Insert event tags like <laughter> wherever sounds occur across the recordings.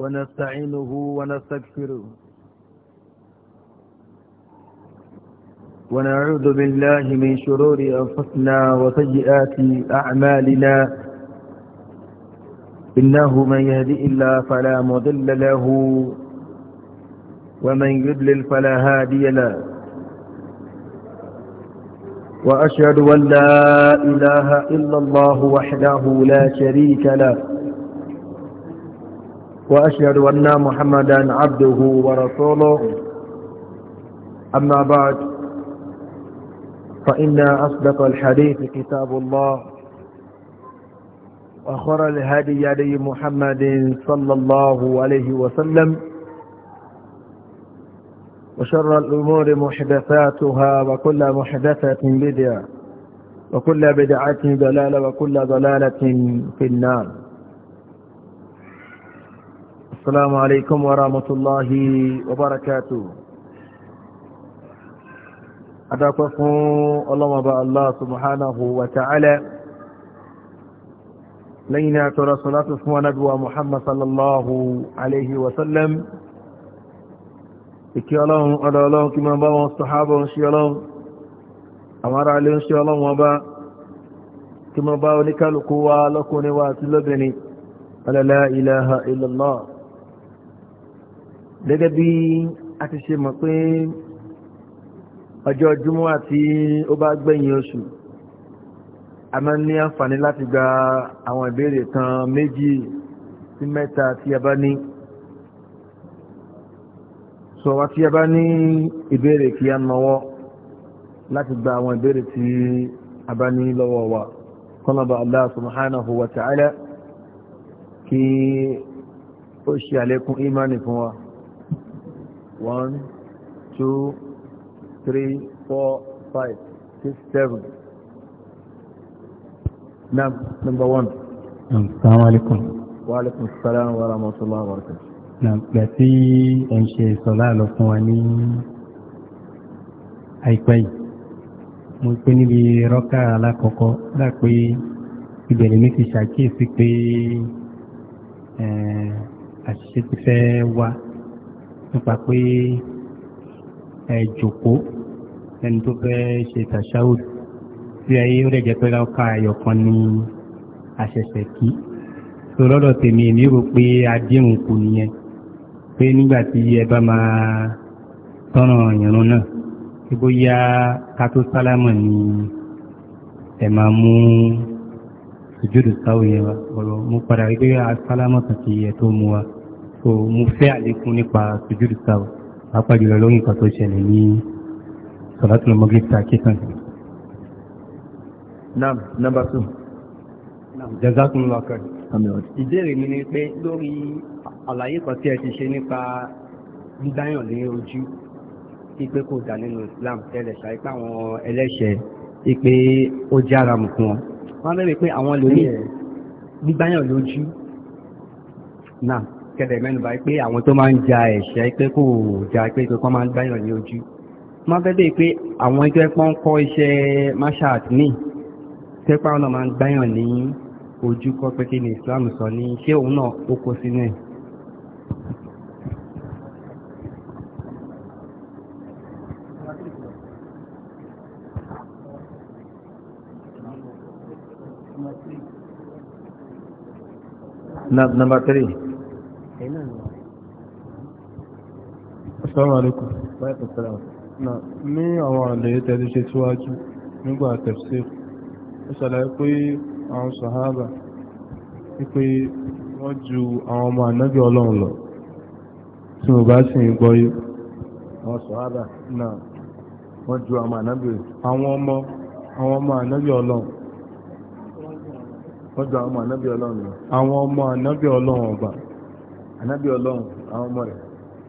ونستعينه ونستغفره ونعوذ بالله من شرور أنفسنا وسيئات أعمالنا إنه من يهدئ الله فلا مضل له ومن يضلل فلا هادي له وأشهد أن لا إله إلا الله وحده لا شريك له وأشهد أن محمدا عبده ورسوله أما بعد فإن أصدق الحديث كتاب الله وخر الهدي علي محمد صلى الله عليه وسلم وشر الأمور محدثاتها وكل محدثة بدعة وكل بدعة ضلالة وكل ضلالة في النار السلام عليكم ورحمة الله وبركاته أدعوكم الله وبا الله سبحانه وتعالى لينا ترى صلاة وندوى محمد صلى الله عليه وسلم ìkí ọlọ́run ọ̀dọ̀ ọlọ́run kí ma bá wọn sọ̀hábọ̀ ń ṣe ọlọ́run àwọn ará ilé ń ṣe ọlọ́run ọba kí ma bá oníkálukú wa lọ́kùnrin wa àti lóbìnrin alẹ́lẹ́ ilaha illallah gẹ́gẹ́ bí a ti ṣe mọ̀ pé ọjọ́ júmọ́ àti ó bá gbẹ̀yìn oṣù a máa ní àǹfààní láti gba àwọn ìbéèrè kan méjì sí mẹ́ta tí a bá ní sọ wá tí a bá ní ìbéèrè kí a mọ́wọ́ láti gba àwọn ìbéèrè tí a bá ní lọ́wọ́ wa kọ́nàbà Allah kí ó ṣe àlékún imani fún wa one two three four five six seven nam number one. salaamaleykum. waaleykum salaam wa rahmatulah wa barakatuh. na gbà tí ẹ ń ṣe sọlá lọ fún wa ní àìpẹ́ yìí mo pé níbi rọ́kà alákọ̀ọ́kọ́ dá pé ìbẹ̀rẹ̀ mi ti ṣàkíyèsí pé àṣìṣe ti fẹ́ wá nípa pé ẹ jòkó ẹni tó fẹ́ ṣe tàṣáwùd tí ayé ó dẹ̀ jẹ́ pé ráúkà ẹyọkan ní àṣẹ̀ṣẹ̀ kí tó lọ́dọ̀ tèmi èmi rò pé adéhùn kù nìyẹn pé nígbà tí ẹ bá máa tọ́nà ìrún náà tí bóyá kátó sálámà ni ẹ máa mú ìjọ́dọ̀ sáwò yẹn wa ọ̀rọ̀ mú padà wípé sálámà kàkì ẹ̀ tó mú wa so mo fẹ́ àlékún nípa sojúdù sáà pàápàá jùlọ lórí nǹkan tó ṣẹlẹ̀ ní sọ̀látùlọ mọ́gírísà kíkan. nam number two. nam jazakun lọkọ. ìbéèrè mi ni pé lórí àlàyé kan tí ẹ ti ṣe nípa dídáyàn lé ojú pípé kò dá nínú Islam tẹ́lẹ̀ ṣáà pé àwọn ẹlẹ́ṣẹ̀ pípé ó jẹ́ ara mù fún wọn. wọ́n á bẹ̀rẹ̀ pé àwọn lórí ẹ̀ dídáyàn lójú. nam kẹfẹ́ mẹ́nubà pé àwọn tó máa ń ja ẹ̀ṣẹ̀ pé kò ja pé kò kán máa ń gbáyàn ní ojú máa fẹ́ bẹ́ẹ̀ pé àwọn ẹgbẹ́ pọ́n kọ́ iṣẹ́ mashat ní tẹ́pá ọ̀nà máa ń gbáyàn ní ojú kọ́ pé kí ni Islam sọ ní ṣé òun náà ó kó sínú ẹ̀. Number three. Assalamu alaikum. Ní àwọn àlẹ́ tẹ́lú ṣe tíwájú nígbà tafsir, ó ṣàlàyé pé àwọn sàhábà wípé wọ́n ju àwọn ọmọ ànábì ọlọ́run lọ tí mo bá sì ń Àwọn wọ́n ju àwọn ànábì ọmọ àwọn ọmọ ànábì ọlọ́run. Wọ́n ju ọmọ ànábì ọlọ́run lọ. ọmọ ànábì ọlọ́run ọba. Ànábì ọlọ́run àwọn ọmọ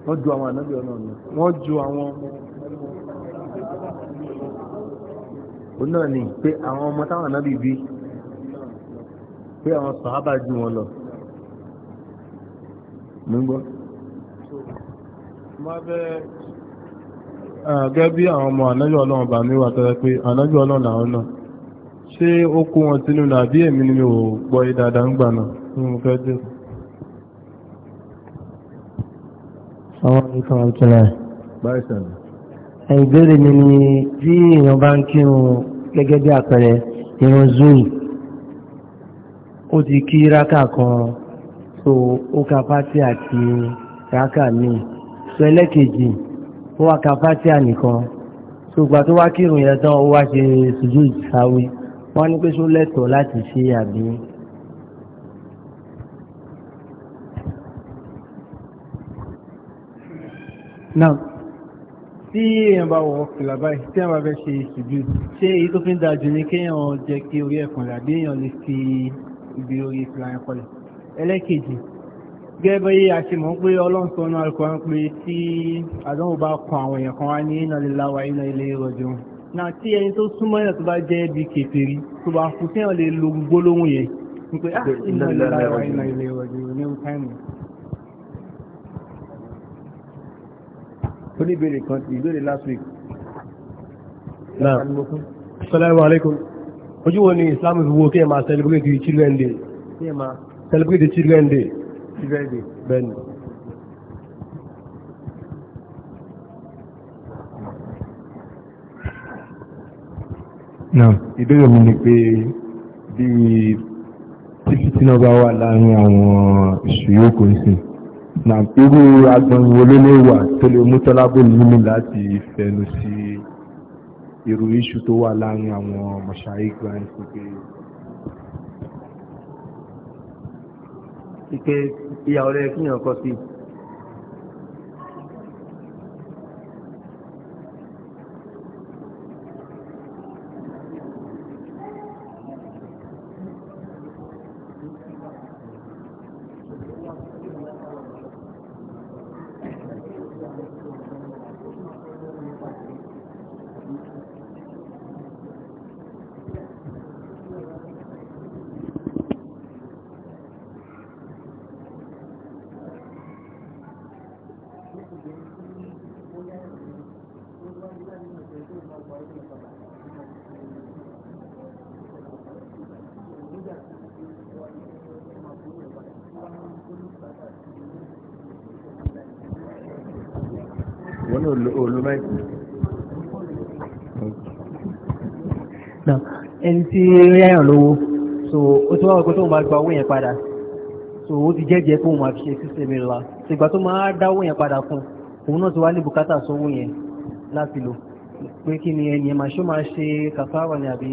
wọ́n ju àwọn ànábì ọ̀nà ọ̀nà wọ́n ju àwọn ọmọ náà ni pé àwọn ọmọ táwọn ànábì bí pé àwọn sàhábà ju wọn lọ mú gbọ́. má bẹ́ẹ̀ gẹ́gẹ́ bí àwọn ọmọ ànábì ọlọ́run bá mi wà tẹ́lẹ̀ pé ànábì ọlọ́run làwọn náà ṣé ó kó wọn sínú nàbí èmi ni mi ò gbọ́ yé dáadáa ń gbà náà ní mo fẹ́ dé. Àwọn ìkan àtúnlá. Báyìí sọ̀rọ̀. Ìbéèrè mi ni tí èèyàn bá ń kírun gẹ́gẹ́ bí àpẹẹrẹ ìran zuri ó ti kí rákà kan so ó ka pátí àti rákà míì so ẹlẹ́kejì ó wá ka pátí ànìkan so ìgbà tó wá kírun yẹn tán ó wá ṣe sùjúdù sáwí wọ́n ní pé ṣó lẹ́tọ̀ọ́ láti ṣe àbí náà tí èèyàn bá wọ fìlà báyìí tí èèyàn bá fẹ́ ṣe ìṣùjú ṣé èyí tó fi ń dájú ní kéèyàn jẹ́ kí orí ẹ̀kùn rẹ̀ àbí èèyàn lè fi ibi orí fìlà yẹn kọlẹ̀ ẹlẹ́kejì gẹ́gẹ́ bí a ṣe mọ̀ pé ọlọ́run sọ ní alukọ́rán pé tí àdánwò bá kan àwọn èèyàn kan wá ní iná lílá wa iná ilé ìrọ̀jò wọn náà tí ẹni tó súnmọ́ ẹ̀yàn tó bá jẹ́ bí kèfèrí tó bá kú sí lè lo gbólóhùn yẹn wípé ah iná lílá wa wọn ní oníbèrè kan ìbéèrè last week. Assalamu alaikum. Ojú wo ni Islam fi wo kí ẹ máa celebrate the children day? Kí ẹ máa celebrate the children day. Children day. Bẹ́ẹ̀ni. Náà, ìbéèrè mi ni pé bí títí tí náà bá wà láàárín àwọn ìṣòyókò ìsìn na irú agbọn wo ló lè wà tó lè mú tọ́lábò nínú láti fẹnu sí irú iṣu tó wà láàrin àwọn mọ̀ṣáì grand pípé. ìpè ìyàwó rẹ̀ kíyàn kọ́ sí i. tí rẹ́yàn lówó so ó ti wá wọ́n pé tó máa gba owó yẹn padà so ó ti jẹ́jẹ́ pé òun máa fi ṣe sísè mi la ṣùgbà tó máa dá owó yẹn padà fún òun náà ti wá ní bùkátà sówó yẹn láti lò pé kí ni ẹni ẹ̀ máa ṣó máa ṣe kàfáwà ni àbí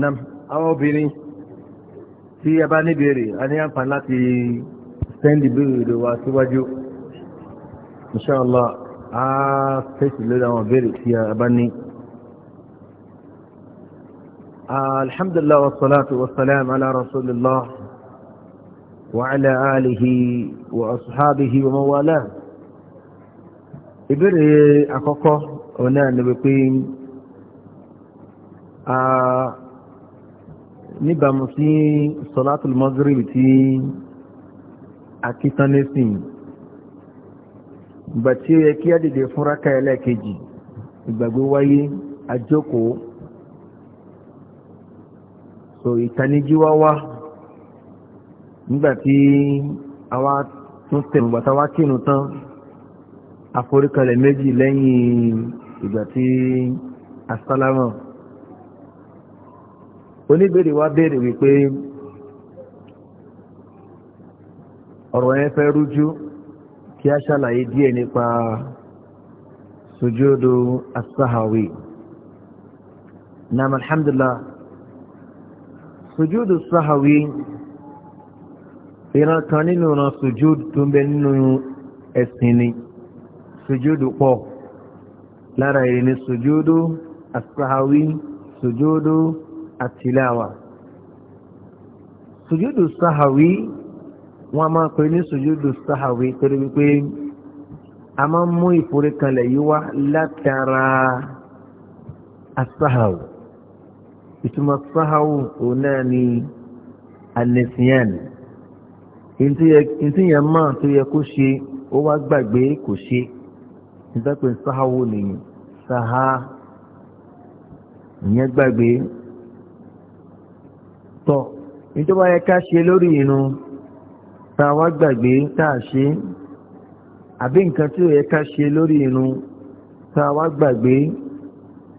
nam àwọn obìnrin tí a bá níbèrè a ní àǹfààní láti sẹ́ndì béèrè wa síwájú inṣáàlá a fèsì lórí àwọn béèrè tí a bá ní alhamdulillah wasalatu wasalam ala rasulillah wa ala alihi wa ashabihi wa mawala ìbéèrè àkọ́kọ́ ọ̀nà ni wípé a níbàmù sí sọ́látù mọ́gírìbì tí akítanlẹ́sìn ìgbà tí ó yẹ kí á dìde fún rákà ẹlẹ́ẹ̀kejì ìgbàgbé wáyé àjókòó so ìtanijí wá wá nígbàtí àwa tún tẹ̀mù bàtà wá kínú tán àforíkalẹ̀ méjì lẹ́yìn ìgbà asálámọ̀ oníbèrè wa béèrè wípé ọ̀rọ̀ yẹn fẹ́ rújú kí a ṣàlàyé díẹ̀ nípa sojúdó asáhàwé naam alhamdulillah sojúdó asáhàwé ìran kan nínú ìran sojúdó tó ń bẹ nínú ẹ̀sìn ni sojúdó pọ̀ lára ìrìn sojúdó asáhàwé sojúdó àtìláwà sùjúdù sáhàwí wọ́n a máa pè ní sùjúdù sáhàwí torí wípé a máa ń mú ìforíkanlẹ̀ yìí wá látara asáhàwù ìtumọ̀ sáhàwù òun náà ni anẹsíyàní ìtìyàn máa tó yẹ kó ṣe ó wá gbàgbé kò ṣe ìtàpẹ̀ sáhàwù nìyí sáhà ìyẹn gbàgbé tọ́ nítorí wáyé ká ṣe lórí irun tá a wá gbàgbé tá a ṣe àbí nǹkan tí ó yẹ ká ṣe lórí irun tá gbàgbé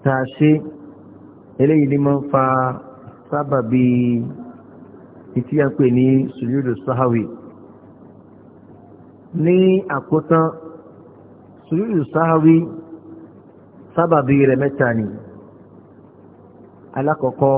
tá ṣe eléyìí ni máa ń fa sábàbí ìtí à ń pè ní sùjúdù sáháwì ní àkótán sùjúdù sáháwì sábàbí rẹ̀ mẹ́ta ni alákọ̀ọ́kọ́.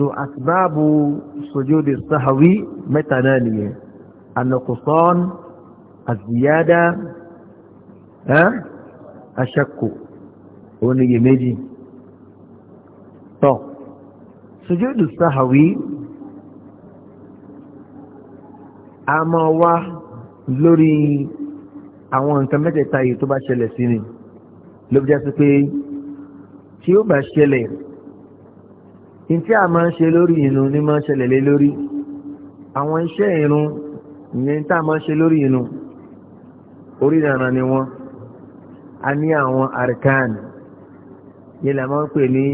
so asbáàbù sojúde sahawi mẹ́ta náà nìyẹn anakusan aziyada aṣakò oníyè méjì tọ́ sojúde sahawi a máa wá lórí àwọn nǹkan mẹ́tẹ̀ẹ̀ta yìí tó bá ṣẹlẹ̀ sí ni ló bí jásí pé tí ó bá ṣẹlẹ̀ tí a máa ń ṣe lórí inú ní máa ń ṣẹlẹ̀ lé lórí àwọn iṣẹ́ irun ní tá a máa ṣe lórí inú orí ìrànà ni wọ́n a ní àwọn arkan yẹn la máa ń pè ní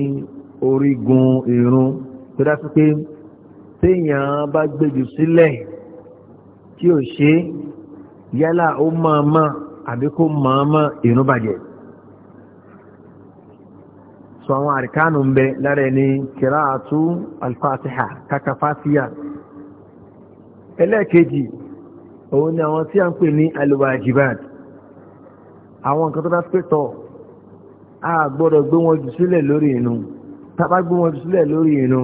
orígun irun tó dájú pé téèyàn bá gbèjù sílẹ̀ tí ò ṣe yálà ó máa mọ̀ àbí kó máa irun bàjẹ́ so àwọn àríkánù ń bẹ lára ẹni kìráàtú alfatiha kàkà fásíyà ẹlẹ́ẹ̀kejì òun ni àwọn tí a ń pè ní alwajibat àwọn nǹkan tó dá pé tọ̀ a gbọ́dọ̀ gbé wọn jù sílẹ̀ lórí inú tábà gbé wọn jù sílẹ̀ lórí inú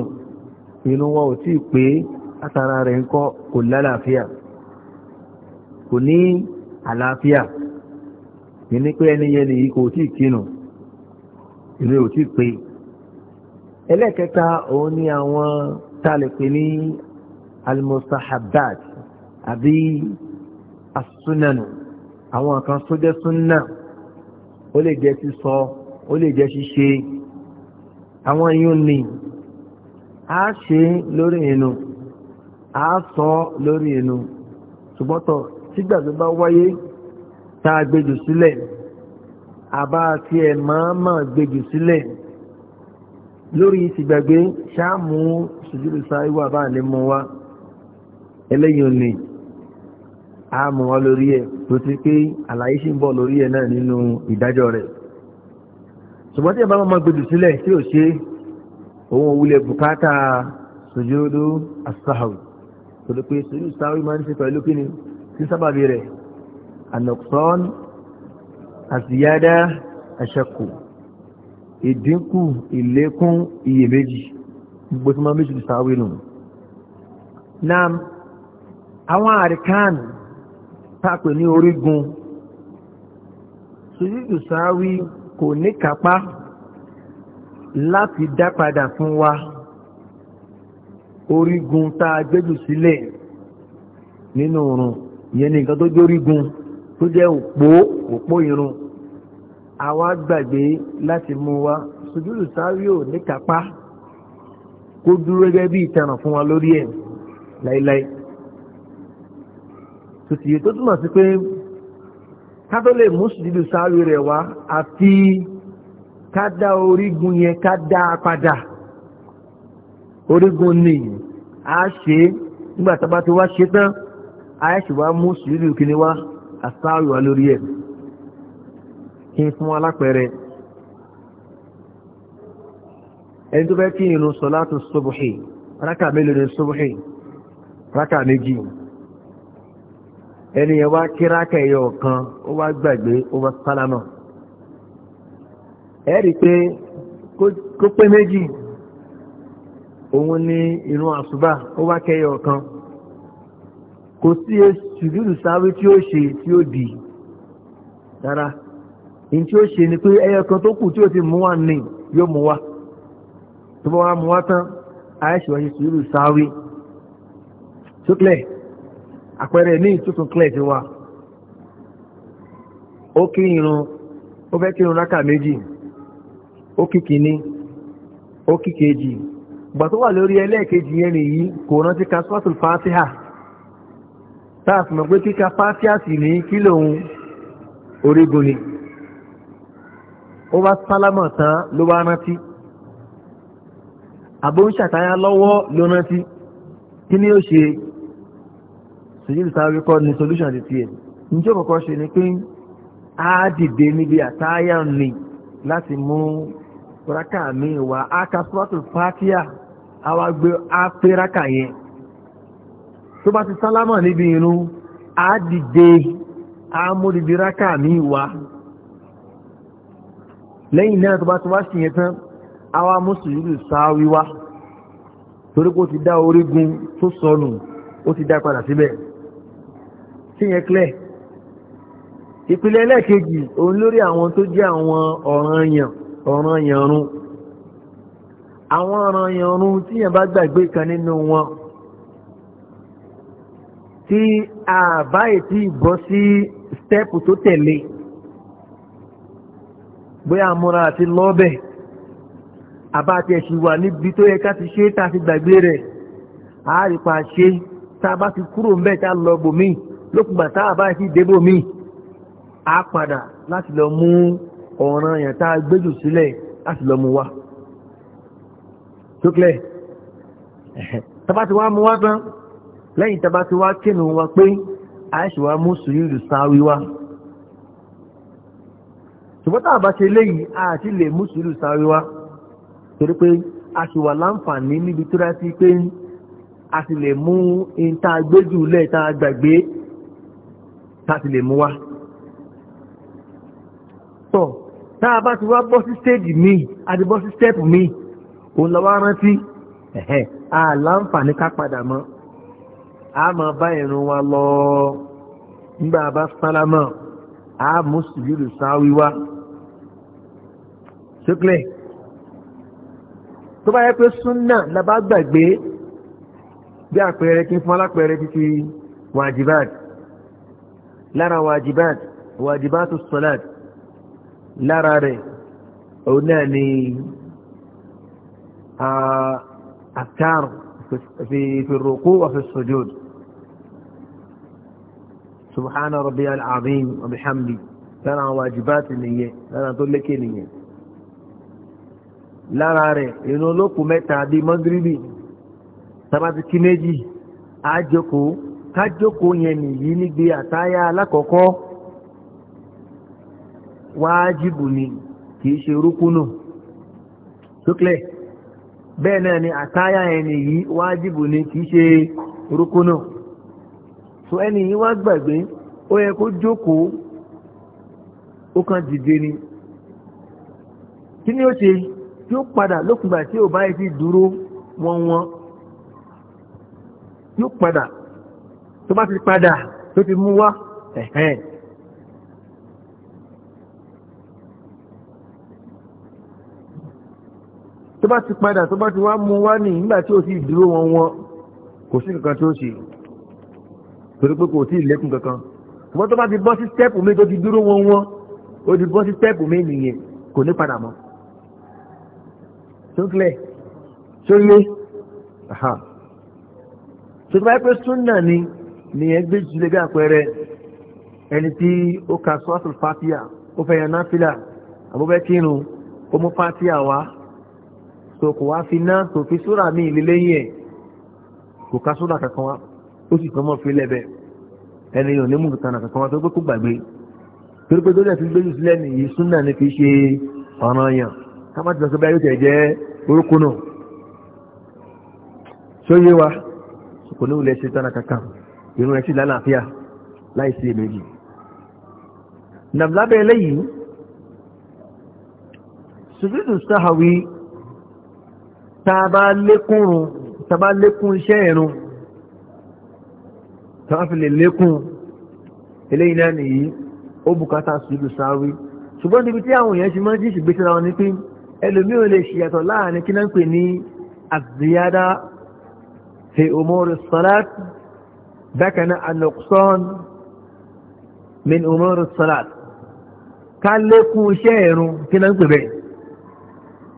inú wọn ò tí ì pé látara rẹ̀ ń kọ́ kò lálàáfíà kò ní àlàáfíà ìní pé ẹni yẹn nìyí kò tí ì kínu ìlú ò tí pé ẹlẹ́kẹta òun ni àwọn tálẹ̀pẹ̀ ní almustahabbat àbí asúnanù àwọn kan tó jẹ́ súnà ó lè jẹ́ sísọ ó lè jẹ́ ṣíṣe àwọn yóò ní a ṣe lórí inú a sọ lórí inú ṣùgbọ́n tó sígbà tó bá wáyé tá a gbèjù sílẹ̀ àbá tiẹ̀ mọ̀ọ́mọ̀ gbèjì sílẹ̀ lórí ìsìgbàgbé ṣáàmù sùjúdù sáíwò àbá lè mú wa ẹlẹ́yìn òní àmọ́ wọn lórí ẹ̀ tó ti pé àlàyé ṣì ń bọ̀ lórí ẹ̀ náà nínú ìdájọ́ rẹ̀ ṣùgbọ́n tí ẹ bá mọ́ gbèjì sílẹ̀ tí ò ṣe òun òwúlẹ̀ bùkátà sùjúdù asáhàwì tó ló pé sùjúdù sáíwò máa ń ṣe pẹ̀lú kíni sí sábàbí rẹ̀ anọ̀kùsọ́ọ̀nù àtìyádá àṣẹkù ìdínkù ìlékún iyèméjì gbogbo tí wọ́n méjì sáwé nù na àwọn àríkàn tàpè ní orígun sùjúdù sáwí kò ní kápá láti dá padà fún wa orígun tá a gbéjù sílẹ̀ nínú òrùn ìyẹn ni nǹkan tó jórígun tó jẹ́ òpó òpó irun àwa gbàgbé láti mú wa sùjúdù sáwí ò ní kápá kó dúró gẹ́gẹ́ bí ìtanràn fún wa lórí ẹ̀ láíláí tòtìyẹ tó túmọ̀ sí pé kátólè mú sùjúdù sáwí rẹ̀ wá àfi ká dá orígun yẹn ká dá a padà orígun nìyí a ṣe nígbà tá a bá ti wá ṣe tán a ṣì wá mú sùjúdù kíní wá àsáwì wa lórí ẹ̀ kí n fún alápẹẹrẹ ẹni tó fẹ́ kí inú sọ́látù sọ́bùhì rákà mélòó ní sọ́bùhì rákà méjì ẹni yẹn wá kí rákà ẹyọ kan ó wá gbàgbé ó wá sálámà ẹ rí i pé kó pé méjì òun ní inú àṣùbà ó wá kẹyọ kan kò sí èsì dúdú sáré tí ó ṣe tí ó dì rárá in tí ó ṣe ni pé ẹyọ kan tó kù tí ó ti mú wà ní yóò mú wá tó bá wá mú wá tán wáyé àpẹẹrẹ ní ìtútù ti wá ó kí irun ó fẹ́ kí irun rákà méjì ó kí kìíní ó kí kejì gbà tó wà lórí ẹlẹ́ẹ̀kejì yẹn nìyí kò rántí ka sọ́tù fatiha táà sì mọ̀ pé kíka sì ní kí lòun orígun ó bá sálámà tán ló bá rántí àbó ń ṣàtáyà lọ́wọ́ ló rántí kí ni ó ṣe sèyí sáré kọ́ ni solution ti tiẹ̀ njẹ́ kọ̀kọ́ ṣe ni pé á dìde níbi àtáyà ni láti mú rákà mi wá á ka sọ́tò fátíà á wá gbé á pé rákà yẹn tó bá ti sálámà níbi irun á dìde á mú dìde rákà mi wá lẹ́yìn náà tó bá ti wá sí yẹn tán àwa mùsùlùmí sá wíwá torí kó ti dá orígun tó sọnù ó ti dá padà síbẹ̀ sí yẹn clear ìpìlẹ̀ ẹlẹ́ẹ̀kejì òun lórí àwọn tó jẹ́ àwọn ọ̀ranyàn ọ̀ranyànrun àwọn ọ̀ranyànrun tí yẹn bá gbàgbé kan nínú wọn tí àbáyé tí bọ́ sí stẹ́ẹ̀pù tó tẹ̀lé bóyá amúra àti lọ́bẹ̀ àbá tiẹ̀ sì wà níbi tó yẹ ká ti ṣe tá a ti gbàgbé rẹ̀ àárípa ṣe tá a bá ti kúrò ńbẹ̀ tá a lọ bòmí tá a bá ti débò mí a padà láti lọ mú ọ̀ràn yẹn tá a gbéjù sílẹ̀ láti lọ mú wa tókìlẹ̀ tàbá ti mú wá tán lẹ́yìn tàbá kínú wa pé àìṣe wa mú sùúrù sáwí wa ṣùgbọ́n tá a bá ṣe léyìí àti lè mú sùúrù sáré wá torí pé a sì wà láǹfààní níbi tó dáa sí pé a sì lè mú ìta gbéjù lẹ̀ tá a gbàgbé tá a sì lè mú wá. tọ́ tá a bá ti wá bọ́ sí stéèjì míì àti bọ́ sí stẹ́ẹ̀pù míì òun la wá rántí a láǹfààní ká padà mọ́ a máa bá ìrun wa lọ nígbà bá sálámọ̀ a mú sùjúdù sáwí wá ṣúklẹ̀ tó bá yẹ pé súnà labá gbàgbé bí àpẹẹrẹ kí fún alápẹẹrẹ títí wàjibáàd lára wàjibáàd wàjibáàtù sọ́láàd lára rẹ̀ òun náà ni àtàrù fi rùkú wà fi subhana rabbiyal azim wa bihamdi lára àwọn wàjibáàtì nìyẹn lára tó lékè nìyẹn lára rẹ̀ inú olókùn mẹ́ta bíi mọ́gíríbì tabati kí méjì àjòkó kájòkó yẹn nìyí nígbé àtáyà alákọ̀ọ́kọ́ wájibù ni kìí ṣe rúkúnù sókè bẹ́ẹ̀ náà ni àtáyà yẹn nìyí wájibù ni kìí ṣe rúkúnù so ẹni yìí wá gbàgbé ó yẹ kó jókòó ó kàn dìde ni kí ni ó ṣe tí ó padà lókùngbà tí ò báyìí ti dúró wọ́n wọ́n yóò padà tó bá ti padà tó ti mú wá ẹ̀hẹ́n tó bá ti padà tó bá ti wá mú wá ní nígbà tí ó ti dúró wọn wọn kò sí kankan tó ṣe torí pé kò tí ì lékún kankan ṣùgbọ́n tó bá ti bọ́ sí stẹ́ẹ̀pù mi tó ti dúró wọn wọn ó ti bọ́ sí stẹ́ẹ̀pù mi nìyẹn kò ní padà mọ́ tó kílẹ̀ tó pé súnà ni nìyẹn gbé jùlẹ̀ bí àpẹẹrẹ ẹni tí ó ka sọ́ọ̀tù fàtíà ó fẹ́ yan náfìlà àbúbẹ́ kírun ó mú fàtíà wá tó kò wá fi ná tó fi mi ìlélẹ́yìn ẹ̀ kò ka súrà kankan wá ó sì fọmọ́ fi lẹ́bẹ̀ ẹni yóò ní mú ìtàn àkàkọ́ wọn tó gbé kó gbàgbé torí pé tó dẹ̀ fi gbéjú sílẹ̀ nìyí súnà ní fi ṣe ọ̀ràn yàn ká má ti lọ sọ bí ayé tẹ̀ jẹ́ orúkú náà ṣó yé wa kò ní wulẹ̀ ṣe tán àkàkàn ìrún ẹ̀ sì lálàáfíà láì sí èméjì nàblábẹ́ eléyìí sùjúdù sáhàwí tá a bá lékún iṣẹ́ ìrún tán fi lè lékún eléyìí náà nìyí ó bùkátà sùúrù sáwí ṣùgbọ́n níbi tí àwọn èèyàn ti máa ń jí ìṣùgbésí ra wọn ni pé ẹlòmíì ò lè ṣìyàtọ̀ láàrin kí náà ń pè ní àzíyádá fi umuri salat bákan náà anuqsan min umuri salat ká lékún iṣẹ́ ìrun kí náà ń pè bẹ́ẹ̀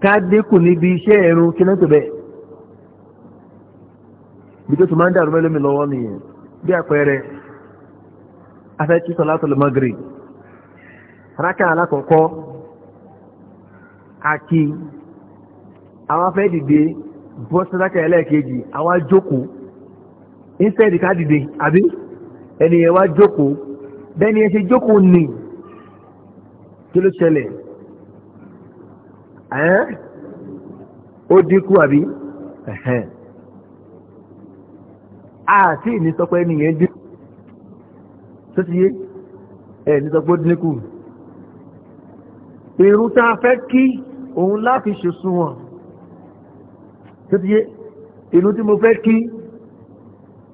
ká dínkù níbi iṣẹ́ ìrun kí náà ń pè bẹ́ẹ̀ bí tó tún máa ń dàrú mẹ́lómi lọ́wọ́ nìyẹn bí àpẹẹrẹ afẹ́ kí sọlátọ̀lù magre rákà alákọ̀ọ́kọ́ àkí àwọn afẹ́ dìde bọ́sí rákà ẹlẹ́ẹ̀kejì àwọn ajókòó instead ká dìde àbí ẹniyẹn wá jókòó bẹ́ẹ̀ni ẹ ṣe jókòó ní kí ló ṣẹlẹ̀ ẹ́ ó dínkù àbí ẹ̀hẹ́n àti ní sọ pé ẹni yẹn dín tó ti yé ẹ̀ ní sọ pé ó dín kù irun tá a fẹ́ kí òun láti ṣe sunwọ̀n tó ti yé irun tí mo fẹ́ kí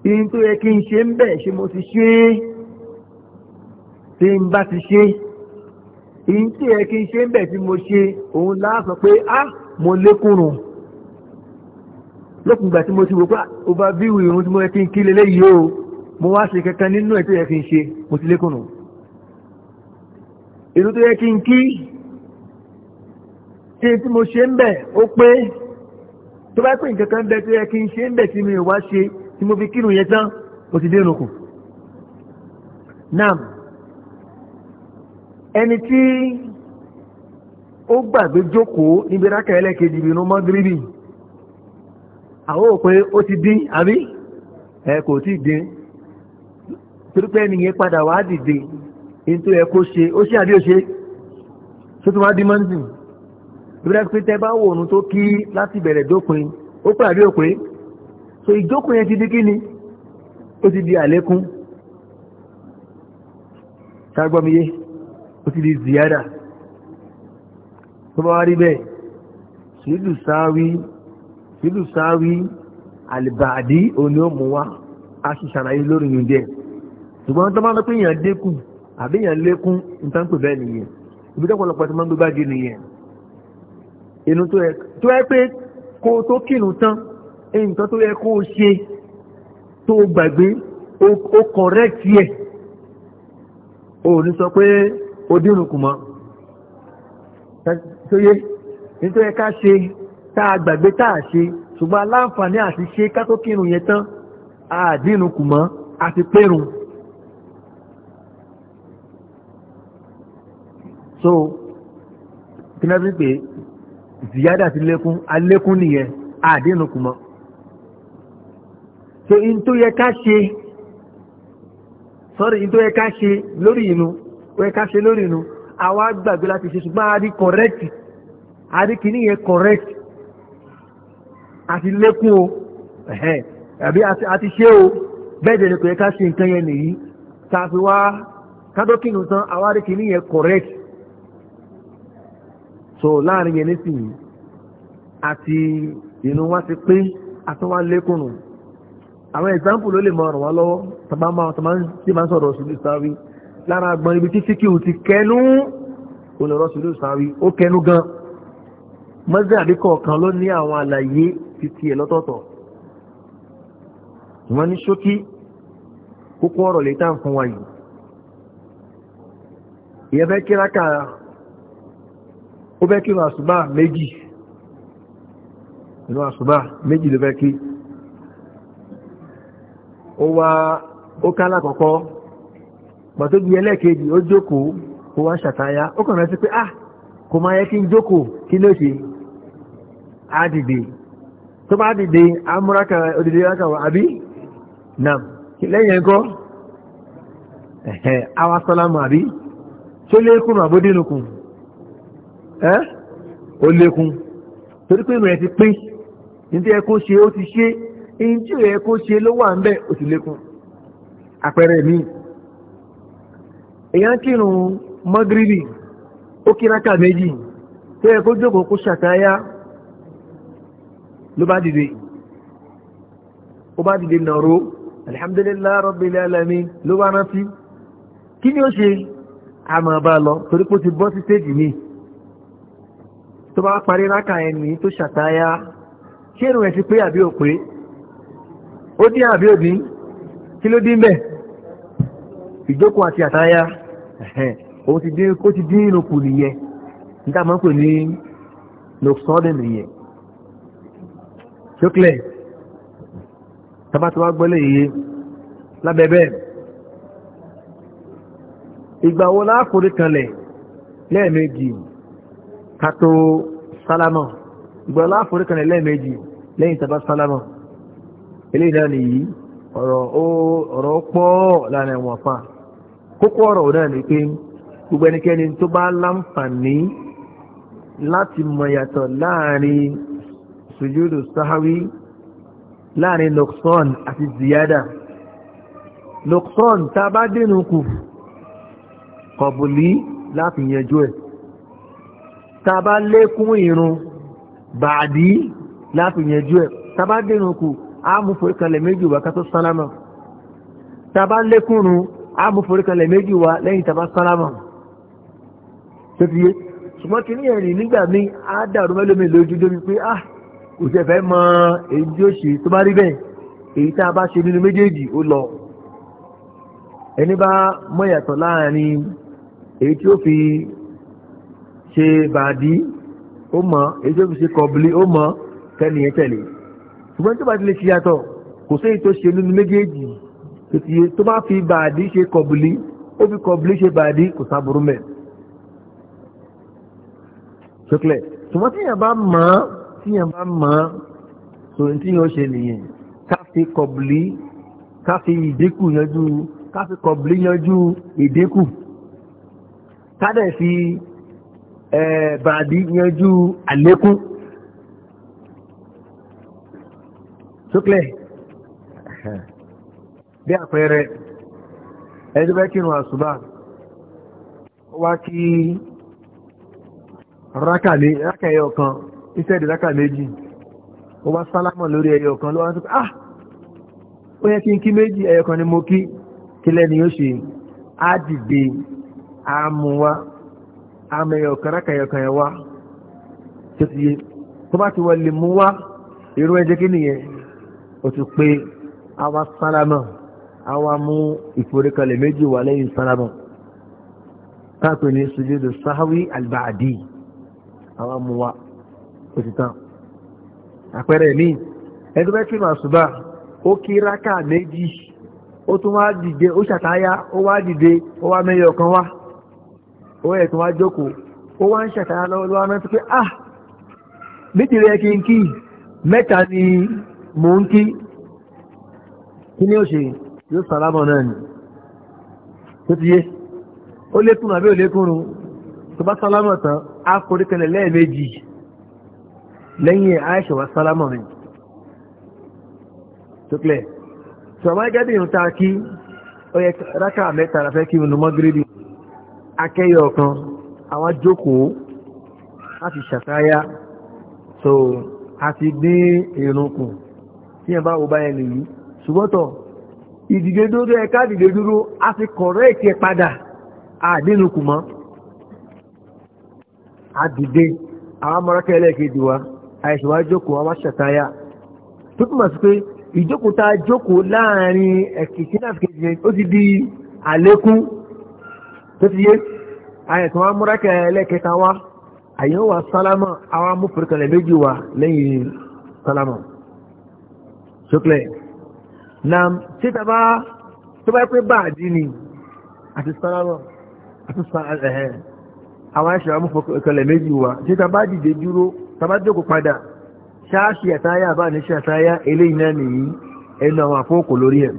irun tó yẹ kí n ṣe ń bẹ̀ ṣe mo ti ṣe tí n bá ti ṣe irun tí yẹ kí n ṣe ń bẹ̀ tí mo ṣe òun láà pé ah mo lékùnrùn lókùngbà tí mo ti wò pé o bá bí ìrùn tí mo ti ń kí lélẹ́ yìí o mo wá ṣe kankan nínú ẹ̀ tó yẹ kí n ṣe mo ti lékùnù ìrùn tó yẹ kí n kí tí tí mo ṣe ń bẹ̀ ó pé tó bá pè kankan bẹ tó yẹ kí n ṣe ń bẹ̀ tí mi ò wá ṣe tí mo fi kírun yẹn tán mo ti dénú kù nam ẹni tí ó gbàgbé jókòó níbi rákà ẹlẹ́kejì ìrùn mọ́gíríbì àwọn òpin ó ti dín àbí ẹ kò tí ì dín torípé nìyẹn padà wá dìde ní tó yẹ kó ṣe ó ṣe àbí ó ṣe tó tún wá dín mọ́ǹtì ìbílẹ̀ pé tẹ́ bá wò òun tó kí láti bẹ̀rẹ̀ dópin ó pè àbí òpin so ìjókòó yẹn ti di kí ni ó ti di àlékún ṣàgbọ́miyé ó ti di ziyada tó bá wá rí bẹ́ẹ̀ ṣùgbọ́n sáwí tìlú sáwí àlìbàdí òní òmù wa a sì ṣàlàyé lórí yìí díẹ̀ ṣùgbọ́n tó máa ń pè yàn dínkù àbí yàn lékún nǹkan pè bẹ́ẹ̀ nìyẹn ibi tó pọ̀lọpọ̀ tó máa ń gbé báàgì nìyẹn inú tó yẹ tó yẹ pé kó tó kírun tán nǹkan tó yẹ kó o ṣe tó gbàgbé o correct yẹ o ní sọ pé o dínrùn kù mọ́ tó yẹ nítorí ká ṣe tá a gbàgbé tá a ṣe ṣùgbọ́n aláǹfààní àti ṣe kátó kírun yẹn tán àdínú kù mọ́ àti pérun. so kí náà fi pé ziyada ti lékún alékún nìyẹn àdínú kù mọ́. so in tó yẹ ká ṣe sorry in tó yẹ ká ṣe lórí inú ó yẹ ká ṣe lórí inú àwa gbàgbé láti ṣe ṣùgbọ́n a rí correct a rí kìíní yẹn correct àti lékún o àbí àti ṣé o bẹ́ẹ̀ dẹ̀ ni kò yẹ ká ṣe nǹkan yẹn nìyí tá wá kádókìnù tán àwárí kìíní yẹn correct so láàrin yẹn nísìnyí àti inú wa ti pé àtúnwá lékún nù àwọn example ló lè mọ ọ̀rọ̀ wá lọ́wọ́ tàbá máa tàbá tí máa ń sọ̀rọ̀ ṣùlù sáwí lára agbọn ibi tí fíkìú ti kẹnu olùrọ̀ ṣùlù sáwí ó kẹnu gan mọ́sí àbíkọ̀ kan ló ní àwọn àlàyé títí ẹ lọ́tọ̀ọ̀tọ̀ wọ́n ní ṣókí kókó ọ̀rọ̀ lè tàn fún wa yìí ìyẹn fẹ́ kíráka ó fẹ́ kírun àṣùbà méjì inú àṣùbà méjì ló fẹ́ kí ó wá ó ká lákọ̀ọ́kọ́ pàtó bí ẹlẹ́ẹ̀kejì ó jókòó ó wá ṣàtáyá ó kàn rántí pé ah kò máa yẹ kí n jókòó kí ló ṣe á dìde tó bá dìde amúraka òdìdí rákàwà àbí na lẹ́yìn ẹ̀kọ́ ẹ̀hẹ́ awasọ́lámù àbí tó lékún àbódínukùn ẹ́ ó lékún torí pé ìrìn ti pín nítorí ẹ̀kọ́ ṣe ó ti ṣe èyí tí ẹ̀kọ́ ṣe ló wà ń ó ti lékún àpẹẹrẹ mi èyàn kírun mọ́gírìbì ó ló bá dìde ó bá dìde nàró alhamdulillah rabbil alamin ló bá rántí kí ni ó ṣe a máa bá lọ torí pé ó ti bọ́ sí stéèjì mi tó bá parí rákà ẹni tó ṣàtáyá ṣé irun ẹ̀ ti pé àbí ò ó dín àbí ò kí ló dín bẹ́ẹ̀ ìjókòó àti àtáyá òun ti dín kó ti nìyẹn nígbà máa ń pè ní lọ́sọ́ọ̀dẹ̀ nìyẹn ṣókèlè tàbá tí yìí ìgbà wo kanlẹ̀ lẹ́ẹ̀mejì ìgbà láàkórí kanlẹ̀ lẹ́ẹ̀mejì lẹ́yìn tàbá sálámà eléyìí náà nìyí ọ̀rọ̀ pọ̀ láàrin ẹ̀wọ̀n fa, kókó ọ̀rọ̀ náà pé gbogbo ẹnikẹ́ni tó bá láǹfààní láti mọ̀ yàtọ̀ láàrin sùjúdù sáháwí láàrin nukson àti ziyada nukson tá bá dínú kù kọ̀bùlí láti yanjú ẹ̀ tá bá lékún ìrun bàdí láti yanjú ẹ̀ tá bá dínú kù áàmù foríkalẹ̀ méjì wà ká tó sálámà tá bá lékúnrun áàmù foríkalẹ̀ méjì wà lẹ́yìn tá bá sálámà ṣùgbọ́n kí ní ẹ̀rìn nígbà míì á dàrú mẹ́lómi lójú débi pé ah kò tẹ́ fẹ́ mọ èyí tí ó ṣe tó bá rí bẹ́ẹ̀ èyí tá a bá ṣe nínú méjèèjì ó lọ ẹni bá mọ̀yàtọ̀ láàrin èyí tí ó fi ṣe bàdí ó mọ̀ èyí tí ó fi ṣe kọ̀bìlì ó mọ̀ kẹ́ni yẹn tẹ̀lé ṣùgbọ́n tó bá ti lè ṣe yàtọ̀ kò sí èyí tó ṣe nínú méjèèjì tó bá fi bàdí ṣe kọ̀bìlì ó fi kọ̀bìlì ṣe bàdí kò sábúrú mẹ́ ṣùgbọ́n tí yàrá bá mọ̀ tí yẹn bá mọ́ sòrò tí yẹn ó ṣe nìyẹn káfí kọ̀bùlí káfí ìdínkù yanjú káfí kọ̀bùlí yanjú ìdínkù kádẹ̀ fi bàdí yanjú àlékún sókè <laughs> bí àpẹẹrẹ ẹjọ́ bẹ́ kírun àṣùbà wá kí rákàlẹ́ rákàyọ̀ iṣẹ́ ìdílákà méjì ó bá sálámọ̀ lórí ẹyọ kan lọ́wọ́ tó ah ó yẹ kí n kí méjì ẹyọ kan ni mo kí kí lẹ́ni ó ṣe á dìde á mú wá á mọ ẹyọ kan rákà ẹyọ kan yẹn wá tó ti yé tó bá ti wọlé mú wá irú ẹjẹ kí nìyẹn ó ti pé á wá sálámọ̀ á wá mú ìforíkalẹ̀ méjì wá lẹ́yìn sálámọ̀ káàpẹ̀ ní sùjúdù sáháwí àlùbáàdì àwọn mú wá òtítàn àpẹẹrẹ ní ẹni bẹ́ẹ̀ tún àṣùbà ó kí rákà méjì ó tún wá dìde ó ṣàtáyá ó wá dìde ó wá mẹ́yọ kan wá ó ẹ̀ tún wá jókòó ó wá ń ṣàtáyá lọ́wọ́ lọ́wọ́ náà pé ah méjì rẹ̀ kí n kí mẹ́ta ni mò ń kí kí ni ó ṣe yóò sàlámọ̀ náà ni tó ti yé ó lékún àbí ò lékún run tó bá sàlámọ̀ tán á forí kẹlẹ̀ lẹ́ẹ̀mejì lẹ́yìn Aisha wa sálámọ̀ mi tó pẹ́ sọ̀rọ̀ gẹ́gẹ́ ìhun ta kí ó yẹ rákà mẹ́ta rafẹ́ kí inú mọ́gírídì akẹ́yọ̀ kan àwọn jókòó láti ṣàtáyá so a ti gbé ìrùnkùn tí yẹn bá wo báyẹn nìyí ṣùgbọ́tọ̀ ìdìde dúró ẹ̀ka ìdìde a ti kọ̀rẹ́ẹ̀tì ẹ̀ padà àdínukù mọ́ àdìde àwọn amọ̀rọ̀kẹ́ ẹlẹ́ẹ̀kejì wa àìṣèwà jókòó wa wá ṣàtáyà tó túmọ̀ sí pé ìjókòó tá a jókòó láàrin ẹ̀kìtì náà fi kejì ó ti di àlékún tó ti yé àìsàn wa múra kẹlẹ́kẹta wa àyẹ̀wò wa sálámà àwa mú pèrèkànlẹ̀ méjì wa lẹ́yìn sálámà ṣókèlè na ṣé tó bá pé báàdì ni àti sálámà àti sálámà àwọn àìsàn wa mú méjì wa ṣé dìde dúró tàbájókò padà ṣáàṣì àtayá àbá ní ṣe àtayá eléyìí náà nìyí ẹnu àwọn àfọ́kò lórí ẹ̀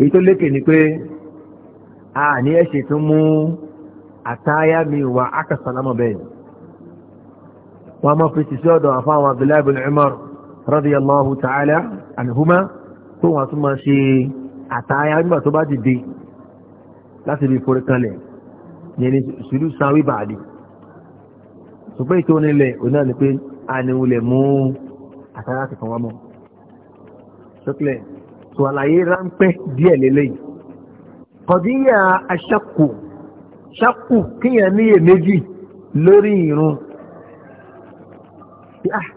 èyí tó lékè ni pé a ní ẹ̀ṣẹ̀ tó mú àtayá mi wà ákàsálámọ̀ bẹ́ẹ̀ wọ́n mọ́ fi ṣiṣẹ́ ọ̀dọ̀ àfáwọn Abdullahi bin Umar radiyallahu ta'ala anhuma tó wọ́n tún máa ṣe àtayá nígbà tó bá dìde ṣùgbọ́n ètò onílẹ̀ òun náà ni pé àníwò lè mú àtàrà kankan wá mọ́ ṣókìlẹ̀ tó àlàyé ráńpẹ́ díẹ̀ lélẹ́yìn kọ̀díyà aṣákù ṣákù kíyàn níyè méjì lórí ìrun tí ah,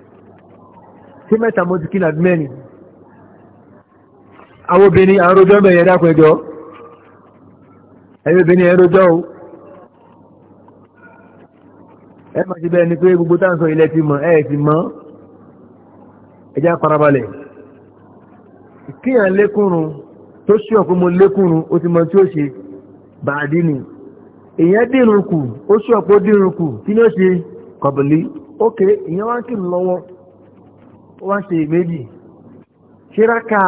mẹ́ta mo ti kílà mẹ́rin àwọn obìnrin àròjọ́ mẹ́rin ẹ̀dá ẹ̀yọ́ obìnrin ẹ̀rọjọ́ ẹ máa ṣe bẹ́ẹ̀ ni pé gbogbo tá à ń sọ ilẹ̀ ti mọ̀ ẹ̀ ti mọ̀ ẹjá farabalẹ̀ kíyàn lékùnrún tó ṣíọ̀ pé mo lékùnrún ó ti mọ tí ó ṣe bàádí ni èèyàn dìrun kù ó ṣíọ̀ pé ó dìrun kù kí ni ó ṣe kọ̀bìlì ókè èèyàn wá ń kírun lọ́wọ́ ó wá ń ṣe méjì ṣíráka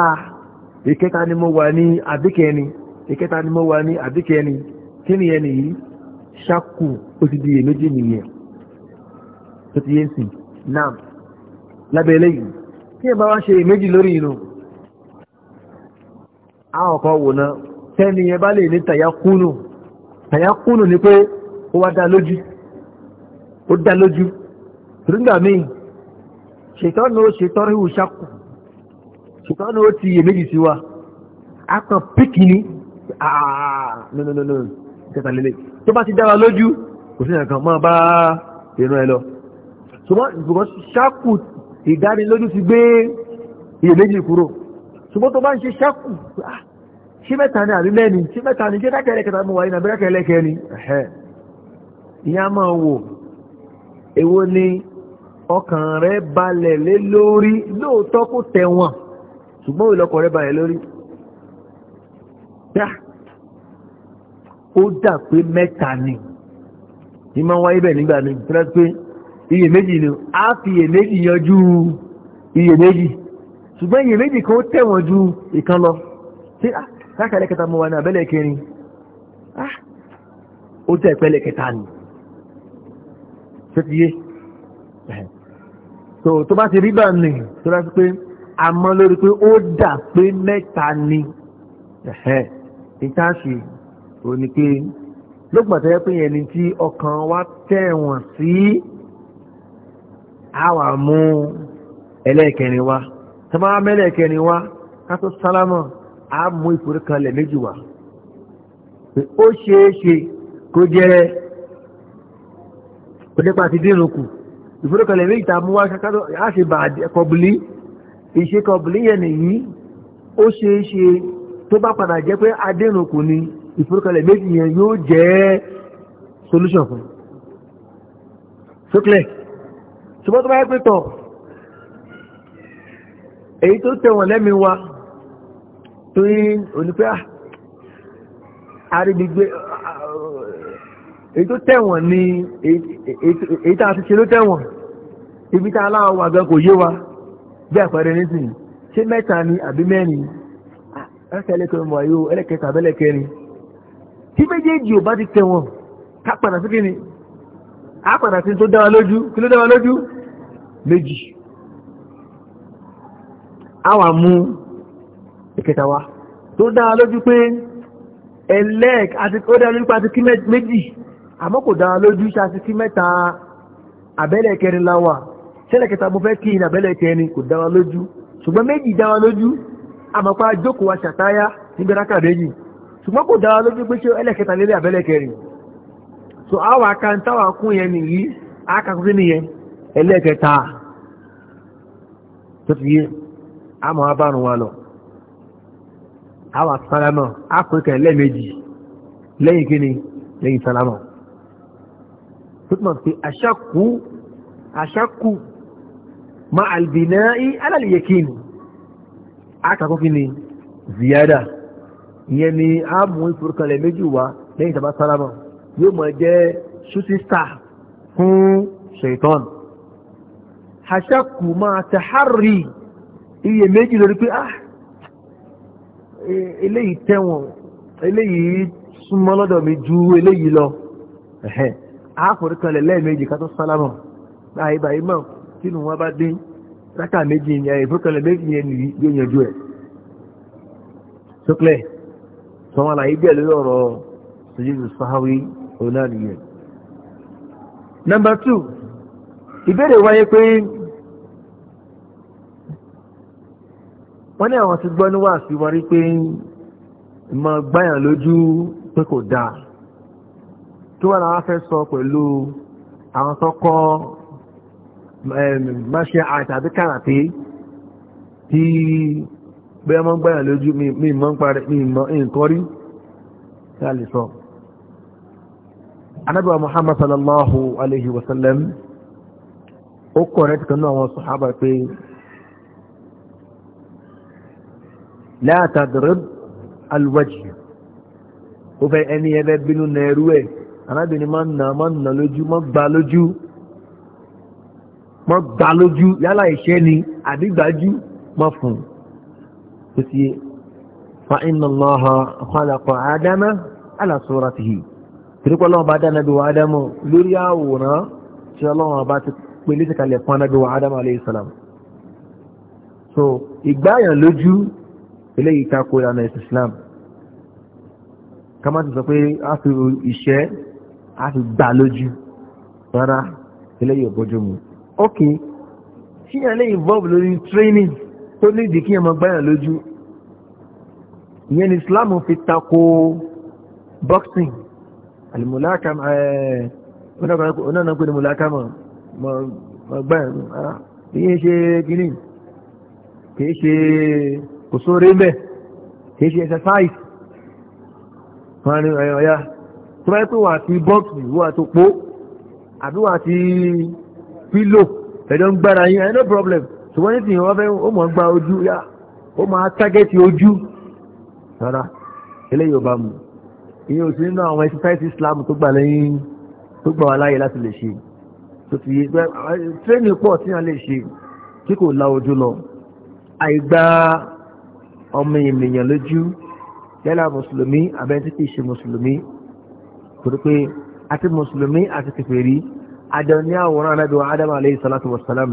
ìkẹta ni mo wà ní àbíkẹni ìkẹta ni mo wà ní àbíkẹni kí ni ẹni yìí ṣákù ó ti di èméjì nìyẹn tó ti yé sí náà lábẹ́ eléyìí tí ẹ bá wá ṣe méjì lórí inú àwọn ọkọ̀ wò náà tẹ́ni yẹn bá lè ní tàyákúnù tàyákúnù ni pé o loju wa a kan píkì ní àà tó bá ti lójú kò sí ẹ̀kan máa bá ẹ ṣùgbọ́n ṣákù ìdánilójú ti gbé iyèméjì kúrò ṣùgbọ́n tó bá ń ṣe ṣákù ah, ṣí mẹ́ta ni àbí mẹ́ni ṣí mẹ́ta ni ṣé dákẹ́lẹ́ kẹta mú wáyé nàbí ni ọkàn rẹ balẹ̀ lé lórí lóòótọ́ kó tẹ̀wọ̀n ṣùgbọ́n ìlọkọ̀ rẹ balẹ̀ lórí dá ó dà pé mẹ́ta ni ìmọ̀ wáyé bẹ̀ nígbà mi tí iyèméjì ni a fi iyèméjì yanjú iyèméjì ṣùgbọ́n iyèméjì kan tẹ̀wọ̀n ju ìkan lọ tí lákàlẹ̀ ah, kẹta mọ́ wa ní abẹ́lẹ̀ kẹrin ah, ó tẹ́ ìpẹ́lẹ̀ kẹta ni ṣétíyé so tó bá ti rí bá ní tó dá sí pé a mọ́ lórí pé ó dà pé mẹ́ta ni ìtaṣì ò ní pé lókùnbàtà pé yẹn ni tí ọkàn wa tẹ̀wọ̀n sí àwà mú ẹlẹ́ẹ̀kẹrin wá tọ́bá mẹ́lẹ́ẹ̀kẹrin wá kátó sálámọ̀ a mú ìforí kanlẹ̀ méjì wá pé ó ṣeéṣe kó jẹ́ onípa ti dínú kù ìforí kanlẹ̀ méjì tá a mú wá kátó a ṣe bà kọbùlí ìṣe kọbùlí yẹn nìyí ó ṣeéṣe tó bá padà jẹ́ pé adínú kù ni ìforí kanlẹ̀ méjì yẹn yóò jẹ́ solution fún sókè. So ṣùgbọ́n tó bá yẹ pé tọ̀ èyí tó tẹ̀wọ̀n lẹ́mi wa tó yí onípẹ́ àrígbígbé ah, èyí tó tẹ̀wọ̀n ni èyí tá a ti ṣe ló tẹ̀wọ̀n ibi tá a láwọn wà gan kò yé wa bí àpẹẹrẹ nísìnyí ṣé mẹ́ta ni àbí mẹ́rin ah, ẹ̀ka ẹlẹ́kẹ̀ẹ́ mọ̀ ayó ẹlẹ́kẹ̀ẹ́ta abẹ́lẹ́kẹ̀ẹ́rin tí méjèèjì ò bá ti tẹ̀wọ̀n ká padà sí kí ni á padà sí tó dá lójú kí ló dá lójú méjì awa mú eketawa wa tó dára lójú pé ẹlẹ́ẹ̀k àti ó dára lójú pé àti kí méjì àmọ́ kò dára lójú ṣe àti kí mẹ́ta àbẹ́lẹ̀ kẹrin la wà kí ní àbẹ́lẹ̀ kò dára lójú ṣùgbọ́n méjì dára lójú àmọ́pá jókòó wa ṣàtáyá níbi rákà méjì ṣùgbọ́n kò dára lójú pé ṣe ẹlẹ́kẹta lélẹ̀ àbẹ́lẹ̀ so àwa kún ẹlẹ́kẹta tó ti yé àmọ́ abárùn wa lọ àwọn sálámọ̀ ápùnkẹ̀ lẹ́ẹ̀mejì lẹ́yìn kíni lẹ́yìn sálámọ̀ tó túnmọ̀ sí aṣákú aṣákú ma albinai alàlìyẹkíni àkàkọ́ kíni ziyada ìyẹn ni a mú ìfúrúkalẹ̀ méjì wá lẹ́yìn tàbá sálámọ̀ yóò mọ̀ jẹ́ ṣútí star fún ṣèitọ́nù ma ta tẹ̀hárì iye méjì lori pe ah e, eleyi tẹ̀wọ̀n eleyi súnmọ́ lọ́dọ̀ mi ju eléyìí lọ àáfòríkanlẹ̀ lẹ́ẹ̀mejì ká tó sálámọ̀ báyìí báyìí mọ̀ tínú wọn bá dín rákà méjì yẹn ìfòríkanlẹ̀ méjì yẹn nìyí yóò yanjú ẹ̀ sókè sọmọ àlàyé bẹ́ẹ̀ lórí ọ̀rọ̀ sèjìdì sáháwí ìbéèrè wáyé pé wọ́n ní àwọn ti gbọ́ ní wàásù wọn rí pé mọ gbáyàn lójú pé kò dáa tó wà láwọn fẹ́ sọ pẹ̀lú àwọn tó kọ́ máṣẹ́ àti àbí kàràtì tí bẹ́ẹ̀ mọ́ gbáyàn lójú mi mọ́ nǹkan rí tí a lè sọ. Ànábì wa Muhammad sallallahu alayhi Wasallam, sallam ó kọ̀ rẹ̀ tí kan náà لا tadrib الوجه، ó fẹ́ ẹni ẹbẹ́ bínú na ẹrú ẹ̀ arábìnrin máa ń nà máa ń nà lójú máa gbà lójú máa gbà lójú yálà ìṣẹ́ ni àbí gbájú máa fún ó sì fa inna Allaha khalaqa Adama ala suratihi tìrìkọ́ lọ́wọ́ bá dáná bí wà ádámù lórí àwòrán tí ọlọ́wọ́ bá ti pèlé ti kalẹ̀ fún anábí wà ádámù alayhi salam so ìgbáyàn lójú eléyìí tako ìlànà ẹ̀sìn Islam ká má ti sọ pé a fi iṣẹ́ a fi gbà lójú rárá eléyìí ò bójú mu ok tí yẹn lè involve lórí training tó nídìí kí yẹn máa gbáyàn lójú ìyẹn ni Islam fi tako boxing alimulakam ẹ onáà pé ah, ni mulakama gbáyàn lójú ara kìí ṣe kìíní kìí ṣe kò sóore mẹ́ kìí ṣe exercise wọ́n ní ọ̀yọ̀ ọ̀yá tó bá yẹ pé wà á ti bọ́ọ̀kì wà á tó pó àbí wà á ti pílò ẹ̀dọ́ ń gbára yín ẹ̀ no problem ṣùgbọ́n ní tìyàn wọ́n fẹ́ ó mọ̀ ń gba ojú yá ó máa tágẹ́tì ojú rárá eléyìí àwọn exercise Islam tó gbà lẹ́yìn tó gbà wá láyè láti lè ṣe tó fi gbẹ tírénì pọ̀ tí wọ́n lè ṣe tí kò la ojú lọ àìgbà ọmọ ènìyàn lójú yálà mùsùlùmí abẹ́ntí kìí ṣe mùsùlùmí torí pé àti mùsùlùmí àti kèfèrí àjọ ní àwòrán anábìwá adam aleyhi salatu wa salam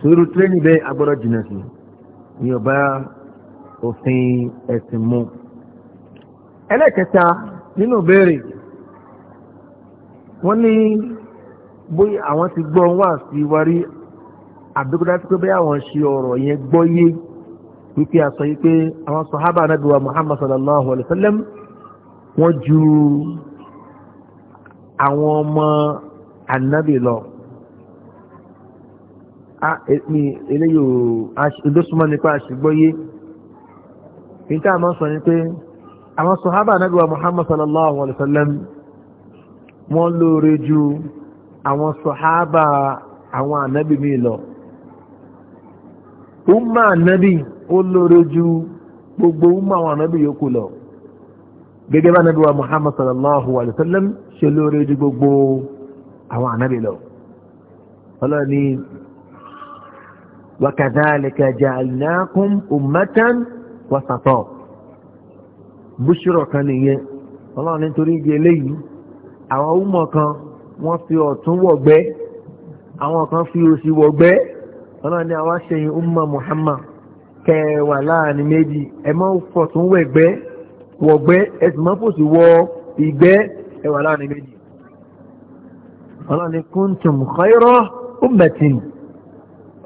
sórí tírénì bẹ́ẹ̀ agbọ́dọ̀ jìnnà sí ní ọba òfin ẹ̀sìn mu ẹlẹ́kẹta nínú ìbéèrè wọ́n ní bóyá àwọn ti gbọ́ wá sí wárí àbíkúdá tí pé bẹ́ẹ̀ àwọn ṣe ọ̀rọ̀ yẹn gbọ́yé wípé a sọ wípé àwọn sọ̀hábà nábì wa Muhammad sallallahu alayhi wa sallam wọ́n ju àwọn ọmọ ànábì lọ ní eléyò ìdósúnmọ́ nípa àṣìgbọ́yé níta àmọ́ sọ ní pé àwọn sọ̀hábà nábì wa Muhammad sallallahu alayhi wa sallam wọ́n lóore ju àwọn sọ̀hábà àwọn ànábì mi lọ umma ànábì ó lóore ju gbogbo umu àwọn ànábì yòókù lọ gẹ́gẹ́ bá nàbí wa muhammad sallallahu alayhi wa sallam ṣe lóore ju gbogbo àwọn ànábì lọ ọlọ́ni wa kadhalika ja'alnakum ummatan wasata búṣúrọ̀ kan nìyẹn ọlọ́run nítorí ìdí eléyìí àwọn ọmọ kan wọ́n fi ọ̀tún wọ̀gbẹ́ àwọn kan fi òsì wọ̀gbẹ́ ọlọ́run ní àwa ṣẹ̀yìn umma muhammad kẹ wà láàrin méjì ẹ má fọ̀tún wẹ̀gbẹ́ wọ̀gbẹ́ ẹ sì má fòsì wọ ìgbẹ́ ẹ wà láàrin méjì ọlọ́ni kuntum khayra ummatin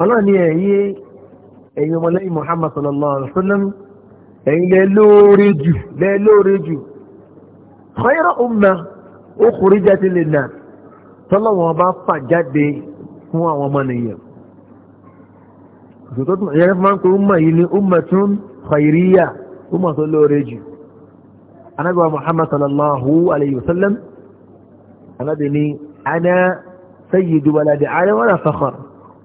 ọlọ́ni ẹ̀yin ẹ̀yin ọmọlẹ́yìn Muhammad sallallahu alaihi wa sallam ẹ̀yin lẹ lóore jù lẹ lóore jù khayra umma ukhrijat lin nas tọ́lọ́wọ́n bá fà jáde fún àwọn ọmọ nìyẹn ìṣòtò tó yẹ fún pé umma yìí ni ummatun khairiyya umma tó lóore jù anábíwá muhammad sallallahu alayhi wa sallam anábì ni ana sayyidu waladi adam wala fakhar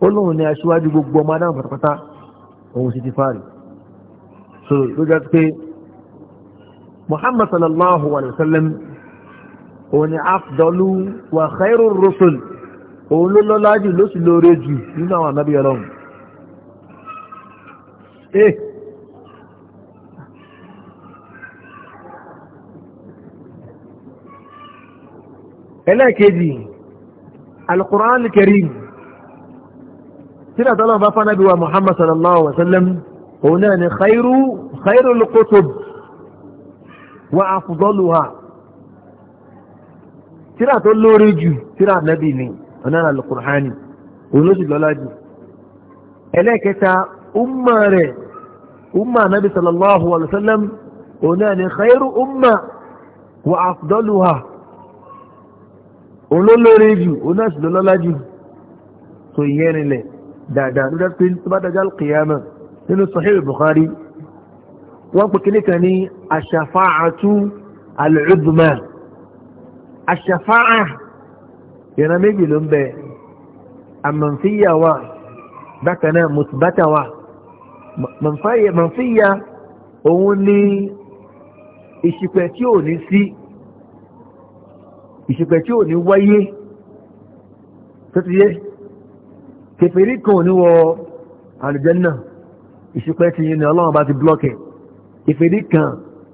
ó lóun ni aṣíwájú gbogbo ọmọ adam pátápátá òun sì ti fàárì so ló jẹ́ pé muhammad sallallahu alayhi wa sallam òun ni afdalu wa khairur rusul òun ló lọ́lá jù ló sì lóore jù nínú àwọn anábì ọlọ́run Eh. ẹlẹ́ẹ̀kejì alukur'an karim sílẹ̀ tọ́lọ́ bá fánà bí wa muhammad sallallahu alaihi wa sallam òun náà ni khairu khairu lukutub wa afdaluha sílẹ̀ tó lórí jù sílẹ̀ nabi ni ọ̀nà alukur'ani òun ló sì lọ́lá jù ẹlẹ́ẹ̀kẹta umma umma anabi sallallahu alayhi wa sallam òun náà ni khairu umma wa afdaluha òun ló lóore jù òun náà sì ló lọ́lá jù tó ìyẹn nílẹ̀ dáadáa ló dá pé tó bá dájá kìyàmà nínú sahih bukhari wọ́n pè kíní kan ní aṣàfáàtú alùdùmá aṣàfáà ìran méjì ló ń bẹ àmọ̀fíyà bákan náà mùsùbátà mọ̀fíyà òun ni ìṣìpẹ̀ tí ò ní sí ìṣìpẹ̀ tí ò ní wáyé tó ti yé kèfèrí kan ò ní wọ àlùjànnà ìṣìpẹ̀ tí yìí ni ọlọ́run bá ti blọ́kẹ̀ kèfèrí kan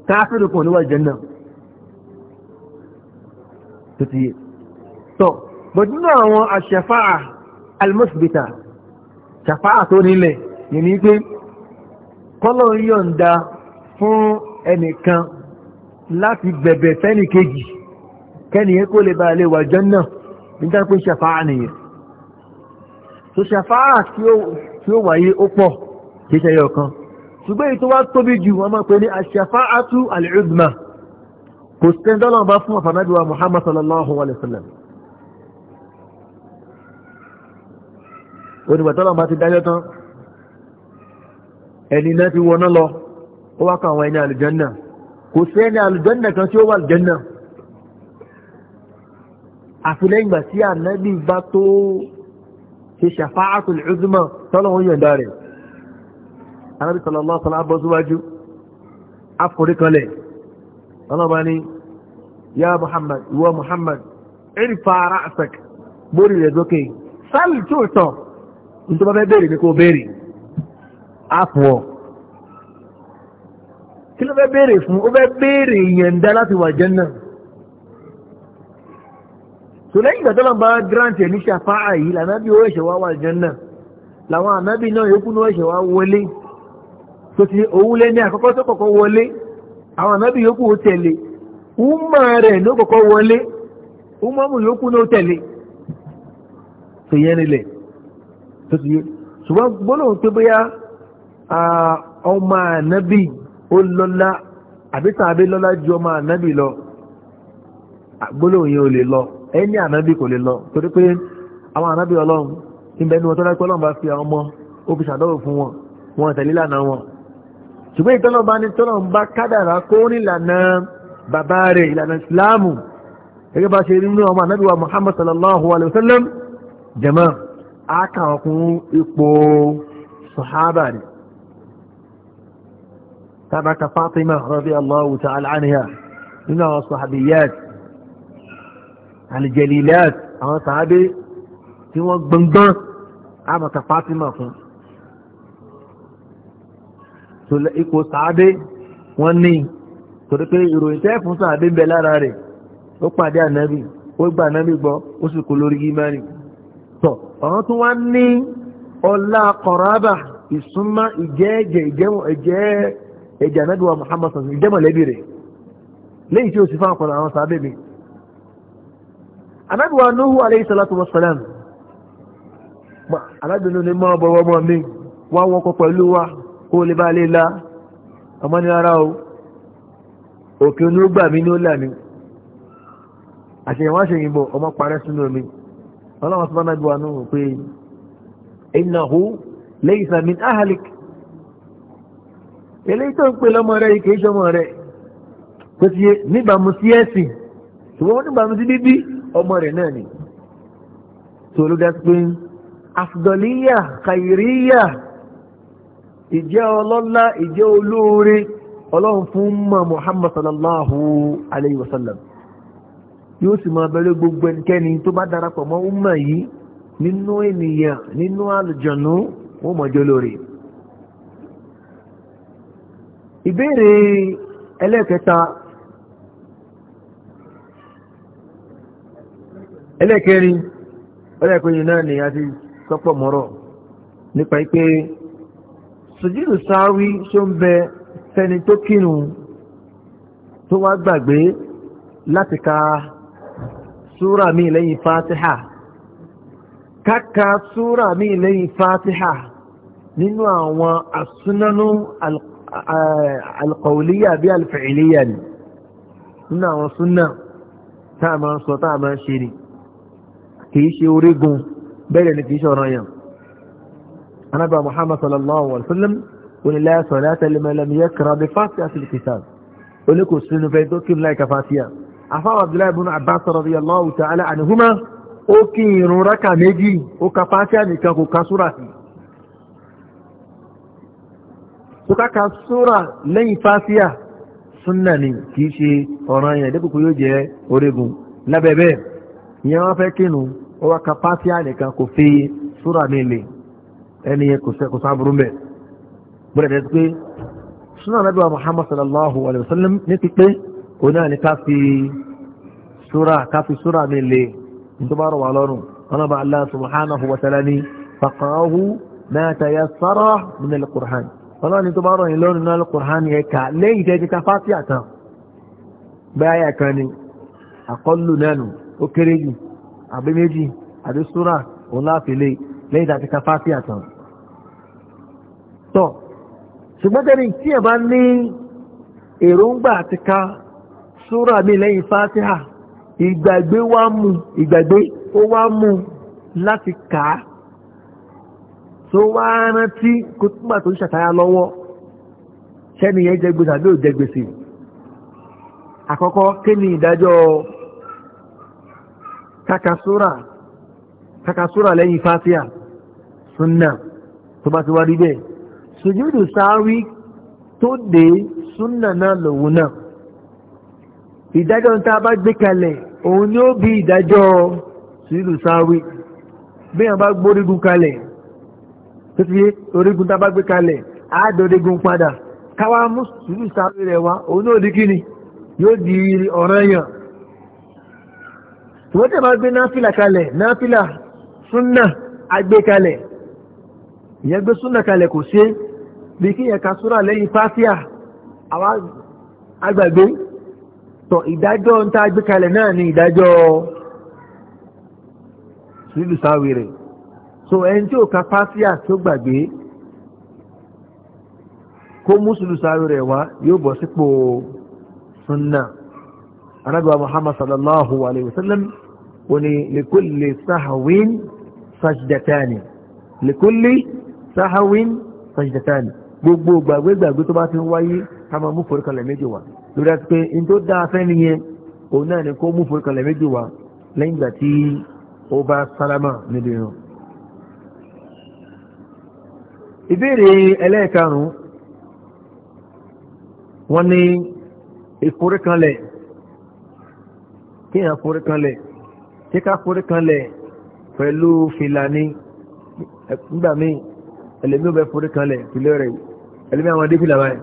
káfíìrì kan ò ní wọ àlùjànnà tó ti yé tọ́ bọ̀dúnà àwọn àṣẹfáà almusbita ṣàfáà tó nílẹ̀ yìí ní pé kọ́lọ̀ ń yọ̀ǹda fún ẹnìkan láti bẹ̀bẹ̀ fẹ́nì kejì kẹ́nìyàn kó lè bá lè wà Jánnà nígbà pé ṣàfáà nìyẹn so ṣàfáà tí ó wáyé ó pọ̀ kìí ṣe ẹyọ kan ṣùgbọ́n èyí tó wá tóbi jù wọ́n máa pè ní aṣàfáàtú al kò sẹ́ńdọ́lọ̀ ẹni náà ti wọná lọ ó wá kọ àwọn ẹni àlùjànnà kò sí ẹni àlùjànnà kan tí ó wà àlùjànnà àfilẹ́yìn gbà tí ànábì bá tó ṣe shafa'atul uzma tọ́lọ́wọ́n yọ̀ǹda rẹ̀ ànábì sallallahu alaihi wasallam bọ́ síwájú àforí kanlẹ̀ afọ, ọ kí ló fẹ́ béèrè fún ó fẹ́ béèrè ìyẹ̀ǹda láti wà jẹ́nà tó lẹ́yìn ìgbà bá grant ẹ̀ ní ṣàfáà yìí lànàbí ó ẹ̀ṣẹ̀ wá wà na làwọn ànábì náà yókù ní ẹ̀ṣẹ̀ wá wọlé tó ti ní àkọ́kọ́ tó wọlé àwọn ó tẹ̀lé rẹ̀ wọlé umamu yókù tẹ̀lé tó yẹn nílẹ̀ tó ti yé ṣùgbọ́n ọmọ ànábì ó lọ́lá àbíta àbí lọ́lá ju ọmọ ànábì lọ gbólóhùn yẹn ò lè lọ ẹni ànábì kò lè lọ torí pé àwọn ànábì ọlọ́run níbẹ̀ ni wọ́n tọ́lá pé ọlọ́run bá fi àwọn ọmọ ó fi ṣàdọ́wò fún wọn wọn tẹ̀lé lànà wọn ṣùgbọ́n ìtọ́lọ́ bá ní tọ́lọ́ ń bá kádàrá kó nílànà bàbá rẹ̀ ìlànà ìsìláàmù gẹ́gẹ́ bá ṣe nínú ọmọ ànábì wa Muhammad sallallahu alayhi wa sallam jama a kà ọkùnrin ipò sahaba rẹ̀ ثبت فاطمة رضي الله تعالى عنها إنها الصحابيات الجليلات أو صحابي في وقبنبا أما فاطمة فن سلئكو صحابي واني torípé ìròyìn tẹ́ fún sàábé ń bẹ lára rẹ̀ ó pàdé ànábì ó gba ànábì gbọ́ ó sì kú lórí gímárì tọ̀ àwọn tó wá ní ọlá kọ̀rábà ìsúnmá ìjẹ́ ẹ̀jẹ̀ ìjẹ́ ẹ̀jẹ̀ anábìwá Muhammad sọ̀tún ìjẹ́ mọ̀lẹ́bí rẹ̀ lẹ́yìn tí ó sì fáwọn ọ̀pọ̀lọpọ̀ àwọn sábẹ́ mi anábìwá Nuhu alayhi salatu wa salam alábìnú ni mọ́ bọ́wọ́ mọ́ mi wá wọ́kọ̀ pẹ̀lú wa kó lè bá lè la ọmọ ní ara o òkè olóògbà mi ní ó là mí àṣeyàn wá ṣe yìnbọn ọmọ parẹ́ sínú omi ọlọ́wọ́n sọ bá náà gbọ́ wa nù pé innahu laysa min ahlik eléyìí tó ń pè lọ́mọ rẹ̀ kìí ṣọmọ rẹ̀ tó ti níbàmú sí ẹ̀sìn ṣùgbọ́n níbàmú sí bíbí ọmọ rẹ̀ náà ni tó ló dá sí pé afdọ̀líyà kàìríyà ìjẹ́ ọlọ́lá ìjẹ́ olóore ọlọ́run fún mọ̀ Muhammad sallallahu alayhi wa sallam yóò sì máa bẹ̀rẹ̀ gbogbo ẹnikẹ́ni tó bá darapọ̀ mọ́ umma yìí nínú ènìyàn nínú àlùjọ̀nù wọ́n mọ̀jọ́ lóore. ìbéèrè ẹlẹ́ẹ̀kẹta ẹlẹ́ẹ̀kẹrin ẹlẹ́ẹ̀kẹrin náà ni a ti sọ́pọ̀ mọ́rọ̀ nípa pé sùjúdù sáwí ṣó ń bẹ fẹ́ni tó kírun tó wá gbàgbé láti ka súrà mi lẹ́yìn fatiha káka súrà míì lẹ́yìn fatiha nínú àwọn àsúnánú alkọ́ alkọ̀wòlíyà bí alfẹ̀ìlíyà ni nínú àwọn súnà tá a máa ń sọ tá a máa ń ṣe ni kìí ṣe orígun bẹ́ẹ̀ ni kìí ṣe ọ̀ràn yàn anábà muhammad sallallahu alaihi wa sallam onílẹ̀ sọ̀rọ̀ àtẹlẹmẹlẹmìyẹ kàrà bí fásitì àti ìkìtà oníkò sínú fẹ́ tó kí n láìka fásitì afáwà abdullahi ibn abbas radiyallahu ta'ala anhuma ó kí irun rákà méjì ó ka fásitì nìkan kò ka súrà sí i so ká ka súra lẹ́yìn fásíà súnà ni kìí ṣe ọ̀ràn yẹn dẹ́kùkù yóò jẹ́ orígun lábẹ́bẹ́ ìyẹn wọ́n fẹ́ kínu ó wá ka fásíà nìkan kò fi súra mi lè ẹni yẹn kò sáburú mbẹ bọ́dẹ̀ tẹ́tí pé súnà nàbí wa muhammad sallallahu alayhi wa sallam ní ti pé òun náà ni ká fi súra ká fi súra mi lè nítorí bá lọ́rùn wọn bá allah subhanahu wa ta'ala ni faqahu ma tayassara min al-qur'an. ọlọ́ni tó bá rọ̀ yìí lọ́rùn náà Al-Qur'ani ẹ̀ka lẹ́yìn ka fásíà báyà kan ni àkọlù nẹ́nu ó kéré jù àbí méjì súrà lẹ́yìn ka tọ́ ṣùgbọ́n tí ẹ̀ bá ní ka súrà mi lẹ́yìn fásíà ìgbàgbé wá mú ìgbàgbé ó tó wá rántí kó túnbà tó ń ṣàtàyà lọ́wọ́ ṣẹ́ni yẹn jẹ àbí ò jẹ àkọ́kọ́ kí ni ìdájọ́ kakasúrà lẹ́yìn fátíà súnà tó bá ti wá rí bẹ́ẹ̀ sùjúdù sáwí tó dé súnà náà lòun náà ìdájọ́ tá a bá gbé kalẹ̀ ni ó bí ìdájọ́ bí wọn bá gbórígun kalẹ̀ tó ti yé orígun tá bá gbé kalẹ̀ àádọ́dẹ́gun padà káwá mú sùúrù sáré rẹ̀ wá òun náà di kíni yóò di ọ̀ràn yàn ìwọ́n tẹ̀ máa gbé náfìlà kalẹ̀ náfìlà súnà agbé kalẹ̀ ìyẹn gbé súnà kalẹ̀ kò ṣe bí kí ẹ̀ka súnà lẹ́yìn fáfíà àwa agbàgbé tọ̀ ìdájọ́ ń tá agbé kalẹ̀ náà ni ìdájọ́ sùúrù sáré rẹ̀ so ẹni tí ò ka fásíà tí ó gbàgbé kó mùsùlù sáré rẹ̀ wá yóò bọ̀ sípò sunna anábíwá muhammad sallallahu alayhi wa sallam wani likulli sahawin sajdatani likulli sahawin sajdatani gbogbo gbàgbé gbàgbé tó bá ti ń wáyé ká máa mú foríkalẹ̀ méjì wá lórí àti pé in tó dáa fẹ́ nìyẹn òun náà ni kó mú foríkalẹ̀ méjì wá lẹ́yìn ìgbà tí ó bá sálámà níbi irun ìbéèrè ẹlẹ́ẹ̀karùn-ún wọ́n ní ìforíkanlẹ̀ kíyàn foríkanlẹ̀ kíká foríkanlẹ̀ pẹ̀lú fìlàní nígbà míì ẹlẹ́mí ò bẹ foríkanlẹ̀ ìpìlẹ̀ rẹ̀ ẹlẹ́mí àwọn adébìlà báyìí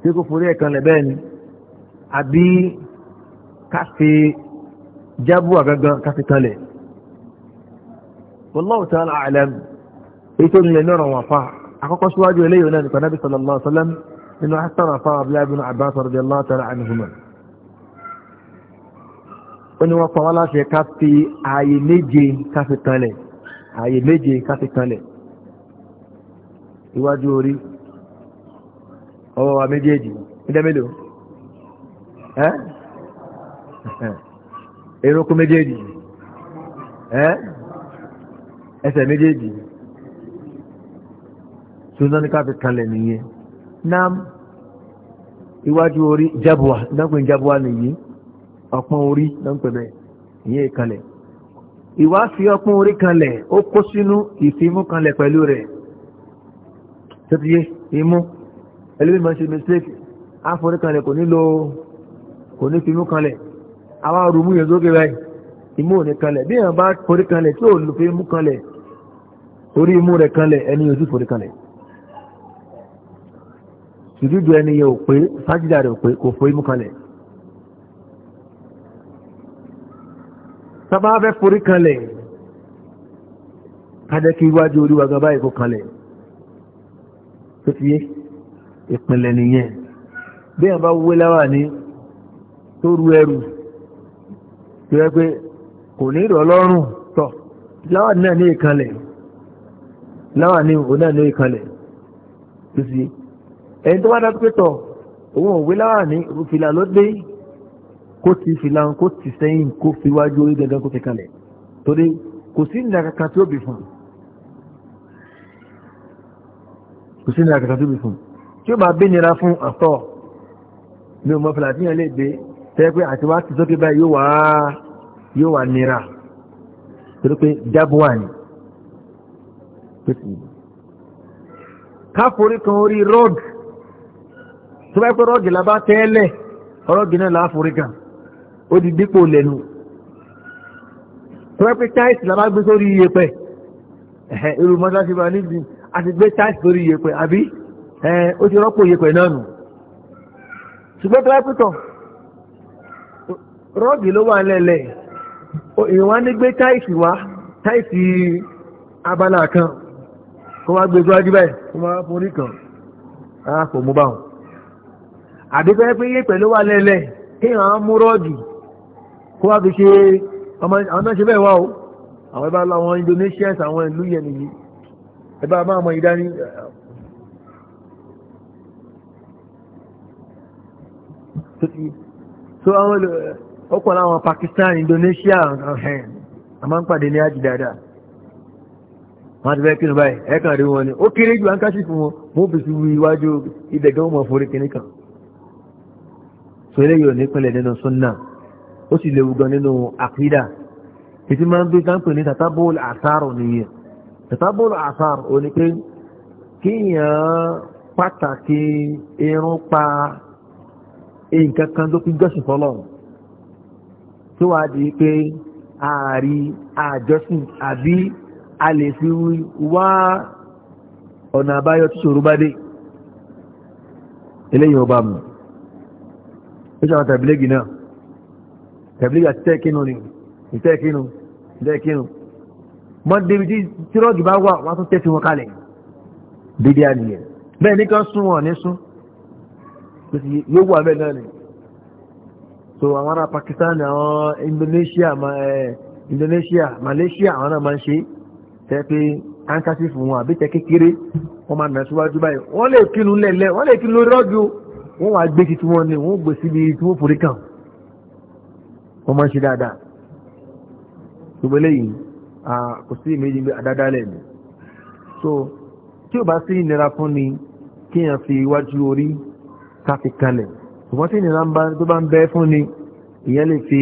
tí kò forí ẹ̀kanlẹ̀ bẹ́ẹ̀ ni àbí káfí jábù àgangan káfí kanlẹ̀ wallahu ta'ala a'lam èyí tó nílẹ̀ náà wọn fa àkọ́kọ́ síwájú eléyìí náà nípa nábì sallallahu alaihi wasallam nínú hasan afa abdullahi bin abbas radiyallahu ta'ala anhuma ó ní wọ́n pa wá láṣẹ ká fi ààyè méje ká fi kanlẹ̀ ààyè méje ká fi kanlẹ̀ iwájú orí ọwọ́ wa méjèèjì nídẹ́ mélòó ẹ́ erókún méjèèjì ẹ́ ẹsẹ̀ méjèèjì tó náà ní káfí kanlẹ̀ nìyẹn náà iwájú orí jabuwa dánkùn jabuwa nìyí ọpọ́n orí dánkùn bẹ́ẹ̀ ìyẹn ìkanlẹ̀ ìwá fi ọpọ́n orí kanlẹ̀ ó kó sínú ìfimú kanlẹ̀ pẹ̀lú rẹ̀ tó ti yé imú ẹlẹ́bí máa ṣe mistake áforí kanlẹ̀ kò nílò kò ní fimú kanlẹ̀ àwa rùmú yẹn sókè báyìí imú ò ní bí èèyàn bá forí kanlẹ̀ tí ò lù fi imú kanlẹ̀ orí imú rẹ̀ kanlẹ̀ ẹni yóò sì forí kanlẹ̀ sùjúdù ẹni yẹ ò pé sájídà rẹ̀ ò pé kò fò imú kanlẹ̀ sábà fẹ́ forí kanlẹ̀ kájẹ́ kí iwájú oríwá gaba ìkó kanlẹ̀ tó fi yé ìpínlẹ̀ nìyẹn bí ẹ̀ bá wúwé láwà ní tó ru ẹrù tó yẹ pé kò ní ìrọ̀ lọ́rùn tọ̀ láwà náà ní ìkanlẹ̀ láwà ní òun náà ní ìkanlẹ̀ tó fi yé ẹni tó wá dá pé tọ̀ òun òwe láwà ní fìlà ló dé kó ti fìlà kó ti sẹ́yìn kó fi wájú orí gangan kó fi kalẹ̀ torí kò sí ìnira kankan tí ó bì fún kò sí ìnira kankan tí ó bì fún tí ó máa bí nira fún àtọ̀ ní ọmọ fìlà tí yẹn lè dé tẹ́ pé àti wá ti sókè báyìí yóò wá yóò wá nira torí pé dábùwà ni ká forí kan orí rọ́ọ̀dù tó bá pẹ́ rọ́ọ̀gì la bá tẹ́lẹ̀ rọ́ọ̀gì náà la forí kan ó di dípò lẹ́nu tó bá pẹ́ táìsì la bá gbé sórí iye pẹ́ irú mọ́sáàsì bá níbi a ti gbé táìsì sórí iye pẹ́ àbí ó ti rọ́pò iye pẹ́ náà nù ṣùgbọ́n tó bá pẹ́ tọ̀ rọ́ọ̀gì ló wà lẹ́lẹ̀ ìwọ́n á ní gbé táìsì wá táìsì abala kan kó wá gbé sórí báyìí kó wá forí kan a kò mú báwọn àbí fẹ́ pé yé pẹ̀lú wà lẹ́lẹ̀ kí àwọn mú rọ́ọ̀dù kó wá fi ṣe ọmọ àwọn náà ṣe bẹ́ẹ̀ wá o àwọn ẹbá lọ àwọn Indonesians àwọn ìlú yẹn nìyí ẹbá máa mọ ìdání so àwọn ọ̀pọ̀ láwọn Pakistan Indonesia ọ̀hẹ́n a máa ń pàdé ní ájì dáadáa wọ́n ti fẹ́ kí ní báyìí ẹ̀ẹ́kàn rí wọn ni ó kéré jù àǹkáṣì fún wọn mú bìsí wíwájú ìdẹ̀gẹ́ wọn forí kìnnìkan so eléyìí ò ní pẹ́lẹ̀ nínú súnà ó sì léwu gan nínú àkídà ìtí máa ń bí sáńpẹ̀ ní tàtàbóòlù àsáàrù nìyẹn tàtàbóòlù àsáàrù ò ní pé kíyàn pàtàkì irun pa nǹkan kan tó fi jọ́sìn fọlọ́run tó wàá di pé ààrí àjọsìn àbí a lè fi wá ọ̀nà àbáyọ tó ṣòro bá dé eléyìí ọba mu ó ṣe àwọn tàbílẹ́gì náà tàbílẹ́gì àti tẹ́ẹ̀kínú ni ìtẹ́ẹ̀kínú ìtẹ́ẹ̀kínú mọ́ débi tí tírọ́ọ̀gì bá wà wọ́n tún tẹ́sí wọn kalẹ̀ dédé àníyàn bẹ́ẹ̀ ní kan sún wọn ní sún yóò wà bẹ́ẹ̀ náà ni so àwọn ará Pakistan àwọn Indonesia ma ẹ Indonesia Malaysia àwọn náà máa ń ṣe tẹ́ pé hankasi fún wọn àbí tẹ́ kékeré wọ́n máa nà síwájú báyìí wọ́n lè kírun lẹ́lẹ́ wọ́n lè kírun lórí rọ́ọ̀gì o wọ́n wá gbé títí wọn ni wọ́n gbé síbi tí wọ́n forí kàn wọ́n máa ń ṣe dáadáa gbogbo eléyìí kò sí méjì gbé àdádálẹ̀ ni so tí ó bá sí ìnira fún ni kí èèyàn fi iwájú orí káfí kalẹ̀ ṣùgbọ́n tí ìnira tó bá ń bẹ́ fún ni ìyẹn lè fi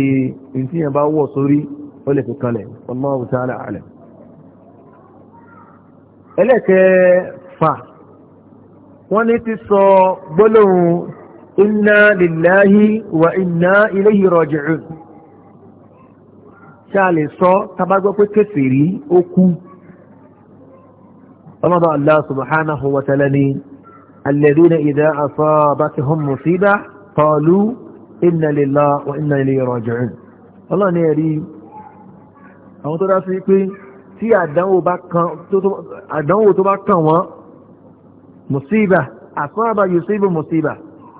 ìtìyàn bá wọ̀ sórí ó lè fi kalẹ̀ Allahu ta'ala alam ẹlẹ́kẹ̀ẹ́ fa wọ́n ní ti sọ gbólóhùn inna lillahi wa inna ilayhi raji'un ṣáà lè sọ tabagbọ́ pé kèfèrí ó kú ọlọ́dọ̀ Allah subhanahu wa ta'ala ni alladhina idha asabatuhum musibah qalu inna lillahi wa inna ilayhi raji'un ọlọ́run ní ẹ̀rí àwọn tó dá sí pé tí musiba asaba yusibu musiba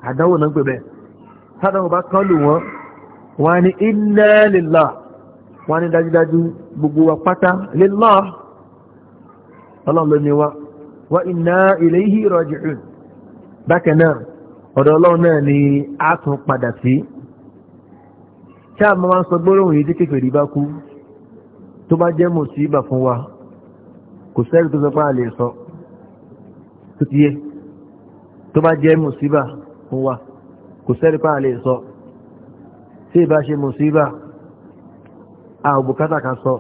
adawo nan pe be sada ba kalu won wani inna lillah wani daji daji bugu wa pata lillah Allah lo ni wa wa inna ilayhi raji'un bakana odo Allah na ni atun pada si cha ma so gboro won yi ke ri ba ku to ba je musiba fun wa ko se to so le tó ti yé tó bá jẹ́ mùsíbà fún wa kò sẹ́rí pa lè sọ tí ìbá ṣe mùsíbà àbùkátà kan sọ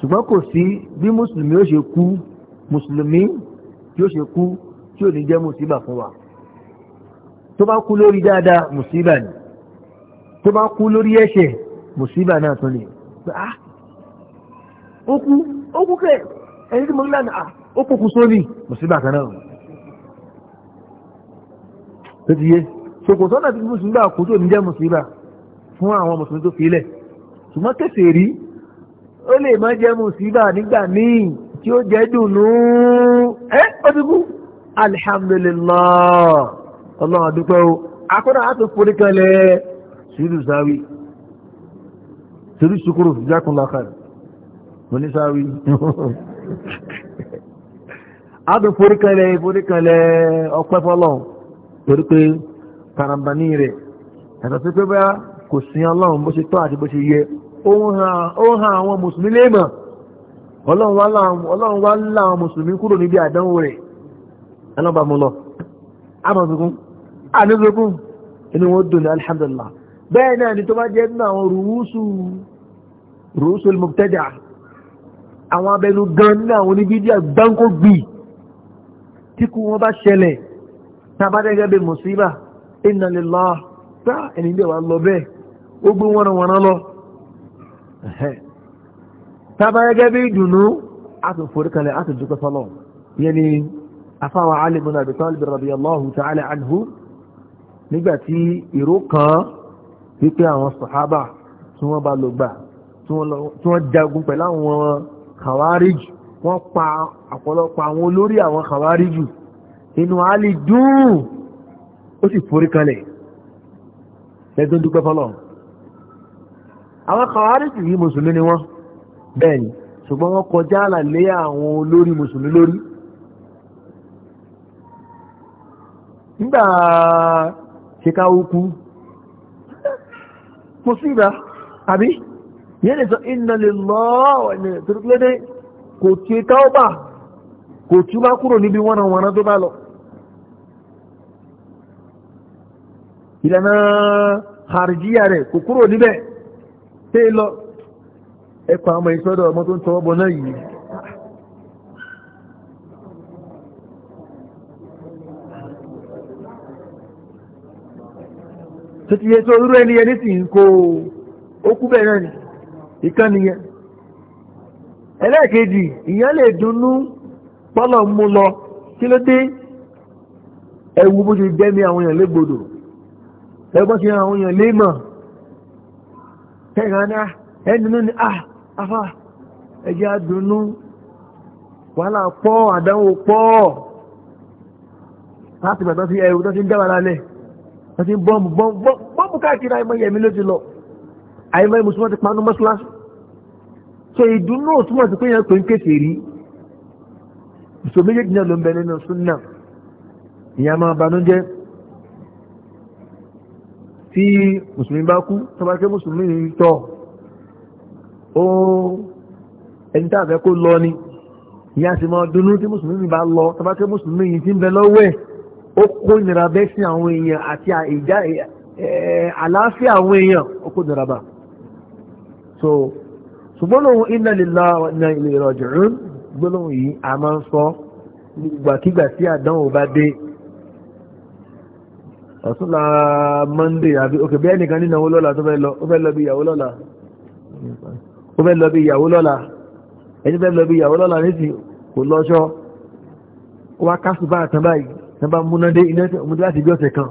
ṣùgbọ́n kò sí bí mùsùlùmí ó ṣe kú mùsùlùmí tí ó ṣe kú tí ò ní jẹ́ mùsíbà fún wa tó bá kú lórí dáadáa mùsíbà ni tó bá kú lórí ẹ̀ṣẹ̀ mùsíbà náà tún ni ah, ó kú ó kú kẹ ẹni tí mo rí lánàá ah, ó kú kú sóní mùsíbà kan náà tó ti yé so kò sọ́nà tí mùsùlùmí gbà kú tó ní jẹ́ mùsùlùmí fún àwọn mùsùlùmí tó filẹ̀ ṣùgbọ́n kẹsẹ̀ rí ó lè má jẹ́ mùsùlùmí nígbà míì tí ó jẹ́ dùnú ẹ́ ó ti kú alhamdulillah ọlọ́run àdúpẹ́ o akọ́nà àti forí kalẹ̀ sùúrù sáwí sùúrù sùkúrù jákùnláka mo ní sáwí àti <laughs> forí kalẹ̀ forí kalẹ̀ ọpẹ́ fọlọ́run torí pé karambani rẹ̀ yàtọ̀ sí pé bá kò sin ọlọ́run bó ṣe tọ́ àti bó ṣe yẹ ó àwọn mùsùlùmí léèmọ̀ ọlọ́run wá lá àwọn kúrò níbi àdánwò rẹ̀ ẹlọ́ba amọ̀sùnkún ní alhamdulillah ni gan àwọn oníbídíà gbáǹkó gbì tí kú tàbádẹ́gẹ́ bí mùsíbà inna lillah tá ẹni bẹ́ẹ̀ wà lọ bẹ́ẹ̀ ó gbé wọn wọn lọ tàbádẹ́gẹ́ bí dùnú àti foríkalẹ̀ àti dúpẹ́ fọlọ́ yẹn ni afáwọn alìbùn àbí tọ́lìbì radiyallahu ta'ala anhu nígbà tí ìró kan wípé àwọn sàhábà tí wọ́n bá lọ pa ọ̀pọ̀lọpọ̀ àwọn olórí àwọn kàwárí jù inú alì dùn ó sì forí kalẹ̀ ẹgbẹ́ dúpẹ́ fọ́lọ̀ àwọn kàwárìsì yìí mùsùlùmí ni wọ́n bẹ́ẹ̀ ni ṣùgbọ́n wọ́n kọjá àlà lé àwọn olórí mùsùlùmí lórí nígbà ṣeká okú mo sí ìgbà àbí yẹ́ lè sọ iná lè lọ ọ̀nà tó kò tí ká ó bà kò tí ó bá kúrò níbi wọ́nà wọ́nà tó bá lọ ìlànà hàrìjíyà rẹ̀ kò kúrò níbẹ̀ tí lọ ẹ̀pà ọmọ ìsọ́dọ̀ ọmọ tó ń tọwọ́ bọ̀ náà yìí tó ti yẹ tó rú ẹni ẹni sì ń kó ó kú ẹlẹ́ẹ̀kejì ìyẹn lè pọ́lọ̀ mú lọ kí ló dé bójú àwọn ẹgbọ́n ṣe àwọn èèyàn lè mọ̀ ẹ̀rànà ẹnìyàn ni ah afá ẹjẹ́ àdúnú wàhálà pọ̀ àdánwò pọ̀ láti bàtán sí ẹrù tó ti ń dábà lálẹ̀ tó ti ń bọ́ọ̀mù bọ́ọ̀mù káàkiri àìmọye ẹ̀mí ló ti lọ àìmọye mùsùlùmọ́ ti panú mọ́ṣáláṣí so ìdùnnú ò túmọ̀ sí pé yẹn pé ń kéṣe rí ìṣòméjèèjì náà ló ń bẹ nínú súnà ìyá máa tí mùsùlùmí bá kú tó bá ké mùsùlùmí ní tọ́ ó ẹni tá àfẹ́ kó lọ ni ìyá sì máa dunnú tí mùsùlùmí bá lọ tó bá ké mùsùlùmí yìí ti ń bẹ lọ́wọ́ ó kó nira bẹ́ sí àwọn èèyàn àti ìjà àlàáfíà àwọn èèyàn ó kó nira bá so ṣùgbọ́n lòun inna lillahi wa inna ilayhi raji'un gbólóhùn yìí a máa ń sọ nígbàkigbà tí àdánwò bá dé ọ̀túnla monday àbí ok bẹ́ẹ̀ nìkan nínú owó lọ́la tó fẹ́ lọ ó fẹ́ lọ bí ìyàwó lọ́la ó fẹ́ lọ bí ìyàwó lọ́la ẹni fẹ́ lọ bí ìyàwó lọ́la nísì kò lọ́ṣọ́ ó wá kásù bá àtàn báyìí tán bá múná dé iná mú láti bí ọ̀sẹ̀ kan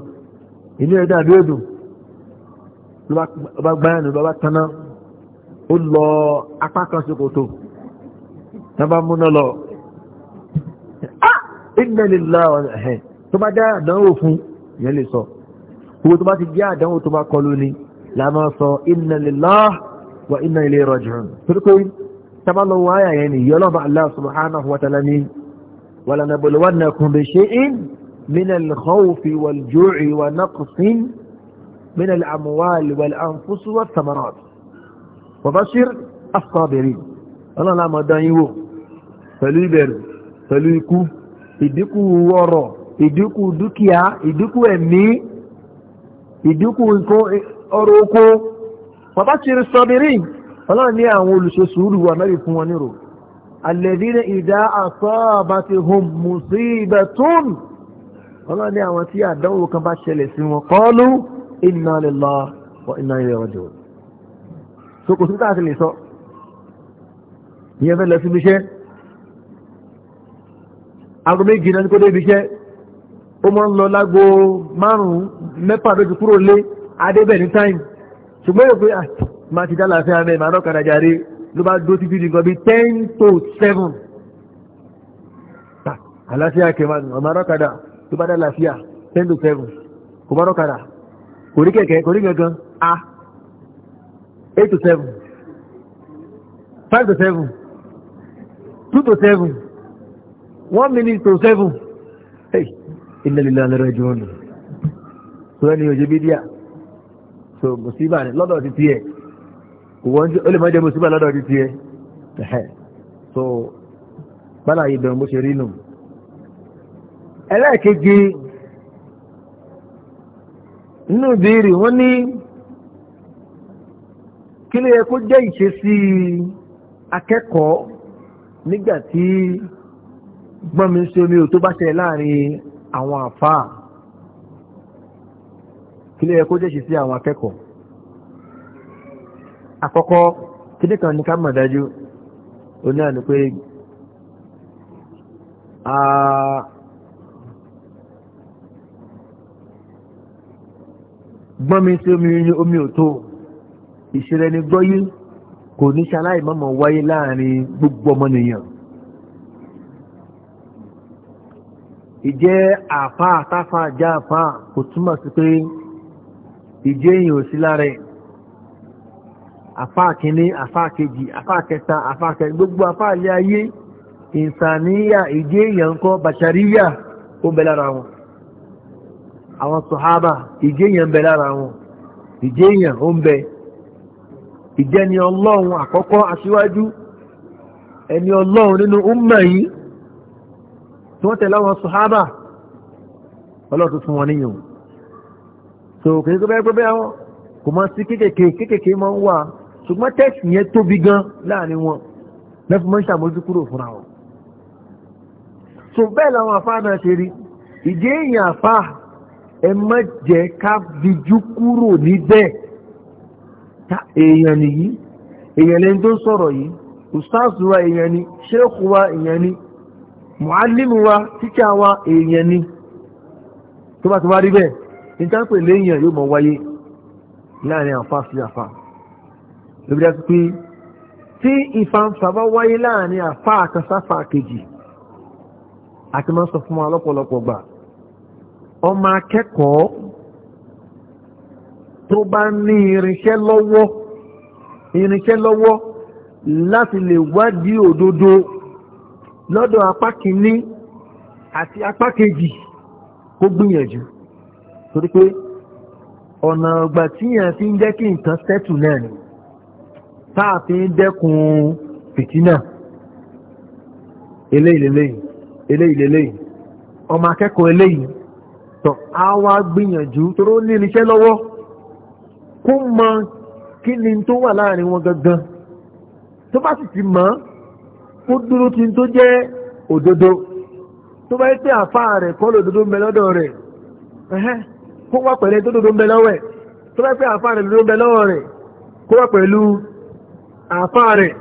inú yẹn lè sọ gbogbo tó bá ti jẹ́ àdánwò tó bá kọlu ni la máa sọ inna lillahi wa inna ilayhi raji'un torí pé tábàlọ́ wọn àyà yẹn ni yọlọ́ bá Allah subhanahu wa ta'ala ni walanabluwannakum من الأموال والأنفس والثمرات وبشر الصابرين الله لا مدعيه فليبر فليكو ìdínkù ọrọ̀ ìdínkù dúkìá ìdínkù ẹ̀mí ìdínkù ọrọ̀ oko bàbá ti rí sọmírì ọlọ́run ní àwọn olùṣe sùúrù wà náà fún wọn nírò alladhina idha asabatihum musibatun ọlọ́run ní àwọn tí àdánwò kan bá ṣẹlẹ̀ sí wọn qalu inna lillahi wa inna ilayhi raji'un so kò sí tá a ti lè sọ ìyẹn fẹ́ lọ síbi iṣẹ́ aago méjì náà ní kó débi iṣẹ́ ó mọ́ ń lọ lágbo márùn-ún mẹ́fà lójú kúrò lé adébẹ̀ ní táìmù ṣùgbọ́n yóò pé ah, máa ti dálà fẹ́ amẹ́ ìmọ̀ àdọ́kadà jáde ló bá dó títí nìkan bíi ten to seven ah, àlàáfíà kẹwàá nù ọmọ àdọ́kadà tó bá dálà fíà ten to seven kò bá àdọ́kadà kò rí a eight to seven five to seven two to seven one minute to seven. Hey inna lillahi rajiun tó ẹni òjò bí díà so mùsíbà ni lọ́dọ̀ ti tiẹ̀ wọ́n tí ó lè máa jẹ mùsíbà lọ́dọ̀ ti so bala ìbẹ̀rù bó ṣe rí nù ẹlẹ́ẹ̀kejì nínú ìbéèrè wọ́n ní kí ló jẹ́ ìṣesí akẹ́kọ̀ọ́ nígbà tí gbọ́n mi ń ṣe omi ò tó bá ṣẹlẹ̀ láàrin àwọn àfáà kí ló yẹ kó jẹ́ ṣe sí àwọn akẹ́kọ̀ọ́ àkọ́kọ́ kíní kan ní ká mọ̀ dájú ó náà ni pé gbọ́nmi sí omi ní omi òtó ìṣẹ̀lẹ̀ ni gbọ́yé kò ní ṣaláì mọ́mọ́ wáyé láàrin gbogbo ọmọnìyàn ìjẹ́ àfá àtàfà já àfá kò túmọ̀ sí pé ìjẹ́ èyàn ò sí lára àfá kìíní àfá kejì àfá kẹta àfá kẹta gbogbo àfá ilé ayé ìsàníyà ìjẹ́ èyàn kọ́ bàṣàríyà ó bẹ lára wọn àwọn sọ̀hábà ìjẹ́ èyàn bẹ lára wọn ìjẹ́ èyàn ó ń bẹ ìjẹ́ ni ọlọ́run àkọ́kọ́ aṣíwájú ẹni ọlọ́run nínú tí wọ́n tẹ̀lé àwọn sùhábà ọlọ́run wọn níyàn so kìí tó bẹ́ẹ̀ pé bẹ́ẹ̀ kò mọ sí kékèké kékèké máa ń wà ṣùgbọ́n tẹ́sì yẹn tóbi gan láàrin wọn lẹ́fù mọ́ ń ṣàmójú kúrò fúnra wọn so bẹ́ẹ̀ làwọn àfáà náà ṣe rí ìdí èèyàn àfáà ẹ má jẹ́ ká fijú kúrò níbẹ̀ èèyàn nìyí èèyàn lẹ́ni tó ń sọ̀rọ̀ yìí ustaz wa èèyàn ni sheikh wa èèyàn ni mùálímù wa tíṣà wa èèyàn ni tó bá ti wá rí bẹ́ẹ̀ ìtànpè léèyàn yóò mọ̀ wáyé láàrin àfa sí àfa lóbi dá sí pé tí ìfàǹfà bá wáyé láàrin àfa àkànṣáfà kejì àti máa ń sọ fún wa lọ́pọ̀lọpọ̀ gbà ọmọ akẹ́kọ̀ọ́ tó bá ní irinṣẹ́ lọ́wọ́ irinṣẹ́ lọ́wọ́ láti lè wádìí òdodo lọ́dọ̀ apá kìíní àti apá kejì kó gbìyànjú torí pé ọ̀nà ọgbà tíyàn fi ń jẹ́ kí nǹkan sẹ́tù náà ni táà fi ń dẹ́kun fìtínà eléyìí eléyìí ọmọ akẹ́kọ̀ọ́ eléyìí tọ̀ á wá gbìyànjú toró ní irinṣẹ́ lọ́wọ́ kó mọ kí ni tó wà láàrin wọn gangan tó bá sì ti mọ̀ kó dúró kí n tó jẹ́ òdodo tó bá yẹ pé àfa rẹ̀ kọ́ lòdodo ń bẹ lọ́dọ̀ rẹ̀ kó wá pẹ̀lú tó dodo ń bẹ lọ́wọ́ ẹ̀ tó bá yẹ pé àfa rẹ̀ lòdodo ń bẹ lọ́wọ́ rẹ̀ kó wá pẹ̀lú àfa rẹ̀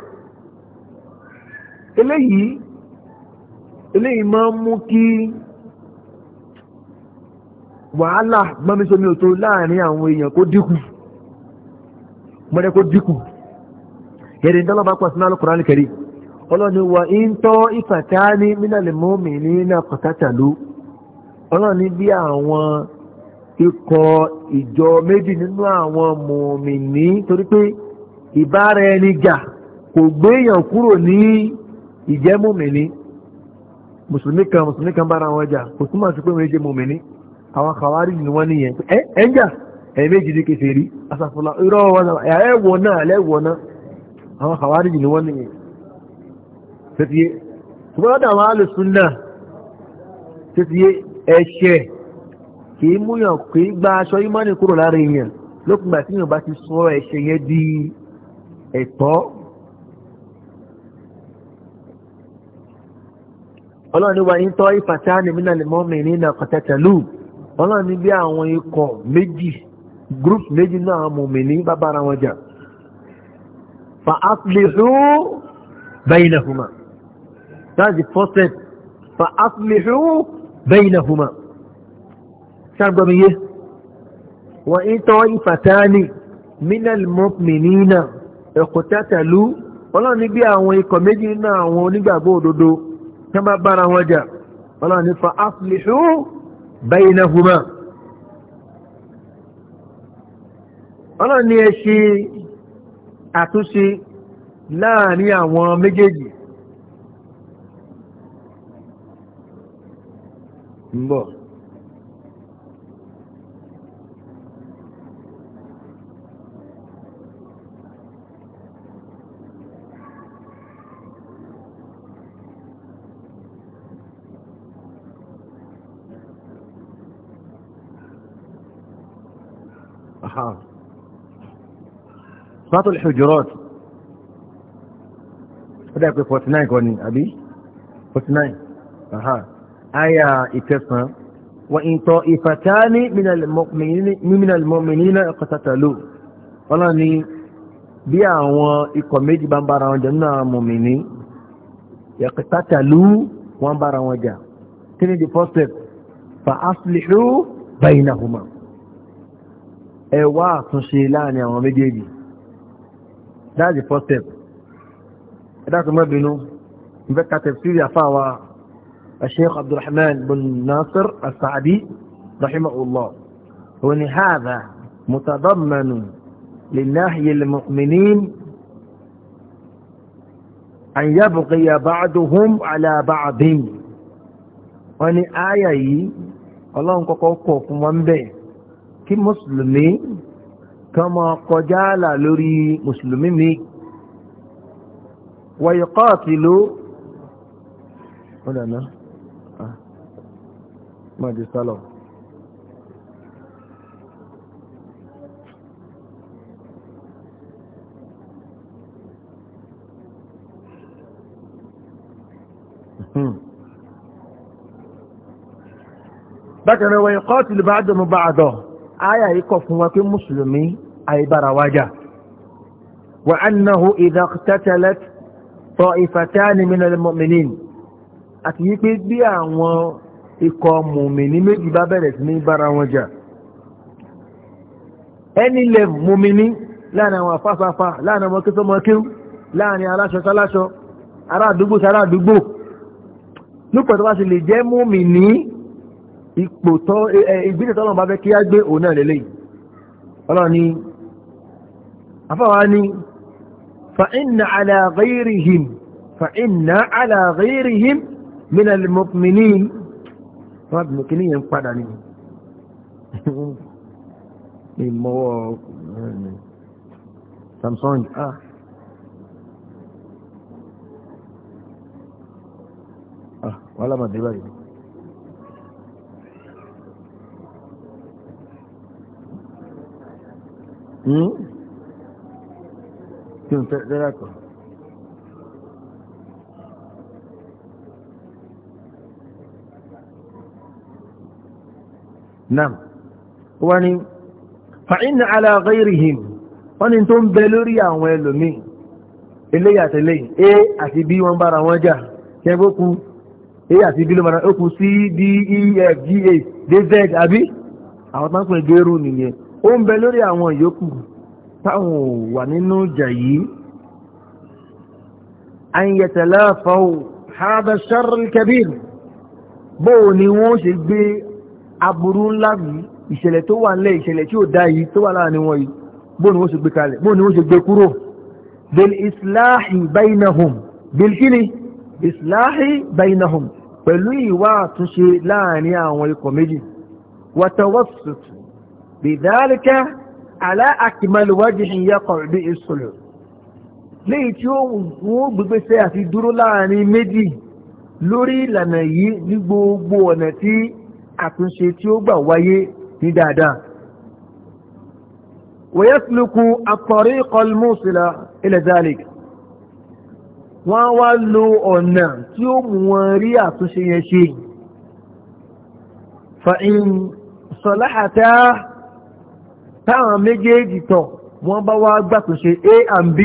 eléyìí eléyìí máa ń mú kí wàhálà gbọ́nmísomi òtó láàrin àwọn èèyàn kó dínkù mọ́lẹ́ kó dínkù yẹ̀dẹ̀ ń pàṣẹ náà lọ́kùnrin kẹrin ọlọ́ni wà ń tọ́ ìfàtà ní mínàlèmọ́mì ní nàkọ̀tàtàlú ọlọ́ni bí àwọn ikọ̀ ìjọ méjì nínú àwọn mọ̀mì ní torí pé ìbára ẹni jà kò gbéyàn kúrò ní ìjẹ́ mọ̀mì ní mùsùlùmí kan mùsùlùmí kan bára wọn jà kò túmọ̀ sí pé wọ́n jẹ́ mọ̀mì ní àwọn kàwárí ni wọ́n níyẹn ẹ ẹ ń jà ẹ méjì ní kẹsẹ̀ rí asàfùlà irọ́ wọn ẹ wọ náà ẹ wọ náà àwọn kàwárí ni wọ́n níyẹn tẹ́tíyé ṣùgbọ́n lọ́dọ̀ àwọn alùsùnà tẹ́tíyé ẹ̀ṣẹ̀ kìí múyàn kìí gba aṣọ ìmánì kúrò lára èèyàn lókùn gbà tí èèyàn bá ti sọ ẹ̀ṣẹ̀ yẹn di ẹ̀tọ́ ọlọ́run ní wa ń tọ́ ìfàtánì mí náà lè mọ́ mi nínú kọ̀tẹ́tẹ̀lú ọlọ́run ní bí àwọn ikọ̀ méjì group méjì náà àwọn mòmìnì bá bára wọn jà fa aslihu bainahuma That's the first step. فَأَصْلِحُوا بَيْنَهُمَا ṣàgbọ́ mi yé wọ́n ń tọ́ ìfàtánì minal mu'minina iqtatalu ọlọ́run ní bí àwọn ikọ̀ méjì nínú àwọn onígbàgbọ́ òdodo tán bá bára wọn jà ọlọ́run ní fa aslihu baynahuma ọlọ́run ní ẹ ṣe àtúnṣe láàrin àwọn méjèèjì مبو صوت الحجرات هذا يقول فوتناي قولي أبي فوتناي أها àyà ìkẹsàn wọ́n ń tọ́ ìfàtàní mímínal mọ́mìnínà kọ́tàtàlù ọlọ́run ni bí àwọn ikọ̀ méjì bá ń bára wọn jà nínú àwọn mọ̀mìnì yàkọ́tàtàlù wọ́n bára wọn jà kí ni the first step fa aslihu bainahuma ẹ wá àtúnṣe láàrin àwọn méjèèjì that's the first step ẹ dákun mọ́ bínú ìfẹ́ kàtẹ́ sírí àfáà wa الشيخ عبد الرحمن بن ناصر السعدي رحمه الله وأن هذا متضمن للنهي المؤمنين أن يبغي بعضهم على بعض wọ́n ní àyà yìí ọlọ́run kọ́kọ́ kọ̀ fún wọn bẹ́ẹ̀ kí mùsùlùmí kan máa kọjá àlà lórí mùsùlùmí mi wọ́n yìí kọ́ọ̀tì ló. ó dàná máa di sálọ. Hmm. bákan náà wọ́n kọ́ tìlú bá dùn bá àdọ̀ ayà yìí kọ̀ fún wa pé mùsùlùmí àìbára wájà wà annahu idha iqtatalat ta'ifatani minal àti yí pé bí àwọn ikọ̀ mùmìnì méjì bá bẹ̀rẹ̀ sí ní bára wọn jà ẹni lè mùmìnì láàrin àwọn afáfáfá láàrin ọmọ kíkọ́ mọ́kíw láàrin aláṣọ sáláṣọ ará àdúgbò sára àdúgbò nípa tó bá ti lè jẹ́ mùmìnì ipò tọ́ ìgbésẹ̀ tọ́lọ̀ bá fẹ́ kí á gbé òun náà lélẹ̀ ọlọ́ni afáwa ni fa'inna ala ghayrihim fa'inna ala ghayrihim min al-mu'minin wọ́n bí kí ní yẹn ń padà ní ìmọ̀wọ́ eh, Samsung ah ah wọ́n lámàdé báyìí Hmm? Tí ó ń tẹ́lẹ̀ náà wọ́n ni fa'in ala ghayrihim wọ́n ni tó ń bẹ lórí àwọn ẹlòmí eléyàtẹ̀lẹ̀ a àti b wọ́n bára wọn jà kẹgbókú a àti b ló mara ó kú c d e f g a d z àbí àwọn tó ń pè gẹ́rù nìyẹn ó ń bẹ lórí àwọn ìyókù táwọn ò wà nínú jà yìí an yẹ̀tẹ̀lẹ́ fọ́ hada sharri kabir bóò ni wọ́n ṣe gbé aburú ńlá yìí ìṣẹ̀lẹ̀ tó wà ńlẹ̀ ìṣẹ̀lẹ̀ tí ó dá yìí tó wà láàrin wọn yìí bó ni wọ́n ṣe gbé kalẹ̀ bó ni wọ́n ṣe gbé kúrò bil islahi bainahum bil kini islahi bainahum pẹ̀lú ìwà àtúnṣe láàrin àwọn ikọ̀ méjì watawassut bidhalika ala akmal wajhin yaqa'u léyìí tí wọ́n gbégbésẹ̀ àti dúró láàrin méjì lórí ìlànà yìí ní gbogbo ọ̀nà tí àtúnṣe tí ó gbà wáyé ní dáadáa wọ́yẹ́sìlùkù àtọ̀rí kọlmùsìlà ilẹ̀ zalik wọ́n wá lo ọ̀nà tí ó mú wọn rí àtúnṣe yẹn ṣe fa'in sọláhàtà táwọn méjèèjì tọ̀ wọ́n bá wá gbàtúnṣe a and b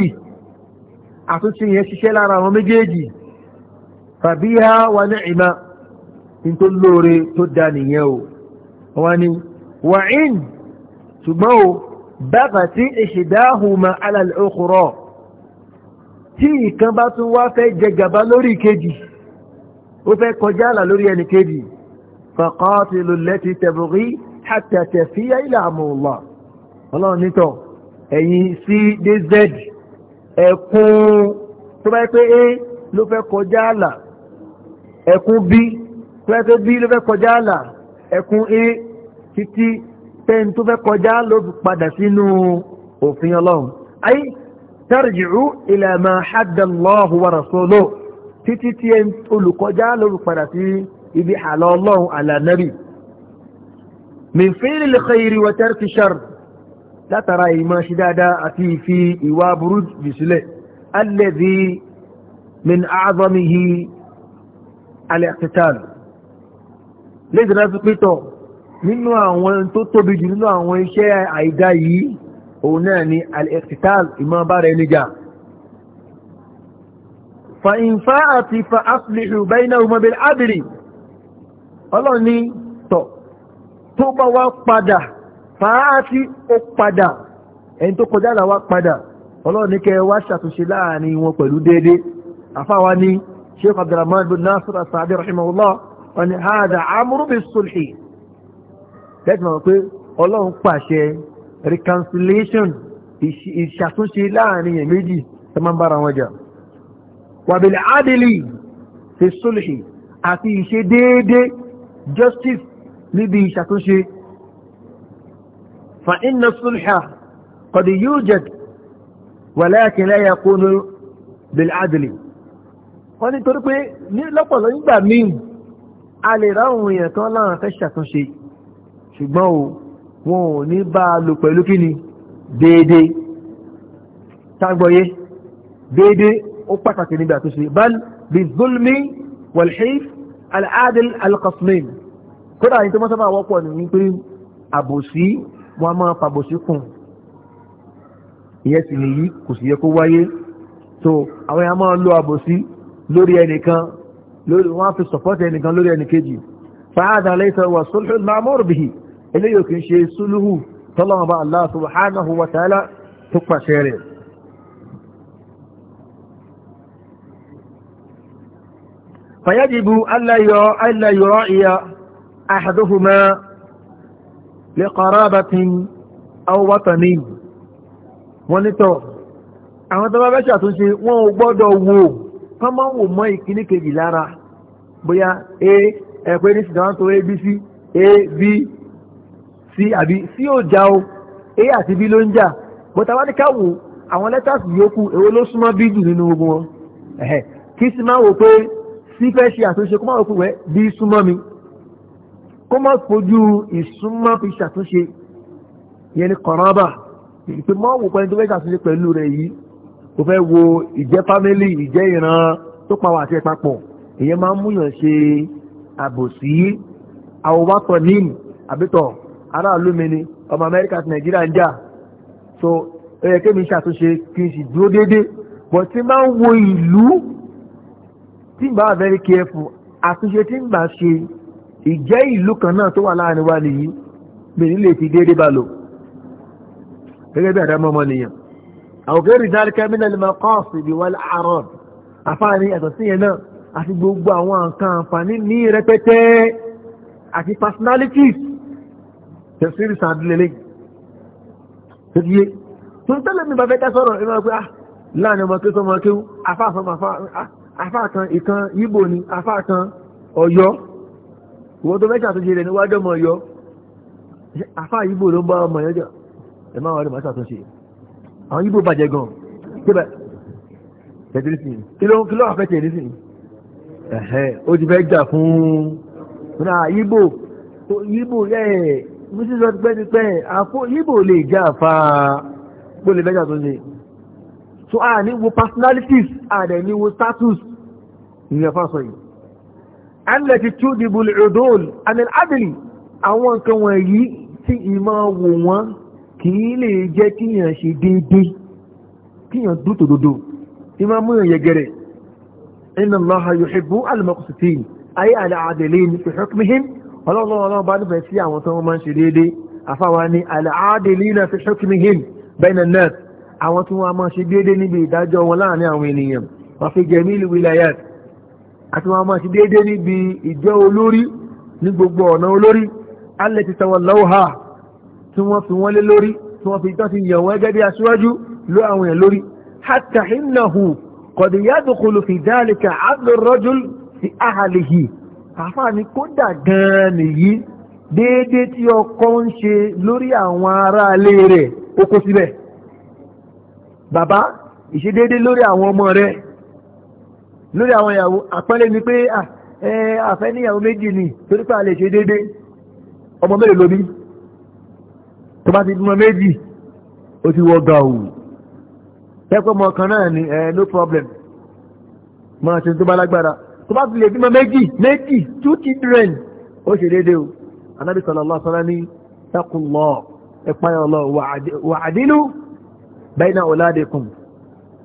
àtúnṣe yẹn ṣiṣẹ́ lára àwọn méjèèjì fàbíhá wa ni'ima in tó lóore tó dá nìyẹn o wọ́n ni wa'in ṣùgbọ́n o bàbà tí ìṣìdáhùnmá alàlẹ́kùrọ̀ tí ìkan bá tún wá fẹ́ jẹ gàba lórí kejì ó fẹ́ kọjá àlà lórí ẹni kejì faqatilu allati tabghi hatta tafiya ila tó bá pé a ló fẹ́ kọjá àlà ẹkùn bíi pẹ́ẹ́tẹ́ bí ló fẹ́ kọjá àlà ẹkùn a e títí pẹ́ẹ́n tó fẹ́ kọjá ló padà sínú òfin ọlọ́run ayé tarji'u ila ma hadda Allahu wa rasuluhu títí tí ẹ olùkọjá ló padà sí ibi àlọ́ ọlọ́run àlànàbì min fi'li l-khayri wa tarki sharr látara ìmọ̀ ṣe dáadáa àti ìfi ìwà burú jù sílẹ̀ alladhi min a'zamihi al-iqtital lẹ́sìn láti pétọ̀ nínú àwọn tó tóbi jù nínú àwọn iṣẹ́ àìdá yìí òun náà ni al-iqtital ìmọ̀ bára ẹni jà fa in fa'ati fa aslihu baynahuma bil adli ọlọ́ni tọ̀ tó bá wá padà fa'ati ó padà ẹni tó kọjá là wá padà ọlọ́ni kẹ wá ṣàtúnṣe láàrin wọn pẹ̀lú déédéé àfáwa ni sheikh abdulrahman bin nasir asadi rahimahullah wọ́n ni hada amru bis sulhi lẹ́tìmọ̀ wọn pé ọlọ́run pàṣẹ reconciliation ìṣàtúnṣe láàrin yẹn méjì tó máa ń bára wọn jà wàbìlì adìlì fi sulhi àti ìṣe déédé justice níbi ìṣàtúnṣe fa inna sulha qad yujad walakin la yakunu bil adli wọ́n nítorí pé lọ́pọ̀lọ́ nígbà míì a lè ráhùn èèyàn tán láwọn fẹ́ ṣàtúnṣe ṣùgbọ́n o wọn ò ní bá a lò pẹ̀lú kí ni déédé tágbọ́yé déédé ó pàtàkì níbi àtúnṣe bal bí zulmi walhif al'adil alqasmin kódà yìí tó mọ́ sábà wọ́pọ̀ ní wípé àbòsí wọn máa fàbòsí kùn ìyẹn sì nìyí kò sì yẹ kó wáyé so àwọn yà máa lo àbòsí lórí ẹnìkan lórí wọ́n fi sọ̀pọ́tì ẹnìkan lórí ẹnìkejì fàádà lẹ́sẹ̀ wà sọ́lùhù ma'mur bihi eléyìí ò kì í ṣe sùlùhù tọ́lọ́mọba Allah subhanahu wa ta'ala أحدهما لقرابة أو وطني ونطور àwọn tó bá bẹ́ ṣàtúnṣe wọn gbọ́dọ̀ wo kán máa ń wò mọ́ ìkíní kejì lára bóyá a ẹ̀pẹ́ ní ṣìdáwọ́n tó abc a b c àbí c ò já o a àti b ló ń jà bọ́tà wá ní ká wò àwọn lẹ́tàsì yòókù èwo ló súnmọ́ b jù nínú gbogbo wọn kí sì máa wò pé c fẹ́ ṣe àtúnṣe kó máa wò pé wẹ́ b súnmọ́ mi kó má fojú ìsúnmọ́ fi ṣàtúnṣe yẹn ni kọ̀rọ̀ bà ìpè mọ́ wò pẹ́ni tó fẹ́ ṣàtúnṣe pẹ̀lú rẹ̀ yìí tó fẹ́ wo ìjẹ́ fámílì ìjẹ́ ìran tó pa wàṣẹ papọ̀ ìyẹn máa ń múyàn ṣe àbòsí àwòbátọ̀ níìmù àbítọ̀ aráàlú mi ni ọmọ amẹ́ríkà àti nàìjíríà ń jà so ó yẹ kémi ṣàtúnṣe kí n sì dúró déédéé but tí máa ń wo ìlú tí n bá very careful àtúnṣe tí n bá ṣe ìjẹ́ ìlú kan náà tó wà láàrin wa nìyí mi nílé ti déédéé bá lò gẹ́gẹ́ bí àdámọ́ ọmọ nìyàn أو غير ذلك من المقاصد والأعراض أفاني أتسينا أتي بوبا وان كان فاني ني ريبيتي أتي personalities تفسير سادللي تجي تنتلم من بابك أسرع إما أقول أه لا أنا ما كنت ما كيو أفا فما أفا أفا كان إكان يبوني أفا كان أيو wọ́n tó mẹ́ta tó jẹ́ rẹ̀ níwájú ọmọ ọ̀yọ́ afá ìbò ló ń bá ọmọ ẹ̀yọ́jọ́ ẹ̀ máa wà ní màá ṣàtúnṣe àwọn ibo bàjẹ́ gan síbẹ̀ tẹ̀tẹ̀rì sí kí ló kí ló wà fẹ́ tẹ̀lé sí ẹ̀hẹ́ ó ti fẹ́ jà fún náà ibo ibo ẹ̀ mrs ọ̀tipẹ́tipẹ́ àpò lè jà fa gbọ́lé fẹ́jà tó ṣe so a ní wo personalities a dẹ̀ ní wo status ìyẹn fásọ yìí alẹ́ ti tú dìbò lè rọ̀dọ́ọ̀lù àmì àdìlì àwọn nǹkan wọ̀nyí tí ìmọ̀ wò wọ́n kì í lè jẹ́ kíyàn ṣe déédéé kíyàn dúró tòdodo tí máa mú yẹgẹrẹ inna Allaha yuhibbu al-muqsitin ayé al-adilin fi hukmihim ọlọ́run ọlọ́run bá nífẹ̀ẹ́ sí àwọn tó wọ́n máa ń ṣe déédéé àfáwa ni al-adilina fi hukmihim bayna an-nas àwọn tí wọ́n máa ṣe déédéé níbi ìdájọ́ wọn láàrin àwọn ènìyàn wọ́n fi jamil wilayat àti wọ́n máa ṣe déédéé níbi ìjẹ́ olórí ní gbogbo ọ̀nà olórí allati tawallawha tí wọ́n fi wọ́n lé lórí tí wọ́n fi tán ti yẹ̀ wọ́n gẹ́gẹ́ bí aṣíwájú ló àwọn èèyàn lórí hatta innahu qad yadkhulu fi dhalika adlu ar-rajul fi ahlihi àfáà ni kódà gan-an nìyí déédéé tí ọkọ ń ṣe lórí àwọn aráalé rẹ̀ ó kó síbẹ̀ bàbá ìṣedéédéé lórí àwọn ọmọ rẹ̀ lórí àwọn ìyàwó àpẹẹlẹ ni pé ah, àfẹ́ níyàwó méjì ni torípa lè ṣe déédéé ọmọ mélòó lóbi tó bá ti bímọ méjì ó ti wọ ga òwú tẹ́kọ̀ọ́ mọ kan náà ni ẹ no problem máa ṣe tó bá lágbára tó bá ti lè bímọ méjì méjì two children ó ṣe déédéé o anábì sallallahu alaihi wasallam ní taqullah ẹ̀páyà ọlọ́run wà àdínú bayna auladikum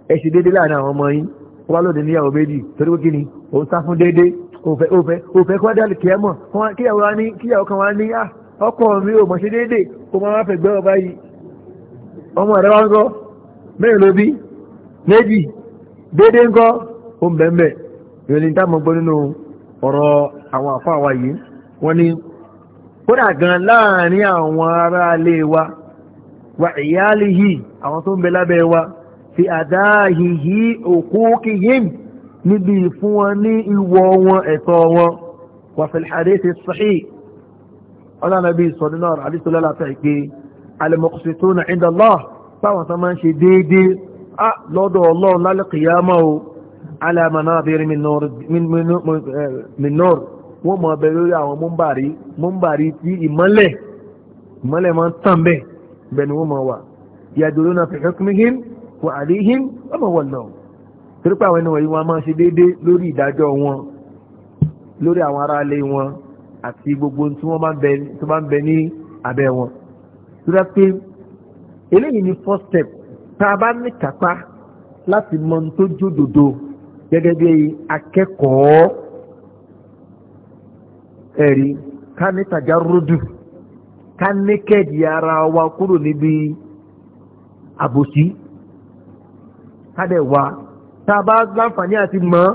ẹ ṣe déédéé láàrin àwọn ọmọ yín wá lóde níyàwó méjì torí pé kí ni ó sá fún déédéé òfẹ́ òfẹ́ òfẹ́ kọ́dà kíyàwó kan wá ní ah, ọkọ mi ò mọ̀ṣe déédé kó máa fẹ́ gbẹ́ ọba yìí ọmọ rẹ̀ wá ń gọ́ mẹ́rin ló bí méjì déédé ń gọ́ ó ń bẹ̀m̀bẹ̀ ìrìn tá mọ̀ gbọ́ nínú ọ̀rọ̀ àwọn àfọ́ àwa yìí wọ́n ní kódà gan láàrin àwọn ará ilé wa wa ìyáálìhì àwọn tó ń bẹ lábẹ́ wa fi àdáhìhì òkúkìhìm níbi ìfún wọn ní ìwọ wọn ẹ̀tọ́ wọn wàfẹ̀lẹ̀ hadith sahih ọlọ́nàbí sọ nínú ọ̀rọ̀ àdísọ́lọ́lá fẹ́ pé al-muqsituna inda Allah táwọn tó máa ń ṣe déédéé á lọ́dọ̀ ọlọ́run lálẹ́kìyàmọ́ o ala manabir eh, min nur wọ́n mọ̀ ọbẹ̀ lórí àwọn múmbàrí múmbàrí tí ìmọ́lẹ̀ ìmọ́lẹ̀ máa ń tàn bẹ́ẹ̀ bẹ́ẹ̀ ni wọ́n mọ̀ wà yaduluna fi hukmihim wa alayhim wọ́n mọ̀ wọ̀nà torípàwọn ẹni wọ̀nyí wọn máa ṣe déédéé lórí ìdájọ́ wọn lórí àwọn aráalé wọn àti gbogbo tí wọ́n bá ń bẹ ní abẹ́ wọn tó pé eléyìí ni first step tá a bá ní kápá láti mọ ohun tó jódodo gẹ́gẹ́ bí akẹ́kọ̀ọ́ ẹ̀rí ká ní tàjà ròdù ká ní kẹ́ẹ̀dì ara wa kúrò níbi àbòsí ká dẹ̀ wá tá a bá láǹfààní àti mọ́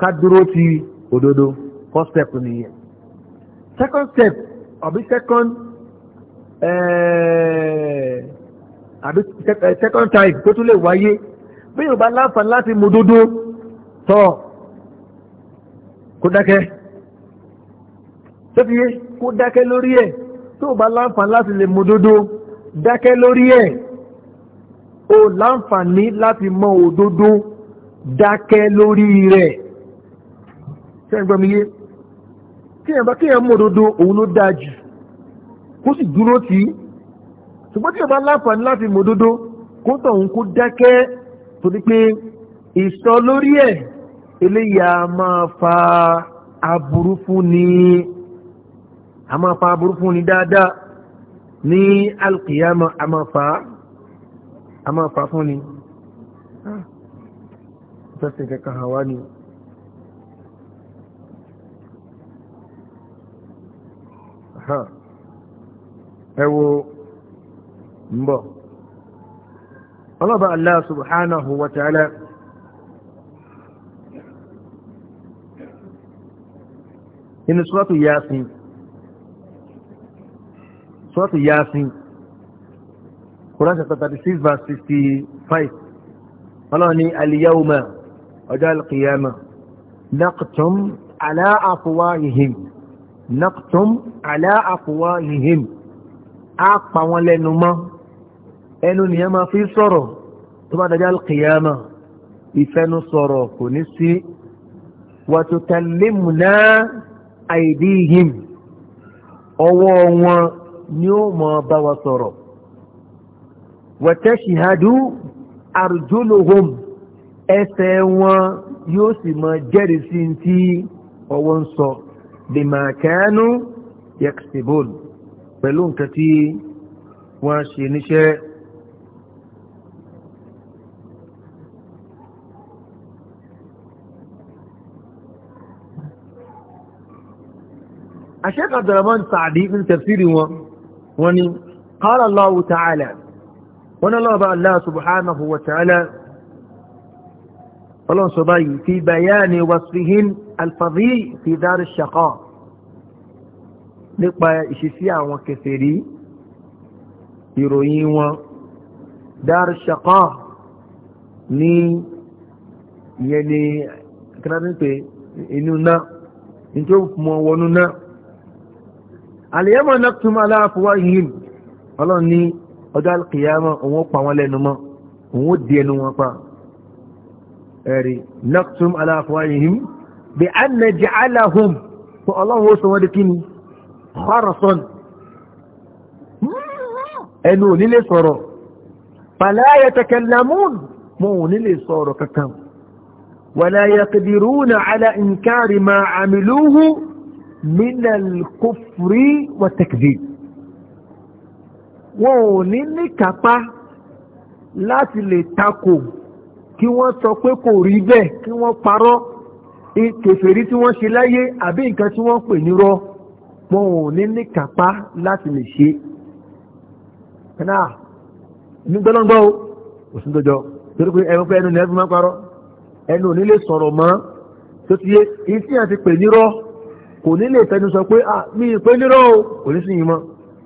ká dúró ti òdodo first step nìyẹn second step àbí second eh, àbí eh, second time tó tún lè wáyé bí yóò bá láǹfààní láti mú dúdú tọ́ kó dákẹ́ tó fi yé kó dákẹ́ lórí ẹ̀ tó bá láǹfààní láti lè mú dúdú dákẹ́ lórí ẹ̀ o láǹfààní láti mọ òdodo dákẹ́ lórí rẹ̀ ṣé ń gbọ́ mi yé kéèyàn bá kéèyàn mú òdodo òun ló dáa jù kó sì dúró tì í ṣùgbọ́n tí yóò bá láǹfààní láti mú òdodo kó tọ̀hún kó dákẹ́ torí pé ìsọ lórí ẹ̀ eléyìí máa fa aburú fún ni a máa fa aburú fún ni dáadáa ní alkiyama a máa fa a máa fa fún ni. Ah, ìfẹsẹ̀ kẹkàn wá ni. ẹ wo ń bọ̀ ọlọ́ba Allah subhanahu wa ta'ala inú sọ́tù yásin sọ́tù yásin Quran 36 verse 65 ọlọ́run ní al-yawma ọjọ́ al-qiyama naqtum ala naqtum ala afwahihim á pa wọn lẹ́nu mọ́ ẹnu nìyẹn máa fi sọ̀rọ̀ tó bá dájá alqiyama ìfẹnu sọ̀rọ̀ kò ní sí wa tukallimuna aydihim ọwọ́ wọn ni ó mọ̀ bá wa sọ̀rọ̀ wa tashhadu arjuluhum ẹsẹ̀ wọn yóò sì mọ̀ jẹ́rìí sí ti ọwọ́ ń بما كانوا يكسبون بلون nǹkan واشي نشاء الشيخ عبد الرحمن السعدي من تفسيره وني قال الله تعالى وان الله بقى الله سبحانه وتعالى ọlọ́run sọ báyìí fi bayani wasfihin alfadhi fi dar shaqa nípa ìṣesí àwọn kèfèrí ìròyìn wọn dar shaqa ní ìyẹn ni kíláàdì pé inú náà ní tó mọ wọnú náà àlèyẹ́mọ̀ naktum ala afwahihim ọlọ́run ní ọjọ́ alkiyama òun pa wọn lẹ́nu mọ́ òun ó di ẹnu wọn pa ẹ̀rí naqtum ala afwahihim bi an naj'alahum fún ọlọ́run ó sọ wọ́n di kí ni kharasan ẹnu ò nílé sọ̀rọ̀ fala yatakallamun mọ́ ò nílé sọ̀rọ̀ kankan wala yaqdiruna ala ní ní kápá láti lè takò kí wọ́n sọ pé kò rí bẹ́ẹ̀ kí wọ́n parọ́ kèfèrí tí wọ́n ṣe láyé àbí nǹkan tí wọ́n pè nírọ́ wọn ò ní ní kápá láti lè ṣe náà nígbọ́lọ́gbọ́ o kò sí dọjọ́ torí pé ẹnu pé ẹnu ní ẹbí máa ń parọ́ ẹnu ò ní lè sọ̀rọ̀ mọ́ tó ti yé ìtí àti pè nírọ́ kò ní lè fẹnu sọ pé ah mi ì pé nírọ́ o kò ní sí yìí mọ́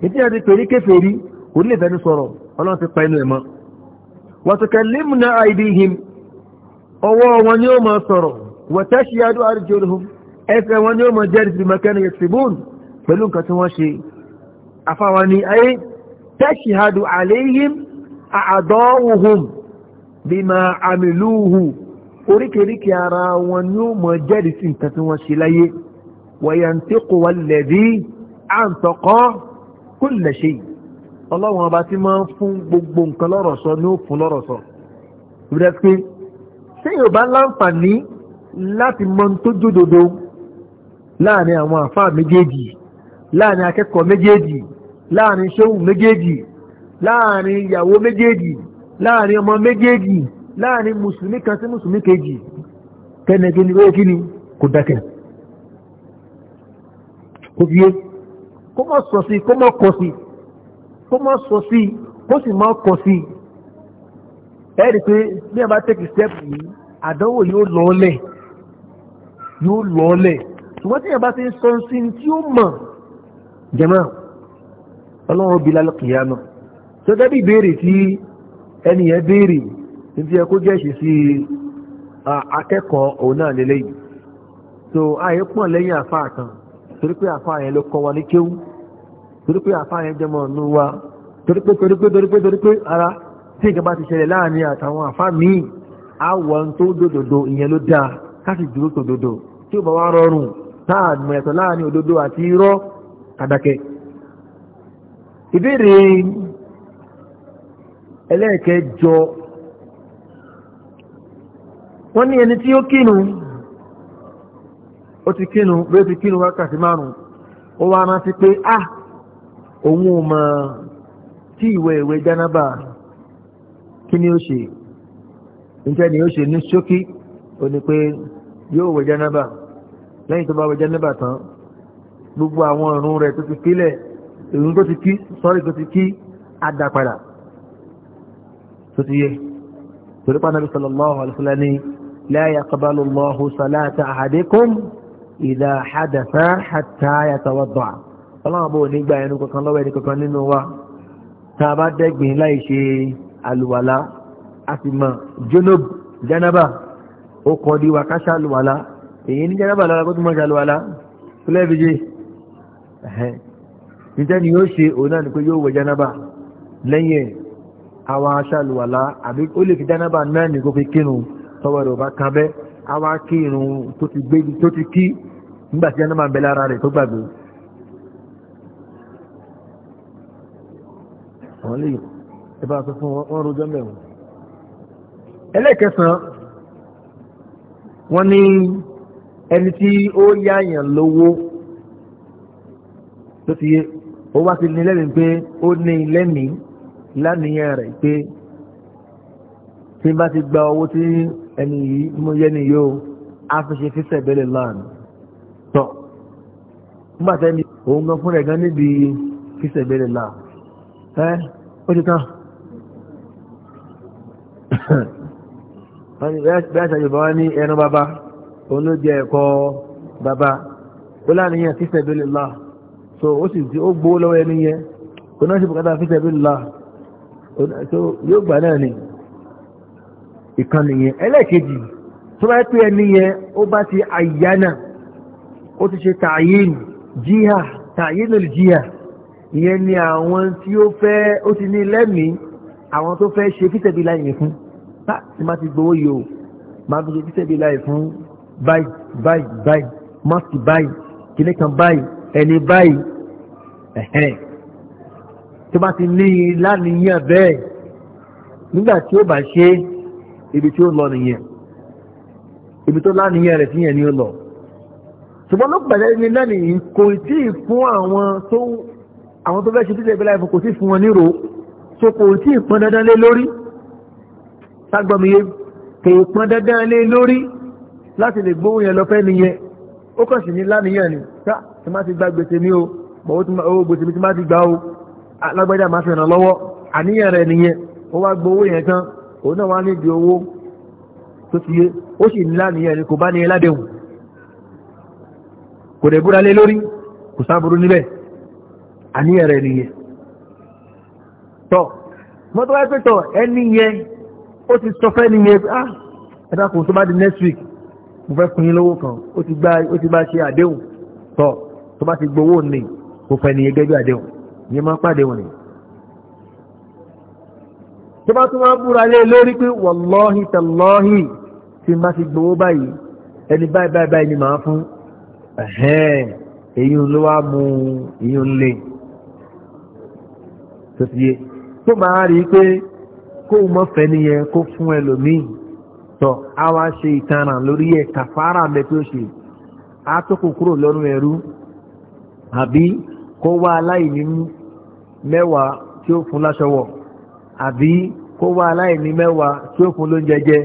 ìtí àti pè ní kèfèrí kò ní lè fẹnu sọ̀rọ̀ ọlọ́run ti pa ẹnu ẹ̀ mọ́ wàtàkàlímùnà àìdíhìm ọwọ́ wọn ni ó máa sọ̀rọ̀ wàtàṣíyàdó àríjọ́lùhùn ẹsẹ̀ wọn ni ó máa jẹ́rìí sí mẹ́kẹ́nà yẹ̀sìbùn pẹ̀lú nǹkan tí wọ́n ṣe afáwọn ni ayé tàṣíyàdó àléhìm àdọ́wùhùn bí máa àmìlúhù oríkèríkè ara wọn ni ó máa jẹ́rìí sí nǹkan tí wọ́n ṣe láyé wàyàntíkù wal ladhi àǹtọ̀kọ́ kúlẹ̀ ṣe yìí ọlọ́run ọba tí máa ń fún gbogbo nǹkan lọ́rọ̀ sọ ní òfun lọ́rọ̀ sọ rẹ̀ pé ṣé yorùbá láǹfààní láti mọ tó jódodo láàrin àwọn àfáà méjèèjì láàrin akẹ́kọ̀ọ́ méjèèjì láàrin ṣéhù méjèèjì láàrin ìyàwó méjèèjì láàrin ọmọ méjèèjì láàrin mùsùlùmí kan sí mùsùlùmí kejì kẹ́nẹ̀kẹ́ ni ó kí ni kò dákẹ́ kò fiye kó mọ̀ sọ sí kó mọ̀ kọ sí kó má sọ sí kó sì má kọ sí ẹ rí i pé bí ẹ bá tẹ́kì step yìí àdánwò yóò lọ́ọ́lẹ̀ yóò lọ́ọ́lẹ̀ ṣùgbọ́n tí ẹ bá ti ń sọ sí ní tí ó mọ̀ jẹ́mọ́ ọlọ́run bí lálẹ́ kìyàmọ́ gẹ́gẹ́ bí ìbéèrè tí ẹni yẹn béèrè níbi ẹ kó jẹ́ ṣe sí akẹ́kọ̀ọ́ òun náà lélẹ́yìn so àyè pọ̀ lẹ́yìn àfáà kan torí pé àfáà yẹn ló kọ́ wa ní kéwú torí pé àfáà yẹn jẹmọ ọ̀nù wa torí pé ara tí ìjọba ti ṣẹlẹ̀ láàrin àtàwọn àfáà míì àwọn tó dòdòdò ìyẹn ló dáa káàsì dúró tòdòdò tí ó bá wá rọrùn táà mọ̀ láàrin òdodo àti irọ́ kàdàkẹ́. ìbéèrè ẹlẹ́ẹ̀kẹjọ wọ́n ní ẹni tí ó ó ti kinu bí ó ti kínu wákàtí márùn-ún ó wá rántí pé ah, òun ò mọ̀ tí ìwẹ̀ ìwẹ̀ jánábà kí ni ó ṣe níta ni ó ṣe ní ṣókí ó ní pé yóò wẹ̀ jánábà lẹ́yìn tó bá wẹ̀ jánábà tán gbogbo àwọn ọ̀run rẹ̀ tó ti kílẹ̀ ìrun tó ti kí sọ́rí tó ti kí àdàpadà tó ti yẹ torí pa nàbí sallallahu alaihi wasallam ni la yaqbalu Allahu salata ahadikum idha hadatha hatta yatawadda' ọlọ́run bó ní gba ẹnu kankan lọ́wọ́ ẹni kankan nínú wa tá a bá dẹ́gbìn láì ṣe àlùwàlá a sì mọ̀ jónób jánábà ó kọ́ di wa káṣá àlùwàlá èyí ní jánábà lára kó tó mọ̀ ṣe àlùwàlá fúlẹ́bìjì níta ni yóò ṣe òun náà ni pé yóò wọ jánábà lẹ́yìn ẹ̀ àwa aṣá àlùwàlá àbí ó lè fi jánábà náà ní kó kírun tọwọ́ rẹ̀ ò bá kan bẹ́ àwa kírun tó ti gbé tó ti kí nígbà tí jánábà ń bẹ lára rẹ̀ tó gbàgbé àwọn lè ẹbá sọ fún wọn rojọ́ mẹ́wọ̀n ẹlẹ́ẹ̀kẹsàn wọ́n ní ẹni tí ó yáyàn lówó tó ti ó wá sí ní lẹ́mìí pé ó ní lẹ́mìí lánìyàn rẹ̀ pé tí n bá ti gba owó tí ẹni yìí mú yẹni yóò á fi ṣe fífẹ́ bẹ́lẹ̀ lánàá tọ́ nígbà tẹ́ni òun gan fúnra ẹ̀ gan níbi fífẹ́ bẹ́lẹ̀ lánàá ó ti tán bẹ́ẹ̀ sàyè bá wá ní ẹnu bàbá òun ló jẹ ẹ̀kọ́ bàbá ó láàníyàn so ó sì tí ó gbówó lọ́wọ́ ẹni yẹn kò so yóò gbà náà ni ìkan nìyẹn ẹlẹ́ẹ̀kejì tó bá pé ẹni yẹn ó bá ti àyánà ó ti ṣe tààyè jìhà tààyè lòlù jìhà ìyẹn ni àwọn tí ó fẹ́ ó ti ní lẹ́mìí àwọn tó fẹ́ ṣe fítẹ̀bí láì yẹn fún bá ti má ti gbowó yìí o máa fi ṣe fítẹ̀bí láì fún báyìí báyìí báyìí mọ́sì báyìí kìnnì kan báyìí ẹni báyìí ẹ̀hẹ́n tó bá ti ní i láníyàn bẹ́ẹ̀ nígbà tí ó bá ṣe ibi tí ó lọ nìyẹn ibi tó láníyàn rẹ̀ síyẹn ni ó lọ ṣùgbọ́n ló pẹ̀lẹ́ ní lẹ́nìí kò tí ì fún àwọn tó àwọn tó fẹ́ ṣe títẹ̀ ìbílá ìfún kò sí fún wọn níro so kò tí ì pọn dandan lé lórí ságbọmiye kò ì pọn dandan lé lórí láti lè gbówó yẹn lọ fẹ́ nìyẹn ó kàn sí ní lánìyàn ni tá tí má ti gba gbèsè mi o bọ̀wọ́ tí ó gbèsè mi tí má ti gba o alágbádá má fi ràn lọ́wọ́ àníyàn rẹ̀ nìyẹn ó wá gbówó yẹn tán òun náà wá nídìí owó tó ti yé ó sì ní lánìyàn ni kò bá ní ẹ ládéhùn kò dẹ̀ búra lé lórí kò sáburú níbẹ̀ àníyàn rẹ̀ nìyẹn tọ́ mọ́tò wáyé pẹ́tọ̀ ẹni yẹn ó ti sọ fẹ́ nìyẹn ah ẹ̀dá kò tó bá di next week mo fẹ́ fún yín lówó kan ó ti gbá ó ti bá ṣe àdéhùn tọ́ tó bá ti gbowó ní kò fẹ́ nìyẹn gẹ́gẹ́ àdéhùn ìyẹn máa pàdé wọn nìyẹn tó bá tún wá búra lé lórí pé wàlọ́hì tàlọ́hì tí má ti gbowó báyìí ẹni báyìí báyìí ni màá fún ẹ̀hẹ́n èyí ló wá mú èyí lè tó ti yé tó máa rí pé kó mọ́ fẹ́ nìyẹn kó fún ẹlòmíì tọ́ a wá ṣe ìtanràn lórí ẹ̀ kàfàrà mẹ́ tó ṣe a tó kò kúrò lọ́rùn ẹrú àbí kó wá aláìní mẹ́wàá tí ó fún láṣọwọ̀ àbí kó wá aláìní mẹ́wàá tí ó fún lóúnjẹ jẹ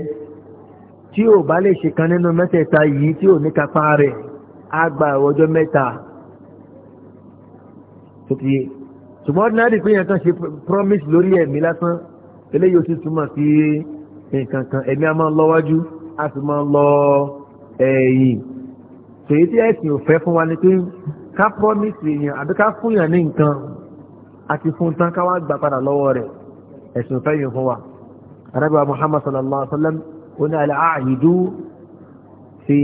tí ò bá lè ṣe kan nínú mẹ́tẹ̀ẹ̀ta yìí tí ò ní kápá rẹ̀ á gba ọjọ́ mẹ́ta tó ti yé ṣùgbọ́n ordinary pé yẹn kan ṣe promise lórí ẹ̀mí lásán eléyìí ó sì túmọ̀ sí nǹkan kan ẹ̀mí a máa ń lọ́wájú a sì máa ń lọ ẹ̀yìn tèyí tí ẹ̀sìn ò fẹ́ fún wa ni pé ká promise èèyàn àbí ká fún yàn ní nǹkan àti fún tán ká wá gbà padà lọ́wọ́ rẹ̀ ẹ̀sìn fẹ́ yìí fún wa arábíwá Muhammad sallallahu alaihi wa sallam ó alẹ́ àhìdú fi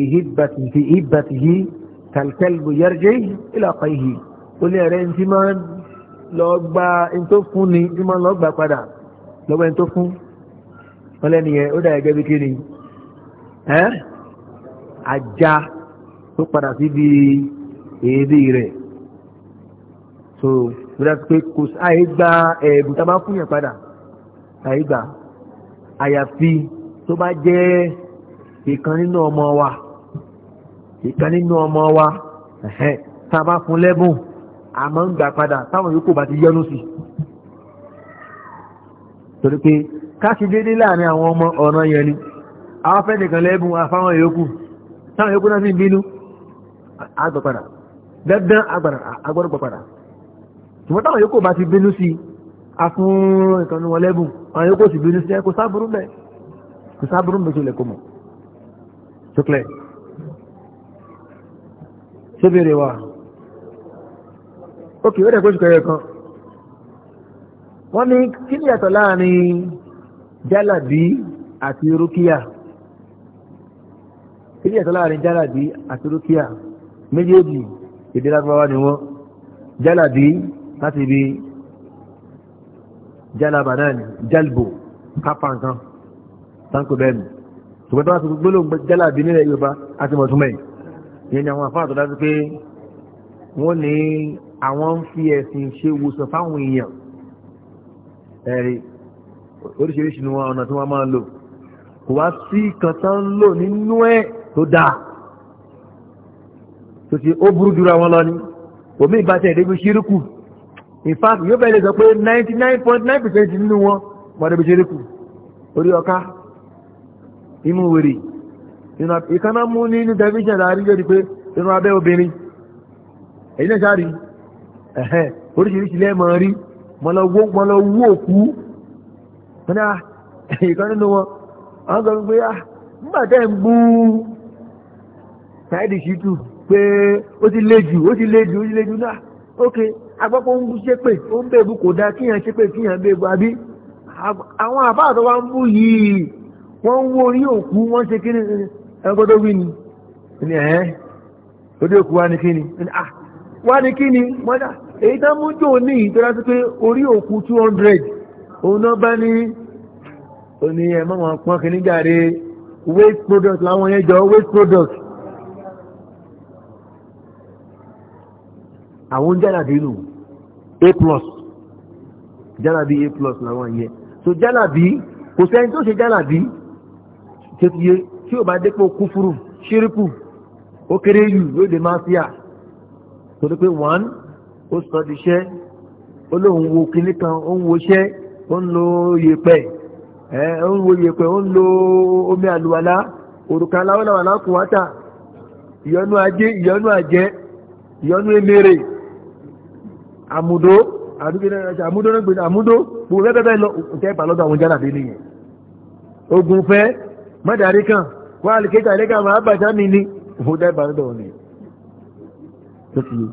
hibbatihi kalkalbu yarji ila qayhi ó ní ẹ̀rẹ́ ń ti máa lọ gba ẹni tó fún ni ní máa lọ gbà padà lọ́gbà ẹni tó fún wọn lẹ́nu yẹn ó dà gẹ́gẹ́ bí kíni ẹ́ ajá tó padà síbi èédé rẹ̀ so gbọ́dọ̀ pé kò sáyé gba ẹ̀bùn tá a bá fún yẹn padà sáyé gbà àyàfi tó bá jẹ́ ìkan nínú ọmọ wa ìkan nínú ọmọ wa tá a bá fún lẹ́bùn àmọ́ ń gbà padà táwọn yòókù bá ti yẹnu sí torí pé káṣí déédéé láàrin àwọn ọmọ ọ̀nà yẹn ni àwọn afẹ́ nìkan lẹ́bùn afáwọn yòókù táwọn yòókù náà sì ń bínú àgbà padà dandan agbọ́dọ̀ gbà padà ṣùgbọ́n táwọn yòókù bá ti bínú sí a fún ìkànnì wọn lẹ́bùn àwọn yòókù sì bínú sí ẹ kò sábúrú mẹ́ kò sábúrú mẹ́ tó lè kó mọ̀ tó kílẹ̀ tó bèrè wa ókè ó dẹ̀ kó ṣùkọ́ yẹ kan wọ́n ní kí ni yàtọ̀ láàrin jálàbí àti rúkíà kí ni yàtọ̀ láàrin jálàbí àti rúkíà méjèèjì èdè lágbàwá ni wọ́n jálàbí láti ibi jálàbà náà ni jálbò kápá nǹkan sáńkò bẹ́ẹ̀ nù ṣùgbọ́n tó wá sí gbólóhùn jálàbí nílẹ̀ Yorùbá àti mọ̀túnmẹ̀ yẹn ni àwọn àfáà dájú pé wọ́n ní àwọn ń fi ẹ̀sìn ṣe wòsàn fáwọn èèyàn ẹ̀rí oríṣiríṣi ni wọn ọ̀nà tí wọ́n máa lò kò wá sí kan tán ń lò nínú ẹ̀ tó dáa tó ti ó burú jura wọn lọ ni omi ìbáṣẹ ìdẹ́gbẹ́ ṣírùkù in fact yóò bẹ̀rẹ̀ sọ pé ninety nine point nine percent nínú wọn mọ̀dẹ́gbẹ́ ṣírùkù orí ọ̀ka imú wèrè ìkànnà mú ní ní tẹlifíṣàn àríjọ́ di pé inú abẹ́ obìnrin èyí náà ṣáà rí i ẹ̀hẹ́ oríṣiríṣi lẹ́ẹ̀mọ̀ rí wọ́n lọ wú òkú wọ́n ah, dá nínú wọn àwọn kan pé ah, nígbà tẹ́ ń bú Saidi Shittu pé ó ti le jù ó ti lé jù ó ti lé jù náà ah, ok agbọ́pọ̀ ń bú ó ń kò dáa kíyàn kíyàn àbí àwọn wa ń bú yìí wọ́n ń wó òkú wọ́n ṣe wí ni ẹ̀hẹ́ òkú wá ní kí ni mọ́dá èyí tán mú jò ní ìtọ́lá sí pé orí òkú 200 òun náà bá ní òní ẹ̀mọ́ wọn pọ́n kì nígbàre waste product láwọn yẹn jọ waste product àwọn jálàbí nù a plus jálàbí a plus láwọn yẹn so jálàbí kò sẹ́ni tó ṣe jálàbí tí ó bá dépò kúfúrú ṣírípù ó kéré yù lóde máa fíà torí pé one ó sọ di iṣẹ́ ó lóun wo kinní kan ó ń wo iṣẹ́ ó ń lo yèpẹ̀ ẹ ó ń wo yèpẹ̀ ó ń lo omi àlùwàlá òrùka aláwọ̀láwà lákùnwátà ìyọnu ajé ìyọnu àjẹ ìyọnu emèrè àmúdó àmúdó náà gbé àmúdó gbogbo bẹ́ẹ̀ lọ òkè ẹ̀bà lọ́dọ̀ àwọn nìyẹn ogun fẹ́ mọ́dàrí kan wọ́n àlùkéjà ẹlẹ́gàmọ́ àbàjá mi ni tó fi yé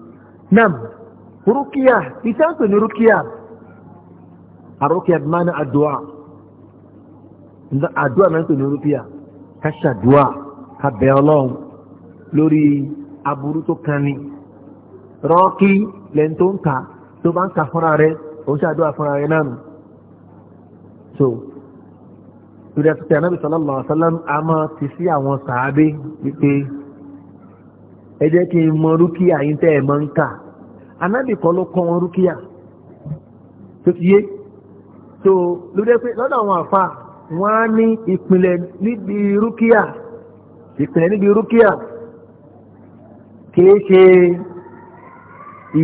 nam rúkìá ìtẹ́ǹpẹ̀ ní rúkìá àrùkìá bí adua ní àdúrà àdúrà náà ń pè ní rúkìá ká ṣàdúrà ká bẹ̀ ọlọ́run lórí aburú tó kan ni rọ́ọ̀kì lẹ́ni tó ń kà tó bá ń kà fúnra rẹ̀ so ìrẹsìtì anábì sallallahu alaihi wasallam a máa ti sí àwọn sàábé wípé ẹ jẹ́ kí n mọ rúkìá yín tẹ́ ẹ máa ń kà anábì ló wọn rúkìá tó ti yé so ló dé pé lọ́dọ̀ àwọn àfa wọn á ní ìpìlẹ̀ níbi rúkìá ìpìlẹ̀ níbi rúkìá kìí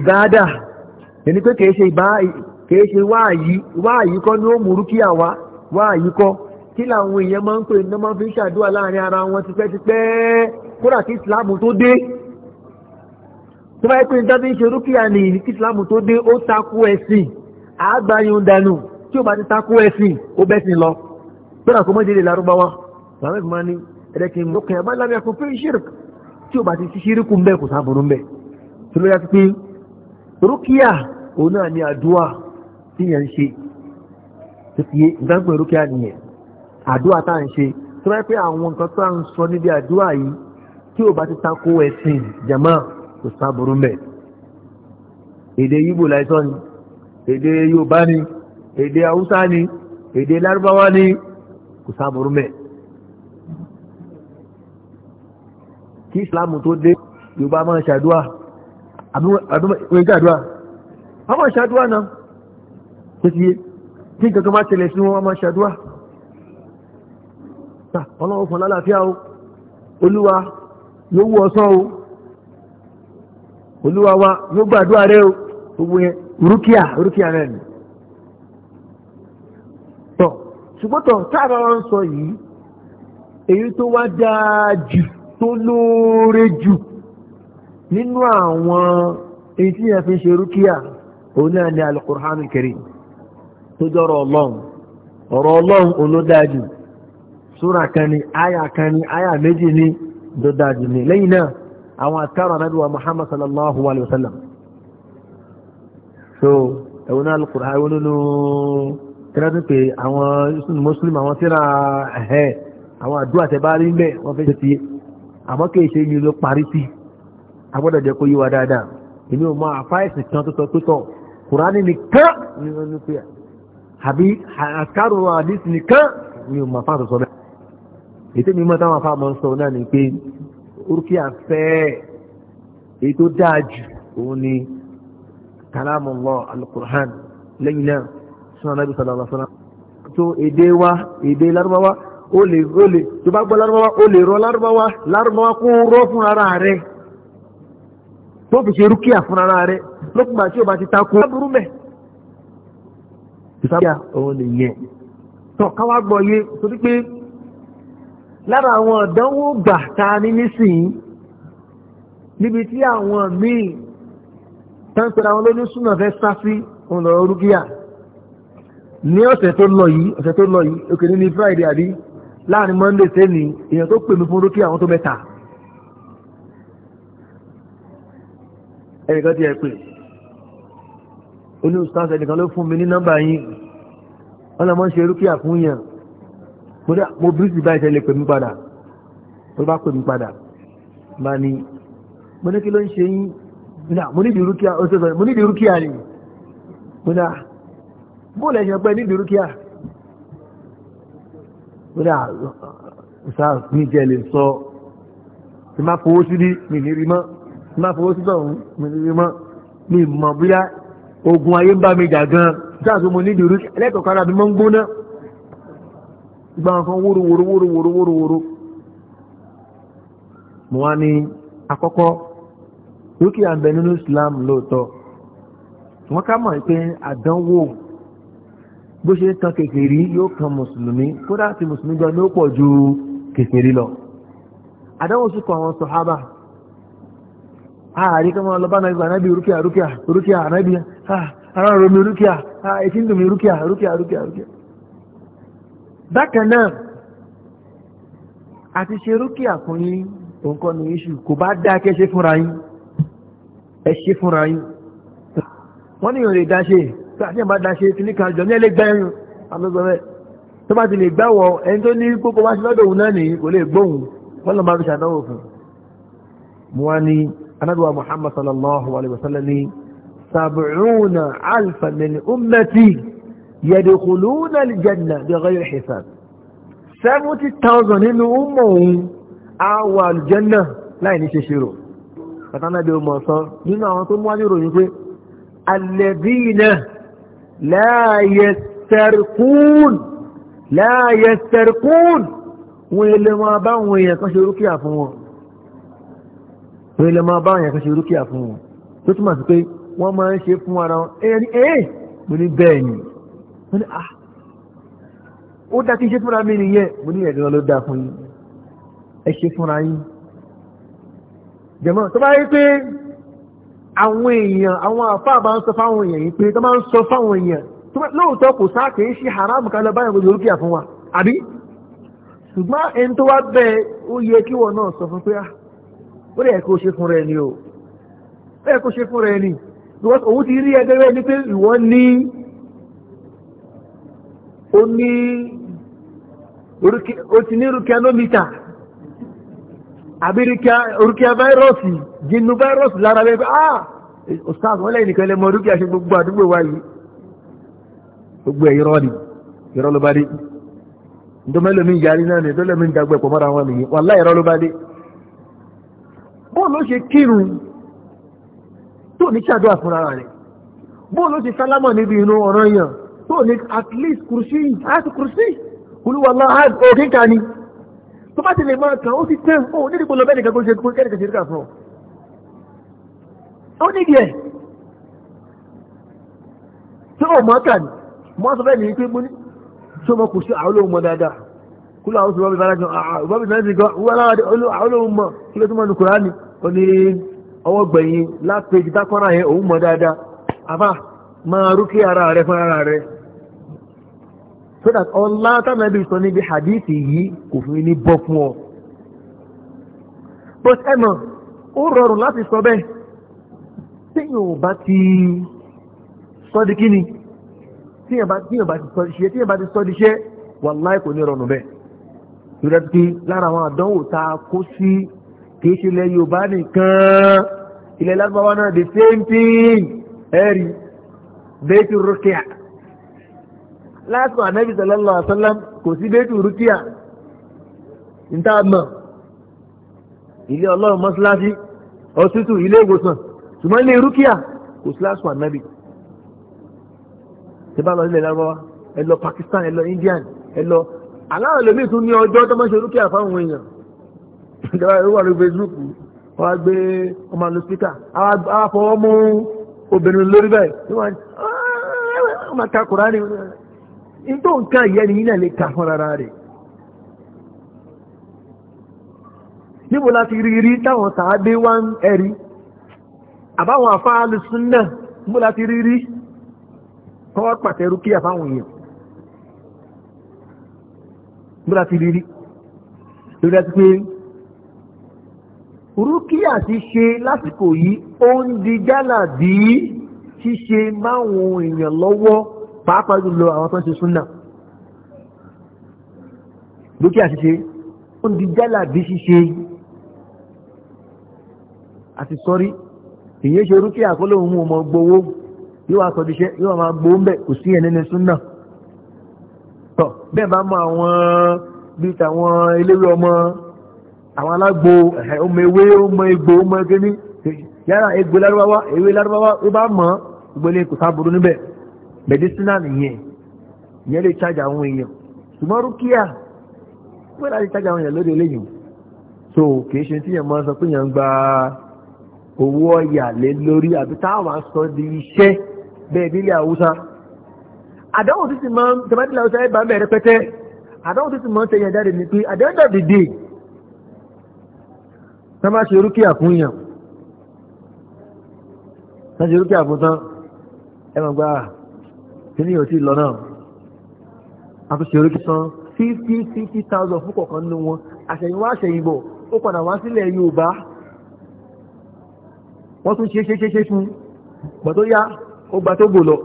ṣe ẹni pé kìí ṣe kìí ṣe wáàyí wáàyí kọ́ ní ó mú rúkìá wá wáàyí kọ́ kí làwọn èèyàn máa ń pè ní wọ́n máa fi ń ṣàdúrà ara wọn tó bá yẹ pé nítorí ṣe rúkìá ni kí islam tó dé ó takú ẹ̀sìn àgbáyún dànù tí ó bá ti takú ẹ̀sìn ó bẹ́sìn lọ gbọ́dọ̀ kó mọ́jẹ́lẹ̀ lárúbáwá mohammed mani ẹ̀rẹ́kì mọ́kànlá bá lábẹ́ ẹ̀kọ́ fún ìṣírìkù tí ó bá ti fi ṣírìkù ń bẹ́ kò sáàbùrú ń tó ló yàtọ̀ rúkìá òun náà ni àdúà tí yẹn ń ṣe tó ti yé nǹkan pé rúkìá nìyẹn àdúà tá à ń ṣe tó bá yẹ pé àwọn nǹkan tó à ń kò sáàbùrú mẹ́ èdè yíbò láìsọ́ ni èdè yorùbá ni èdè haúsá ni èdè lárúbáwá ni kò sáàbùrú mẹ́ kí ìsìláàmù tó dé yorùbá máa ṣàdúà àbúrò ìjàdúà wọ́n máa ṣàdúà náà tó ti yé nǹkan kan máa tẹ̀lẹ̀ sí wọn máa ṣàdúà ọlọ́run fún lálàáfíà o olúwa ló wú ọsán o olúwa wa yóò gbàdúrà rẹ o gbogbo yẹn rúkìá rúkìá ni tọ ṣùgbọ́n tọ táàbà wọn sọ yìí èyí tó wá dáa jù tó lóore jù nínú àwọn èyí tí yẹn fi ṣe rúkìá òun náà ni alukur'an kiri, tó jọrọ ọlọ́run ọlọ́run súra kan àwọn àtàrà nàbí wa muhammad sallallahu alayhi wa sallam so ẹ̀wọ̀n náà al-Qur'an ẹ̀wọ̀n nínú tíra tó pé àwọn muslim àwọn tíra ẹ̀hẹ́ àwọn àdúrà tẹ bá rí mbẹ́ wọ́n fẹ́ ṣe ti àmọ́ kì í ṣe yìí ló parí sí agbọ́dọ̀ jẹ́ kó yí wa dáadáa èmi ò mọ àfáìsì kan tó sọ pé tọ̀ kùránì nìkan ni wọ́n ní pé àbí àkàrò àdìsí nìkan ni ò mọ àfáà sọ bẹ́ẹ̀ ètò mi táwọn afáà sọ náà ni pé rúkìá fẹ́ èyí tó dáa jù òun ni kalamullah alukur'an lẹ́yìn náà sọ́nà nàbí sallallahu alaihi wasallam tó èdè wa èdè lárúbáwá ó lè ó lè tó bá gbọ́ lárúbáwá ó lè rọ lárúbáwá lárúbáwá kó rọ fún ara rẹ̀ tó fi ṣe rúkìá fún ara rẹ̀ lókùnbà tí o bá ti takò lábúrú mẹ́ ìsábíà òun nìyẹn tó káwá gbọ́ yé torí pé lára àwọn ọ̀dánwò gbà ta ní nísìnyí níbi tí àwọn míì tán pẹ̀lú àwọn olóníṣúná fẹ́ sá sí òun lọ́rọ̀ rúkìá ní ọ̀sẹ̀ tó lọ yìí ọ̀sẹ̀ tó lọ yìí òkè ní ní friday àbí láàrin monday sẹ́ni èèyàn tó pè mí fún rúkìá àwọn tó mẹ́ta ẹnìkan ti ẹ̀ pè oní ustaz ẹnìkan ló fún mi ní nọ́mbà yín wọ́n lọ́ mọ́ ṣe rúkìá fún yàn mo bírísì báyìí tẹ́lẹ̀ pè mí padà tó bá pè mí padà bá ní mo ní kí ló ń ṣe yín mo ní ìdírúkíà ó sọ mo ní ìdírúkíà ni mo ní bó lè ṣe pé ní ìdírúkíà mo ní sáà mi jẹ́ lè sọ tí máa fowó sí ní mi ní rí mọ́ tí máa fowó sí sọ̀hún mi ní rí mọ́ mi mọ̀ bóyá ogun ayé ń bá mi jà gan-an sáà tó mo ní ìdírúkíà lẹ́kọ̀ọ́ kára mi mọ́ ń gbóná. gba nǹkan wóró wóró wóró wóró wóró wóró mo wá ní àkọ́kọ́ dúkìá ń bẹ nínú Islam ká ṣe ń tan yóò kan mùsùlùmí kódà tí mùsùlùmí gan ní ó pọ̀ ju lọ lọ bá rúkìá rúkìá rúkìá ah, ara rúkìá ètí ah, ń dùn mí rúkìá bákan náà àti ṣe rúkìá fún yín òǹkọ́ ní iṣu kò bá dá kẹ́ ṣe fúnra yín ẹ ṣe fúnra yín wọ́n ní ìrìn ìdáṣe tí àti ìbá dáṣe tí ní kan jọ ní ẹlẹ́gbẹ́rin àmọ́gbọ́rẹ́ tó bá ti lè gbẹ́wọ̀ ẹni tó ní gbogbo wá sí lọ́dọ̀ òun náà nìyí kò lè gbóhùn wọ́n lọ máa fi ṣàdánwò fún mu wá ní anábíwá Muhammad sallallahu alaihi wasallam ní sàbùrùnà alfa min ummati yadkhuluna aljanna bighayri hisab seventy thousand nínú ọmọ òun àwọ̀ aljanna láì ní ṣeṣirò kàtànàbí ọmọ sọ nínú àwọn tó mú wá ní ìròyìn pé alladhina la yastarqun la yastarqun wọn ilé máa bá àwọn èèyàn kan ṣe rúkìá fún wọn wọn ilé máa bá àwọn èèyàn kan ṣe rúkìá fún wọn tó túmọ̀ sí pé wọ́n máa ń ṣe fún ara wọn ẹ̀yẹ́ ni ẹ̀ẹ́ mo ní bẹ́ẹ̀ ni wọ́n ní ah ó dá kí ṣe fúnra mi nìyẹn mo ní ẹ̀gbọ́n ló dá fún yín ẹ ṣe fúnra yín jẹ̀mọ́ tó bá yẹ pé àwọn èèyàn àwọn àfáà bá ń sọ fáwọn èèyàn yìí pé tó bá ń sọ fáwọn èèyàn lóòótọ́ kò sáà kì í ṣe haram kan lọ báyìí gbogbo orúkìá fún wa àbí ṣùgbọ́n ẹni tó wá bẹ́ẹ̀ ó yẹ kí wọ́n náà sọ fún pé ah, ó lè kó ṣe fún rẹ ni o ó lè kó ṣe fún rẹ because òun ti rí ẹgbẹ́ rẹ ni pé ìwọ ní ó ní ó ti ní rúkìá nómítà àbí rúkìá fáírọ́ọ̀sì jínú fáírọ́ọ̀sì lára lẹ́gbẹ́ ah ustaz wọ́n lẹ́yìn nìkan lẹ́mọ rúkìá ṣe gbogbo àdúgbò wa yìí gbogbo ẹ̀ irọ́ ni irọ́ ló bá dé ntọ́mẹ́lòmí yarí náà ni tọ́lẹ́mí ń dagbẹ́ pọ̀ mọ́ra wọn nìyí wàláhì irọ́ ló bá dé bóò ló ṣe kírun tó ní ṣàdúrà fúnra rẹ̀ bóò ló ṣe sálámọ̀ níbi inú ọ̀rọ̀ yàn So ní at least kùrùsí yìí àti kùrùsí olúwàlá òkè ká kani. tó bá ti lè máa kàn ó ti tẹ́ oh, ó ní ìpolówó bẹ́ẹ̀ nìkan kó ṣe kó kẹ́rì kẹ́sì ríkà fún ọ ó ní ìdíẹ̀ tí ó máa kàn mọ́ sọ bẹ́ẹ̀ ní pé mo ní tí ó máa kùrùsí àwọn olóhùn mọ́ dáadáa kúlọ̀ àwọn sọ̀rọ̀ bíbára kan àwọn bíbára ti gan wọ́n lára àwọn olóhùn mọ́ kí ló tún mọ́ ní kùránì ó ní ọwọ́ gbẹ̀yìn lápèjì dákọ́ra yẹn òun mọ́ dáadáa àbá máa rúkí ara rẹ fún ara rẹ so that ọlá tánàbí sọ níbi hadith yìí kò fún ní bọ́ fún ọ but ẹ mọ̀ ó rọrùn láti sọ bẹ́ẹ̀ téèyàn ò bá ti sọ di kíni téèyàn bá ti sọ di ṣe téèyàn bá ti sọ di ṣe wàláì kò ní rọrùn bẹ́ẹ̀ ìrẹ́ ti lára àwọn àdánwò ta kó sí kìí ṣe ilẹ̀ Yorùbá nìkan ilẹ̀ lágbàwá náà the same thing ẹ̀rí bẹ́ẹ̀ ti rọ́kẹ́à lásìkò ànábì sallallahu alaihi wasallam kò sí bẹ́ẹ̀tù rúkìá níta mọ̀ ilé ọlọ́run mọ́ṣáláṣí ọ̀ṣútù ilé ìwòsàn ṣùgbọ́n ilé rúkìá kò sí lásìkò ànábì tí bá lọ nílẹ̀ lárúbáwá ẹ lọ Pakistan ẹ lọ Indian ẹ lọ aláwọ̀ lèmi tún ní ọjọ́ tó máa ṣe rúkìá fáwọn èèyàn ìjọba ìwà lórí Facebook wọ́n gbé ọmọ àlọ́ spíkà á fọwọ́ obìnrin lórí bẹ́ẹ̀ wọ́n á ah, tó nǹkan ìyẹn ni náà lè kà fún rárá rẹ̀ níbo láti rí rí táwọn sàábé wá ń ẹ̀rí àbáwọn àfáàlù súnnà níbo láti rí rí kọ́ pàtẹ́rú kí àfáwọn èèyàn níbo láti rí rí lórí àti pé rúkìá ti ṣe lásìkò yìí ó ń di jálà bí ṣíṣe máwọn èèyàn lọ́wọ́ pàápàá jùlọ àwọn tó ń ṣe súnà dúkìá ṣíṣe ó ń di jálà bí ṣíṣe àti sọrí èyí ṣe rúkìá kó lóun mú ọmọ gbowó yóò wá sọdí iṣẹ́ yóò máa gbowó ń bẹ kò sí ẹni ní súnà tọ bẹ́ẹ̀ bá mọ àwọn bíi tàwọn eléwé ọmọ àwọn alágbo ọmọ ewé ọmọ egbò ọmọ egéní yàrá egbò lárúbáwá ewé lárúbáwá ó bá mọ ìgbélé kò sábúrú níbẹ̀ medicinal nìyẹn ìyẹn lè charge àwọn èèyàn ṣùgbọ́n rúkìá wọ́n láti charge àwọn èèyàn lóde eléyìí so kìí ṣe tí yẹn máa sọ pé yẹn ń gba owó ọ̀yà lé lórí àbí táwọn sọ di iṣẹ́ bẹ́ẹ̀ nílé haúsá àdánwò tó ti máa ń tẹ̀mẹ́tì haúsá ẹ̀ bá ń bẹ̀rẹ̀ pẹ́tẹ́ àdánwò tó ti máa ń tẹ̀yẹ̀ jáde ní pé àdánwò dìde tán bá ṣe rúkìá fún yàn tán ṣe rúkìá fún tán ẹ̀ máa gbá kíní ò tí lọ náà àtúnṣe orí kíkan fifty fifty thousand fún kọ̀ọ̀kan nínú wọn àṣẹ̀yìnwá àṣẹ̀yìnbọ̀ ó padà wá sílẹ̀ Yorùbá wọ́n tún ṣe ṣeṣeṣe fún gbà tó yá ó gbà tó gbò lọ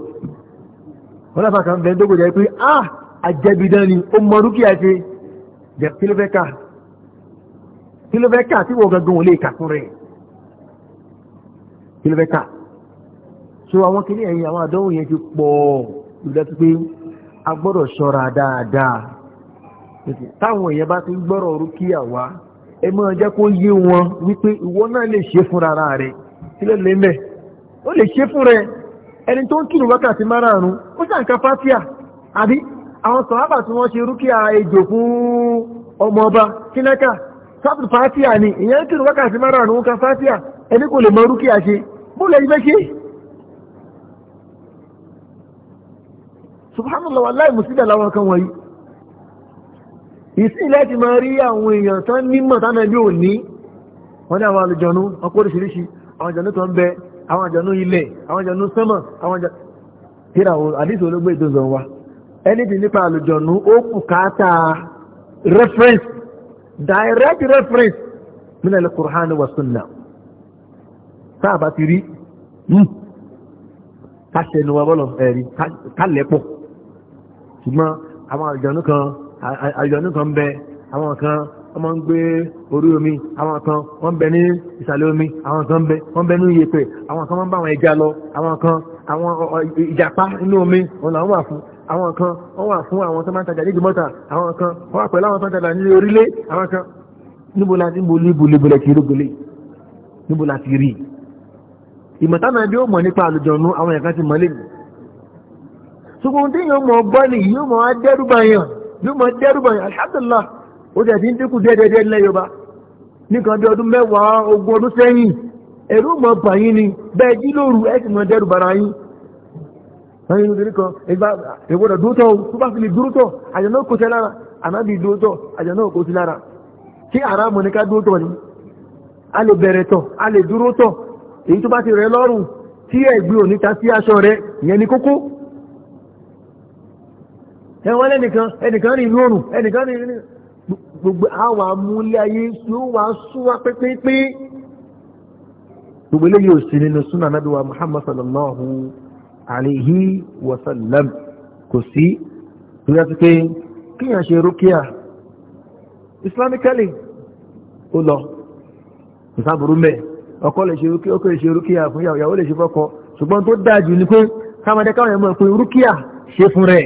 wọ́n láfà kan bẹ̀rẹ̀ tó gbò jẹ́ pé ah àjẹbìdán ni ó mọ dúkìá ṣe jẹ kí ló fẹ́ kà kí ló fẹ́ kà tí wọ́n gangan ò lè kà fún rẹ̀ kí so àwọn kìíní ẹ̀yìn àwọn àdánwò yẹn ti pọ̀ ìdájú pé a gbọ́dọ̀ ṣọ́ra dáadáa táwọn èèyàn bá ti ń gbọ́rọ̀ rúkìá wá ẹ máa jẹ́ kó yí wọn wípé ìwọ náà lè ṣe ó lè ṣe ẹni tó ń kírun wákàtí márààrún ó àbí àwọn tí wọ́n ṣe ọmọ ọba ni ìyẹn kírun wákàtí márààrún ó ẹni kò lè mọ ṣe bó lẹ́yìn subhanallah wallahi musílẹ̀ láwọn kan wọ̀nyí ìsìn ilẹ̀ ti máa rí àwọn èèyàn tán nímọ̀ tánà bí ò ní wọ́n ní àwọn àlùjọ̀nú ọkọ̀ oríṣiríṣi àwọn àjọ̀nú tó ń bẹ àwọn àjọ̀nú ilẹ̀ àwọn àjọ̀nú sánmọ̀ àwọn àjọ̀nú tíra àdísì olóògbé ìdózọ̀ wa ẹnìtì nípa àlùjọ̀nú ó kù káàtà reference direct reference min al-Qur'an wa sunnah sáà bá ti rí hmm, ká ṣẹnu wa bọ́lọ̀ ẹ̀rí ká lẹ́pọ̀ ṣùgbọ́n àwọn àjọ̀nú kan àjọ̀nú kan bẹ àwọn kan wọ́n máa ń gbé orí omi àwọn kan wọ́n bẹ ní ìsàlẹ̀ omi àwọn kan bẹ wọ́n bẹ ní iyẹ̀pẹ̀ àwọn kan máa ń bá àwọn ẹja lọ àwọn kan àwọn ìjàpá inú omi òun làwọn wà fún àwọn kan wọ́n wà fún àwọn tó máa ń tajà ní ìdìmọ́ta àwọn kan wọ́n wà pẹ̀lú àwọn tó ń tajà ní orílẹ̀ àwọn kan níbo la ti ń bolí bolí bolẹ̀ kí rógbélé níbo la ti rí ìmọ̀tánà bí ó mọ̀ nípa àlùjọ̀nú àwọn ẹ̀ka ti mọ̀ lẹ́nu ṣùgbọ́n tí yóò mọ̀ bọ́ ni yóò mọ̀ dẹ́rùbàyàn yóò mọ̀ dẹ́rùbàyàn alhamdulillah ó jẹ́ ti ń dínkù dẹ́dẹ́dẹ́ ilẹ̀ Yorùbá nìkan bí ọdún mẹ́wàá ogún ọdún sẹ́yìn ẹ̀rù mọ̀ bàyín ni bẹ́ẹ̀ jí lóru ẹ̀ sì mọ̀ dẹ́rùbàrà yín ẹ̀yìn nítorí kan ìgbọ́dọ̀ dúrótọ́ tó bá fi lè dúrótọ́ àjànà kò sí lára ànábì dúrótọ́ àjànà kò sí lára kí ara mọ̀ ní ká dúrótọ́ ni a lè bẹ̀rẹ̀ tọ̀ a lè dúrótọ́ èyí tó bá ti rẹ̀ lọ́rùn tí ẹ̀gbẹ́ òníta sí aṣọ rẹ̀ ìyẹn ni kókó ẹ̀wọ́n lẹ́nìkan ẹnìkan rìn lórùn ẹnìkan rìn rìn gbogbo àwọn amúlé ayé tí ó wà súnwá pépépé gbogbo eléyìí ò sí nínú súnà nábì wa Muhammad sallallahu alayhi wa sallam kò sí tó yá sí pé kíyàn ṣe rúkíà islamically ó lọ ìsáàbùrú mẹ́ ọkọ lè ṣe rúkíà ọkọ lè ṣe rúkíà fún ìyàwó lè ṣe fọ́kọ ṣùgbọ́n tó dáa jù ní pé káwọn ẹ̀dẹ́ káwọn ẹ̀mọ́ fún ṣe fún rẹ̀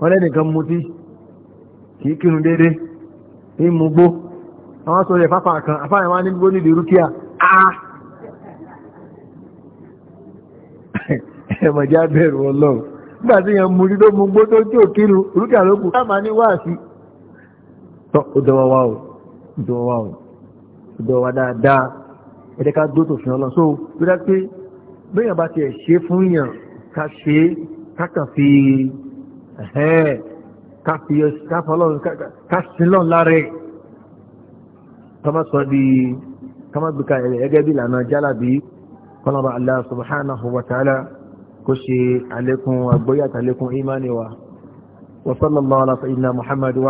wọ́n lẹ́nìkan mutí kì í kírun dédé ní mugbó àwọn sọ rẹ̀ fáfà kan àfáàyàn wá ní gbó nílùú irúkíà áá ah! <laughs> ẹ̀mọ̀já bẹ̀rù ọlọ́run nígbà tí yẹn mutí tó mugbó tó tí ò kírun irúkíà ló kù láàmà ní wáàsí wá o dọwọ́ wá so bí dáa pé bẹ́yàn bá tiẹ̀ ṣe káfílọ́n lárẹ̀ kama sọ bí kama gbíka ẹ̀rẹ̀ gẹ́gẹ́ bí lànà jálàbí kọlọ̀bà Allah subhanahu wa ta'ala kó ṣe alékún agbóyàtà alékún imani wa wa sallallahu ala sayyidina muhammadu